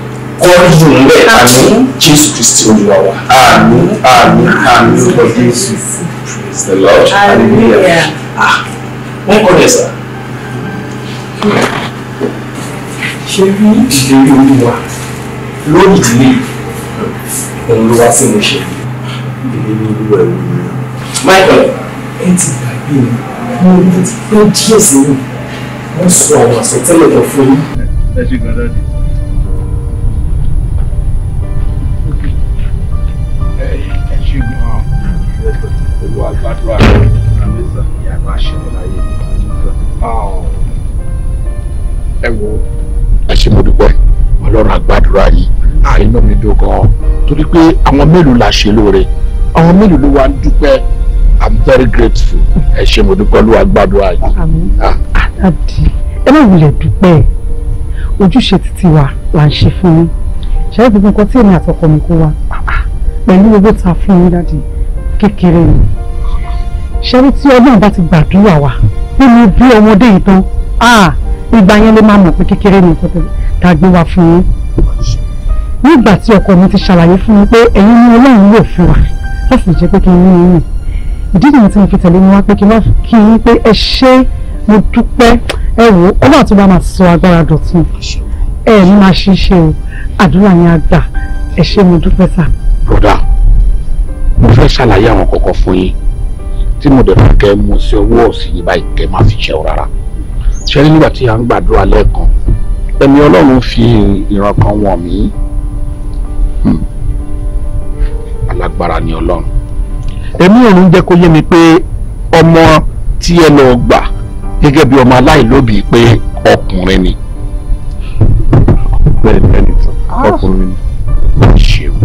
gọ́ọ̀dù ńlẹ̀ àní jésù kristi olúwa wa àmín àmín àmín orúkọ jésù praise the lord hallelujah ah wọ́n kọ́ ní ẹ̀sà ṣé bí ìlérí olúwa lórí ìdílé òun ló wá sí mi ṣe. ìdílé ní olúwa ẹ̀wù michael ẹ ti gbàgbé mi mo ní ti pẹ́ díẹ̀ sẹ́yìn wọ́n sọ àwọn àsọtẹ́lẹ̀ kan fún yín. gbàdúrà rẹ̀ ìyanu àṣẹlẹ̀ láyé ẹ wo ẹ ṣe mo dúpẹ́ ọlọ́run àgbàdúrà yìí àìná mi dùn gan-an torí pé àwọn mélòó la ṣe lóore àwọn mélòó ló wá ń dúpẹ́ i'm very grateful ẹ ṣe mo dúpẹ́ ló wá gbàdúrà yìí. àdàbí ah. ẹ má wulẹ̀ dúpẹ́ ojúṣe títí wa là ń ṣe fún yín ṣáà gbogbo nǹkan tí èmi àtọkọ mi kó wa ah, ah, pẹ̀lú owó ta fún yín dáàdì kékeré ni ṣẹ́rí tí ọlọ́run bá ti gbàdúrà wa nínú bí ọmọdé yìí tán ìgbà yẹn lè máa mọ̀ pé kékeré ni nǹkan tá a gbé wa fún yín nígbà tí ọkọ mi ti ṣàlàyé fún mi pé ẹ̀yin ni ọlọ́run yóò fi wà láti jẹ́ pé kí n ní yín ìdí nìyí tí mo fi tẹ̀lé mi wá pé kí n wá pé ẹ ṣé mo dúpẹ́ ẹ wò ó ọlọ́run tó bá máa sọ agbára dọ̀tun ẹ ní máa ṣiṣẹ́ o àdúrà yẹn á gbà ẹ ṣé mo dúpẹ́ sà mo fẹ́ ṣàlàyé àwọn kọ̀ọ̀kan fún yín tí mo dẹ̀ fẹ́ kẹ́ mo sí ọwọ́ òsì yìí báyìí kẹ́ má fi ṣẹ́ ọ rárá ṣe rí nígbà tí a ń gbàdúrà lẹ́ẹ̀kan ẹ̀mí ọlọ́run fi ìran kan wọ̀n mí hmm. alágbára ni ọlọ́run ẹ̀mí ọ̀run jẹ́ kó yé mi pé ọmọ tí ẹ lọ gbà gẹ́gẹ́ bí ọmọ aláìlóbi pé ọkùnrin ni bẹ́ẹ̀ ni ẹni tán ọkùnrin ni ṣeun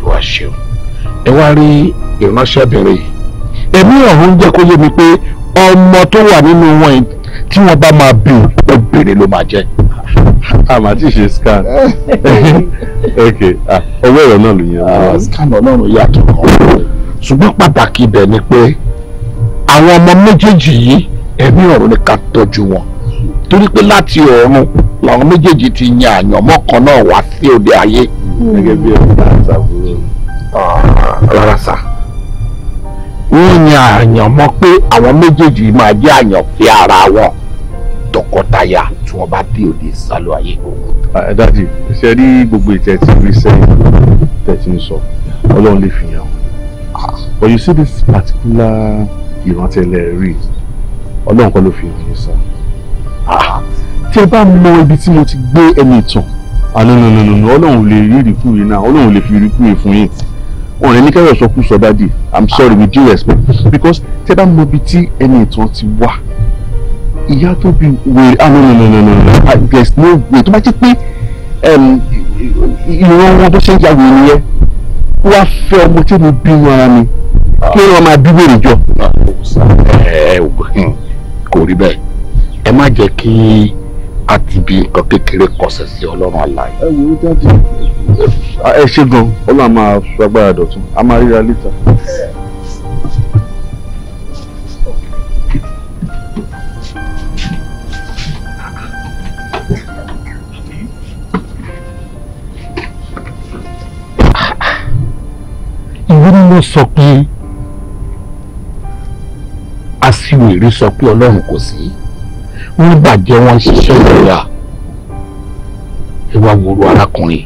ló wá ṣeun ẹ wá rí ìránṣẹ́ bẹ̀rẹ̀ yìí èmi ọ̀hún jẹ́ kó yé mi pé ọmọ tó wà nínú wọn yìí tí wọ́n bá máa bí obìnrin ló máa jẹ́. àmà tí ṣe scan ok ọwọ́ ẹ̀rọ náà ló yẹ. scan ọlọ́run yàtọ̀ kan ṣùgbọ́n pàtàkì ibẹ̀ ni pé àwọn ọmọ méjèèjì yìí ẹ̀mí ọ̀run ni ká tọ́jú wọn torí pé láti ọ̀run làwọn méjèèjì ti yan àyànmọ́ kan náà wá sí òde ayé. gẹ́gẹ́ bí ẹ̀rọ náà ṣàbúrò rárá sá yíyan àyàn mọ̀ pé àwọn méjèèjì máa jẹ́ àyàn fẹ́ ara wọn tọkọtaya tí wọ́n bá dé òde sálọ ayé. Ah, eh, dadi ṣe rí gbogbo ìtẹ́ tí rí sẹ́yìn tẹ̀ tí ń sọ ọlọ́run lè fi hàn but you see this particular ìrántẹ́lẹ̀ rí ọlọ́run kan ló fi hàn yín sá ah, tí ẹ bá mọ ibi tí mo ti gbé ẹni ìtàn ànánànànà ah, ọlọ́run lè rí ìrìkúrì náà ọlọ́run lè fi ìrìkúrì fún yín ọ̀rẹ́ ní kẹ́rọ̀ sọ kú sọ dáàdì i'm sorry with due respect because tẹ́ bá mọ ibi tí ẹni ìtàn ti wá ìyá tó bí wèrè ah no no no no no ah, There's no way tó bá jẹ́ pé ìran wọn tó ṣe ń ya wèrè yẹn wọ́n á fẹ́ ọmọ tí mo bí wọn ara mi kí wọ́n máa bí wèrè jọ. Ah, kò rí bẹ́ẹ̀ ẹ má jẹ́ kí a ti bi nǹkan kékeré kọsẹ̀ sí ọlọ́run àlàyé. ẹ wo tí wọn ti ẹ ṣe gan ọlọ́run máa fagbára dọ̀tun a máa ríra lítà. ìwé ni mo sọ pé aṣiwèrè sọ pé ọlọ́run kò sí wọ́n bàjẹ́ wọ́n ṣiṣẹ́ ìrora ẹ wá arákùnrin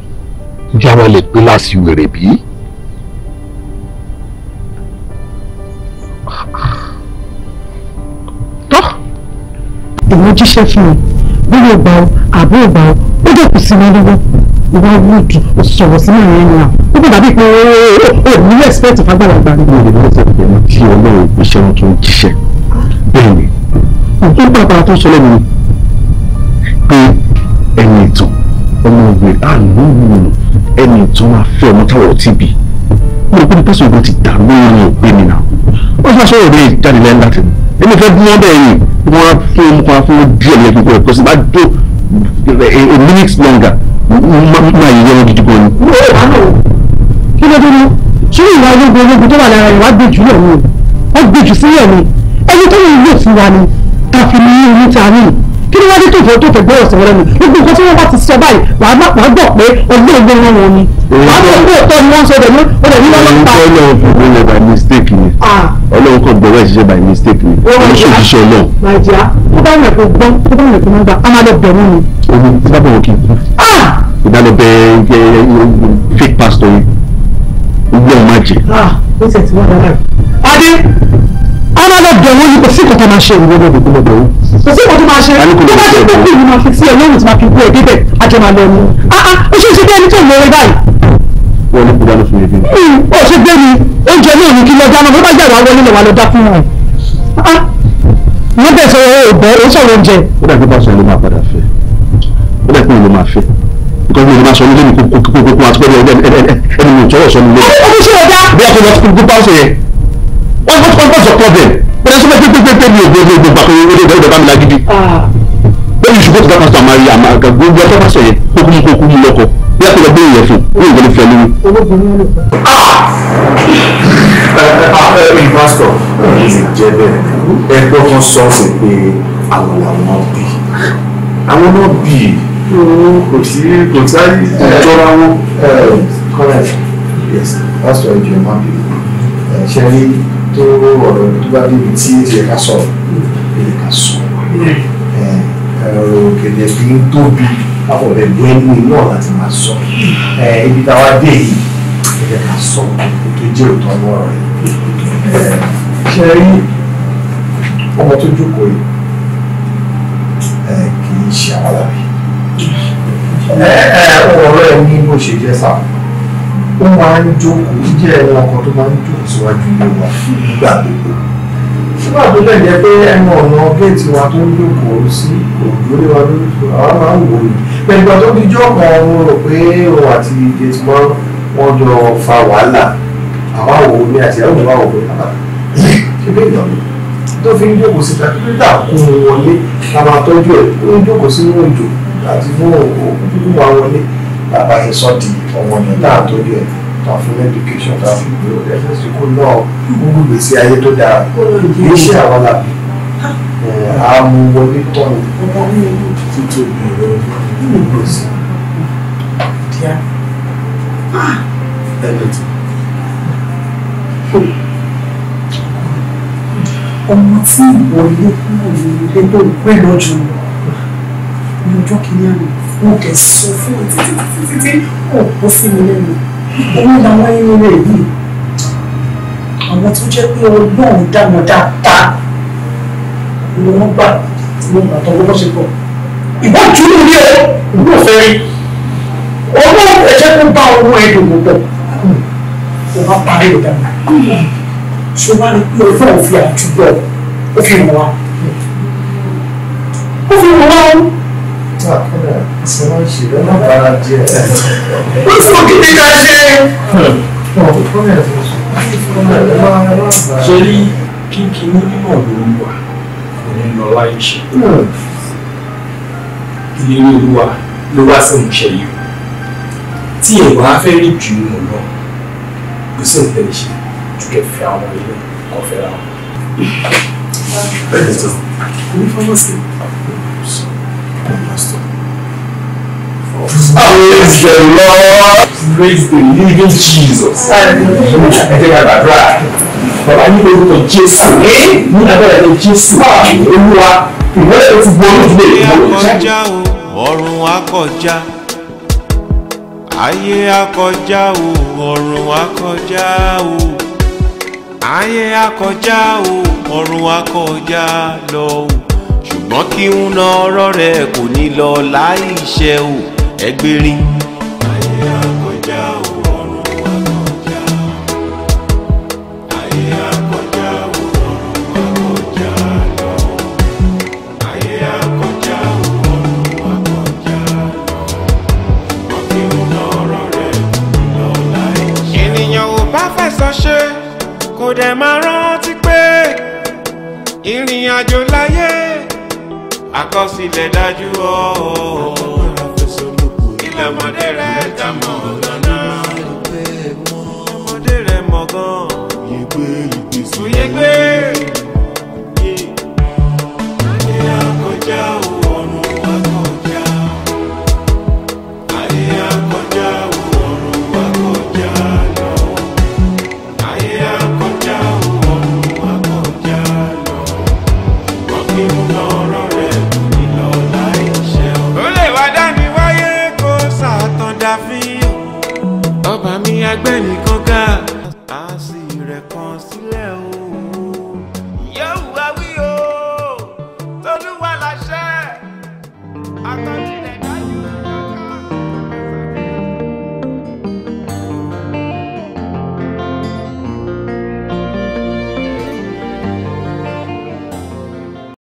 ǹjẹ́ lè pé láti wèrè bí? èmi jíṣẹ́ fún mi bóyá ìgbà o àbí ìgbà o ó dẹ̀ kù mi lọ́wọ́ ìwà wúdù sọ̀rọ̀ sí mi rìn náà ó bí dàbí pé ó ní respect fàgbàlagbà. mi ò lè ní sẹ́kẹ̀ẹ́ tí ọlọ́run ìgbésẹ̀ wọn tó jíṣẹ́ bẹ́ẹ̀ ni kí pàápàá tó ṣẹlẹ̀ mi pé ẹni ìtàn ọmọ ògbìn àánú nínú ẹni ìtàn máa fẹ́ ọmọ táwọn ti bì mo rò pé ní pẹ́sìn ògbó ti dà lóyún ògbé mi náà wọ́n ṣe aṣọ́rọ̀ mi jáde lẹ́yìn láti mi èmi fẹ́ bí wọ́n bẹ̀ yìí wọ́n á fún ọmọ kan fún díẹ̀ lẹ́yìn gbogbo ẹ̀ kó sì bá jó a minute longer máa yẹ wọn gidi gan ni. kí ló dé mú ṣé ìwà ológun ológun tó wà lára ìwà gbèjú lẹ̀ ni wọ́n gbèjú sílẹ̀ ni ẹni tó ń lò sí wa ni ká fi ní oníta ní kí ni wọ́n dé tó fẹ́ tó fẹ́ gbọ́rọ̀ sí wọn lẹ́nu gbogbo nǹkan tí wọ́n bá ti sọ báyìí wàá gbọ́ pé ọgbẹ́ ìgbẹ́ wọn wọn ni wàá gbọ́ pé ọ̀tọ̀ ni wọ́n sọ ọ̀dẹ̀ ní ọ̀dẹ̀ ní ọlọ́pàá. ọlọ́run kò gbé yẹn by mistake ni ọlọ́run kò gbé yẹn ṣiṣẹ́ by mistake ni wọ́n ṣe òṣìṣẹ́ náà. nàìjíríà tó bá yẹ kó gbọ́ tó bá yẹ kó má gbà á má lọ bẹ̀rù ni. omi tí bá bọ̀ wọ́n kì í kú. ìdálọ́bẹ̀ fake pastor yìí gbọ́ ọ má jẹ. ó ṣe ti wọ́n dára. adé a máa lọ bẹ̀rù ní kò sí kò máa ṣe ìwé lóde kò lọ bẹ̀rù. kò sí kò tó máa ṣe tó bá jẹ́ pé kí ìlú máa fi sí ẹ lóhùn tí máa fi gbé ẹ débẹ̀ àjọ máa lọ mú. ó ṣe é ṣe bí ẹni tó ń lórí báyìí. wọ́n ní kó dáná fún mi bí. ó ṣe gbé mi oúnjẹ náà ní kí lọ dáná bó bá jẹ́ àwọn wọlé wa lọ dá fún wọn. wọ́n bẹ̀ sọ̀rọ̀ òbẹ̀ ó sọ̀rọ̀ oúnjẹ. ó dàgbé bá sọ̀rọ̀ ló máa padà fẹ́ ó dàgbé ló máa fẹ́ nǹkan mi ò máa sọ nílé mi kókó kókó àti pé ẹni mi ò tọrọ sọ nílé. ó ti ṣe ọ̀dà. bí a kò lọ kó bá ń sọ yẹn ó wọ́n tó ń bọ̀sọ̀ problem bẹ́ẹ̀ sọ pé pépépé mi ò gbogbo gbogbo àkọyọ owó lóde ìdọ̀bá mi lágídí. bẹ́ẹ̀ ni ṣùgbọ́n tí wọ́n pásítọ̀ àmàrí àmàgà gbogbo ọjọ́ pásítọ̀ yẹn kókó mú kókó mú lọ́kọ̀ bí a ti lọ gbé ìyẹn fún un ní ìgbẹ́ni fẹ́ lórí. pásítọ̀ kì tó ọ̀rọ̀ tó bá débi tí é ẹ̀ka sọ̀rọ̀ èsì ẹ̀ka sọ̀rọ̀ ẹ̀rọ kẹ̀dẹ̀ fi ń tóbi láfọ̀dẹ̀ gbẹ́nu inú ọ̀la é máa sọ ibi táwa dé yìí èsì ẹ̀ka sọ̀rọ̀ tó jẹ́ òótọ́ lọ́rọ̀ rẹ̀ ṣe rí ọmọ tó é que kì a ṣe é àlàyé ọ̀rọ̀ ẹ̀ ní bó ṣe jẹ́ sáà ó máa ń jókòó jẹ́ ẹran ọkàn tó máa ń jókòó síwájú ilé wa nígbà gbogbo nígbà tó lè jẹ́ pé ẹnu ọ̀nà géètì wa tó ń jókòó sí òjò lé wa lórí àwọn máa ń wò ó pẹ̀lú ìgbà tó fi jọ́ kan mo rò pé òun àti géètì máa wọ́n jọ fa wàhálà àwa wò ó ní àti ẹ̀rọ mi wà wò ó bàbá ṣe bí tó fi ń jókòó síta kí ló dà kún un wọlé làwọn ẹ̀ ó ń jókòó sínú òjò àti fún òkú tó wà wọlé bàbá ti sọ di ọmọ yẹn tá a torí ẹ tá a fún education tá a fún ìwé ọdẹ fẹẹ sì kó lọ gbogbo gbèsè ayé tó dára kì í ṣe àwọn làbí àmú wọlé tọ́ ni ọmọ mi ìlú tuntun ìrẹ nínú gbèsè díà ẹlẹtì. ọmọ tí ìwọ ilé kúrò ní ilé tó ń pẹ́ lọ́jọ́ ní ọjọ́ kìíní mo dẹ̀ sọ fún mi títí títí títí ó bọ́ sí mi lẹ́nu òun la wáyé nínú èyí àwọn tó jẹ́ pé ọlọ́run dá wọn dáadáa ni wọ́n gbà tí wọ́n gbà tọ́wọ́ bọ́ sí pọ̀ ìbọn jùlọ ní o ìbọn fẹ́ rí owó ẹ̀jẹ̀ kó bá owó ẹ̀dùn mọ̀ pọ̀ kó má parí ìdáná ṣé wàá rí pé ọlọ́run fi àjùbọ̀ ó fi hàn wá ó fi hàn wá ó sà kọ́dà ìsìn wọn ṣe lọ́nà bára díẹ̀. ó tún kí ni ká ṣe. ṣe rí kíkí ní mímọ̀ ló ń wà kò ní lọ láì ṣe. ìlérí olúwa ló wá sí ìmúṣẹ yìí tí ẹ̀wọ̀n á fẹ́ rí jù mọ̀ lọ kò sí nǹkan lè ṣe ju kẹfẹ́ àwọn ilé kọfẹ́ ra wọn. bẹ́ẹ̀ ni tó kò ní fọwọ́ sí i. Praise the Lord. Praise the living Jesus. Ẹ jẹ́ ká gbàdúrà. Bàbá ní orúkọ Jésù. Ní abẹ́rẹ́ ní Jésù. Olúwa ìwọ́lẹ̀ tó gbọ́ lójúlé ìwọ́lẹ̀. Ọ̀run akọjá. Ayé akọjá o, ọ̀run akọjá o. Ayé akọjá o, ọ̀run akọjá lọ o ṣùgbọ́n kí ń na ọ̀rọ̀ rẹ̀ kò ní lọ láì ṣe ò ẹgbẹ́rin. ayé àkọjá o ọ̀run àkọjá ayé àkọjá o ọ̀run àkọjá lọ ayé àkọjá o ọ̀run kò dẹ̀ máa rántí pé ìrìn àjò láyé àkọsílẹ̀ dájú ọ́ ilẹ̀ ọmọdé rẹ̀ ta mọ̀ lọ́nà ọmọdé rẹ̀ mọ̀ gan òye gbé ìyá kọjá o. ẹgbẹ́ nìkan.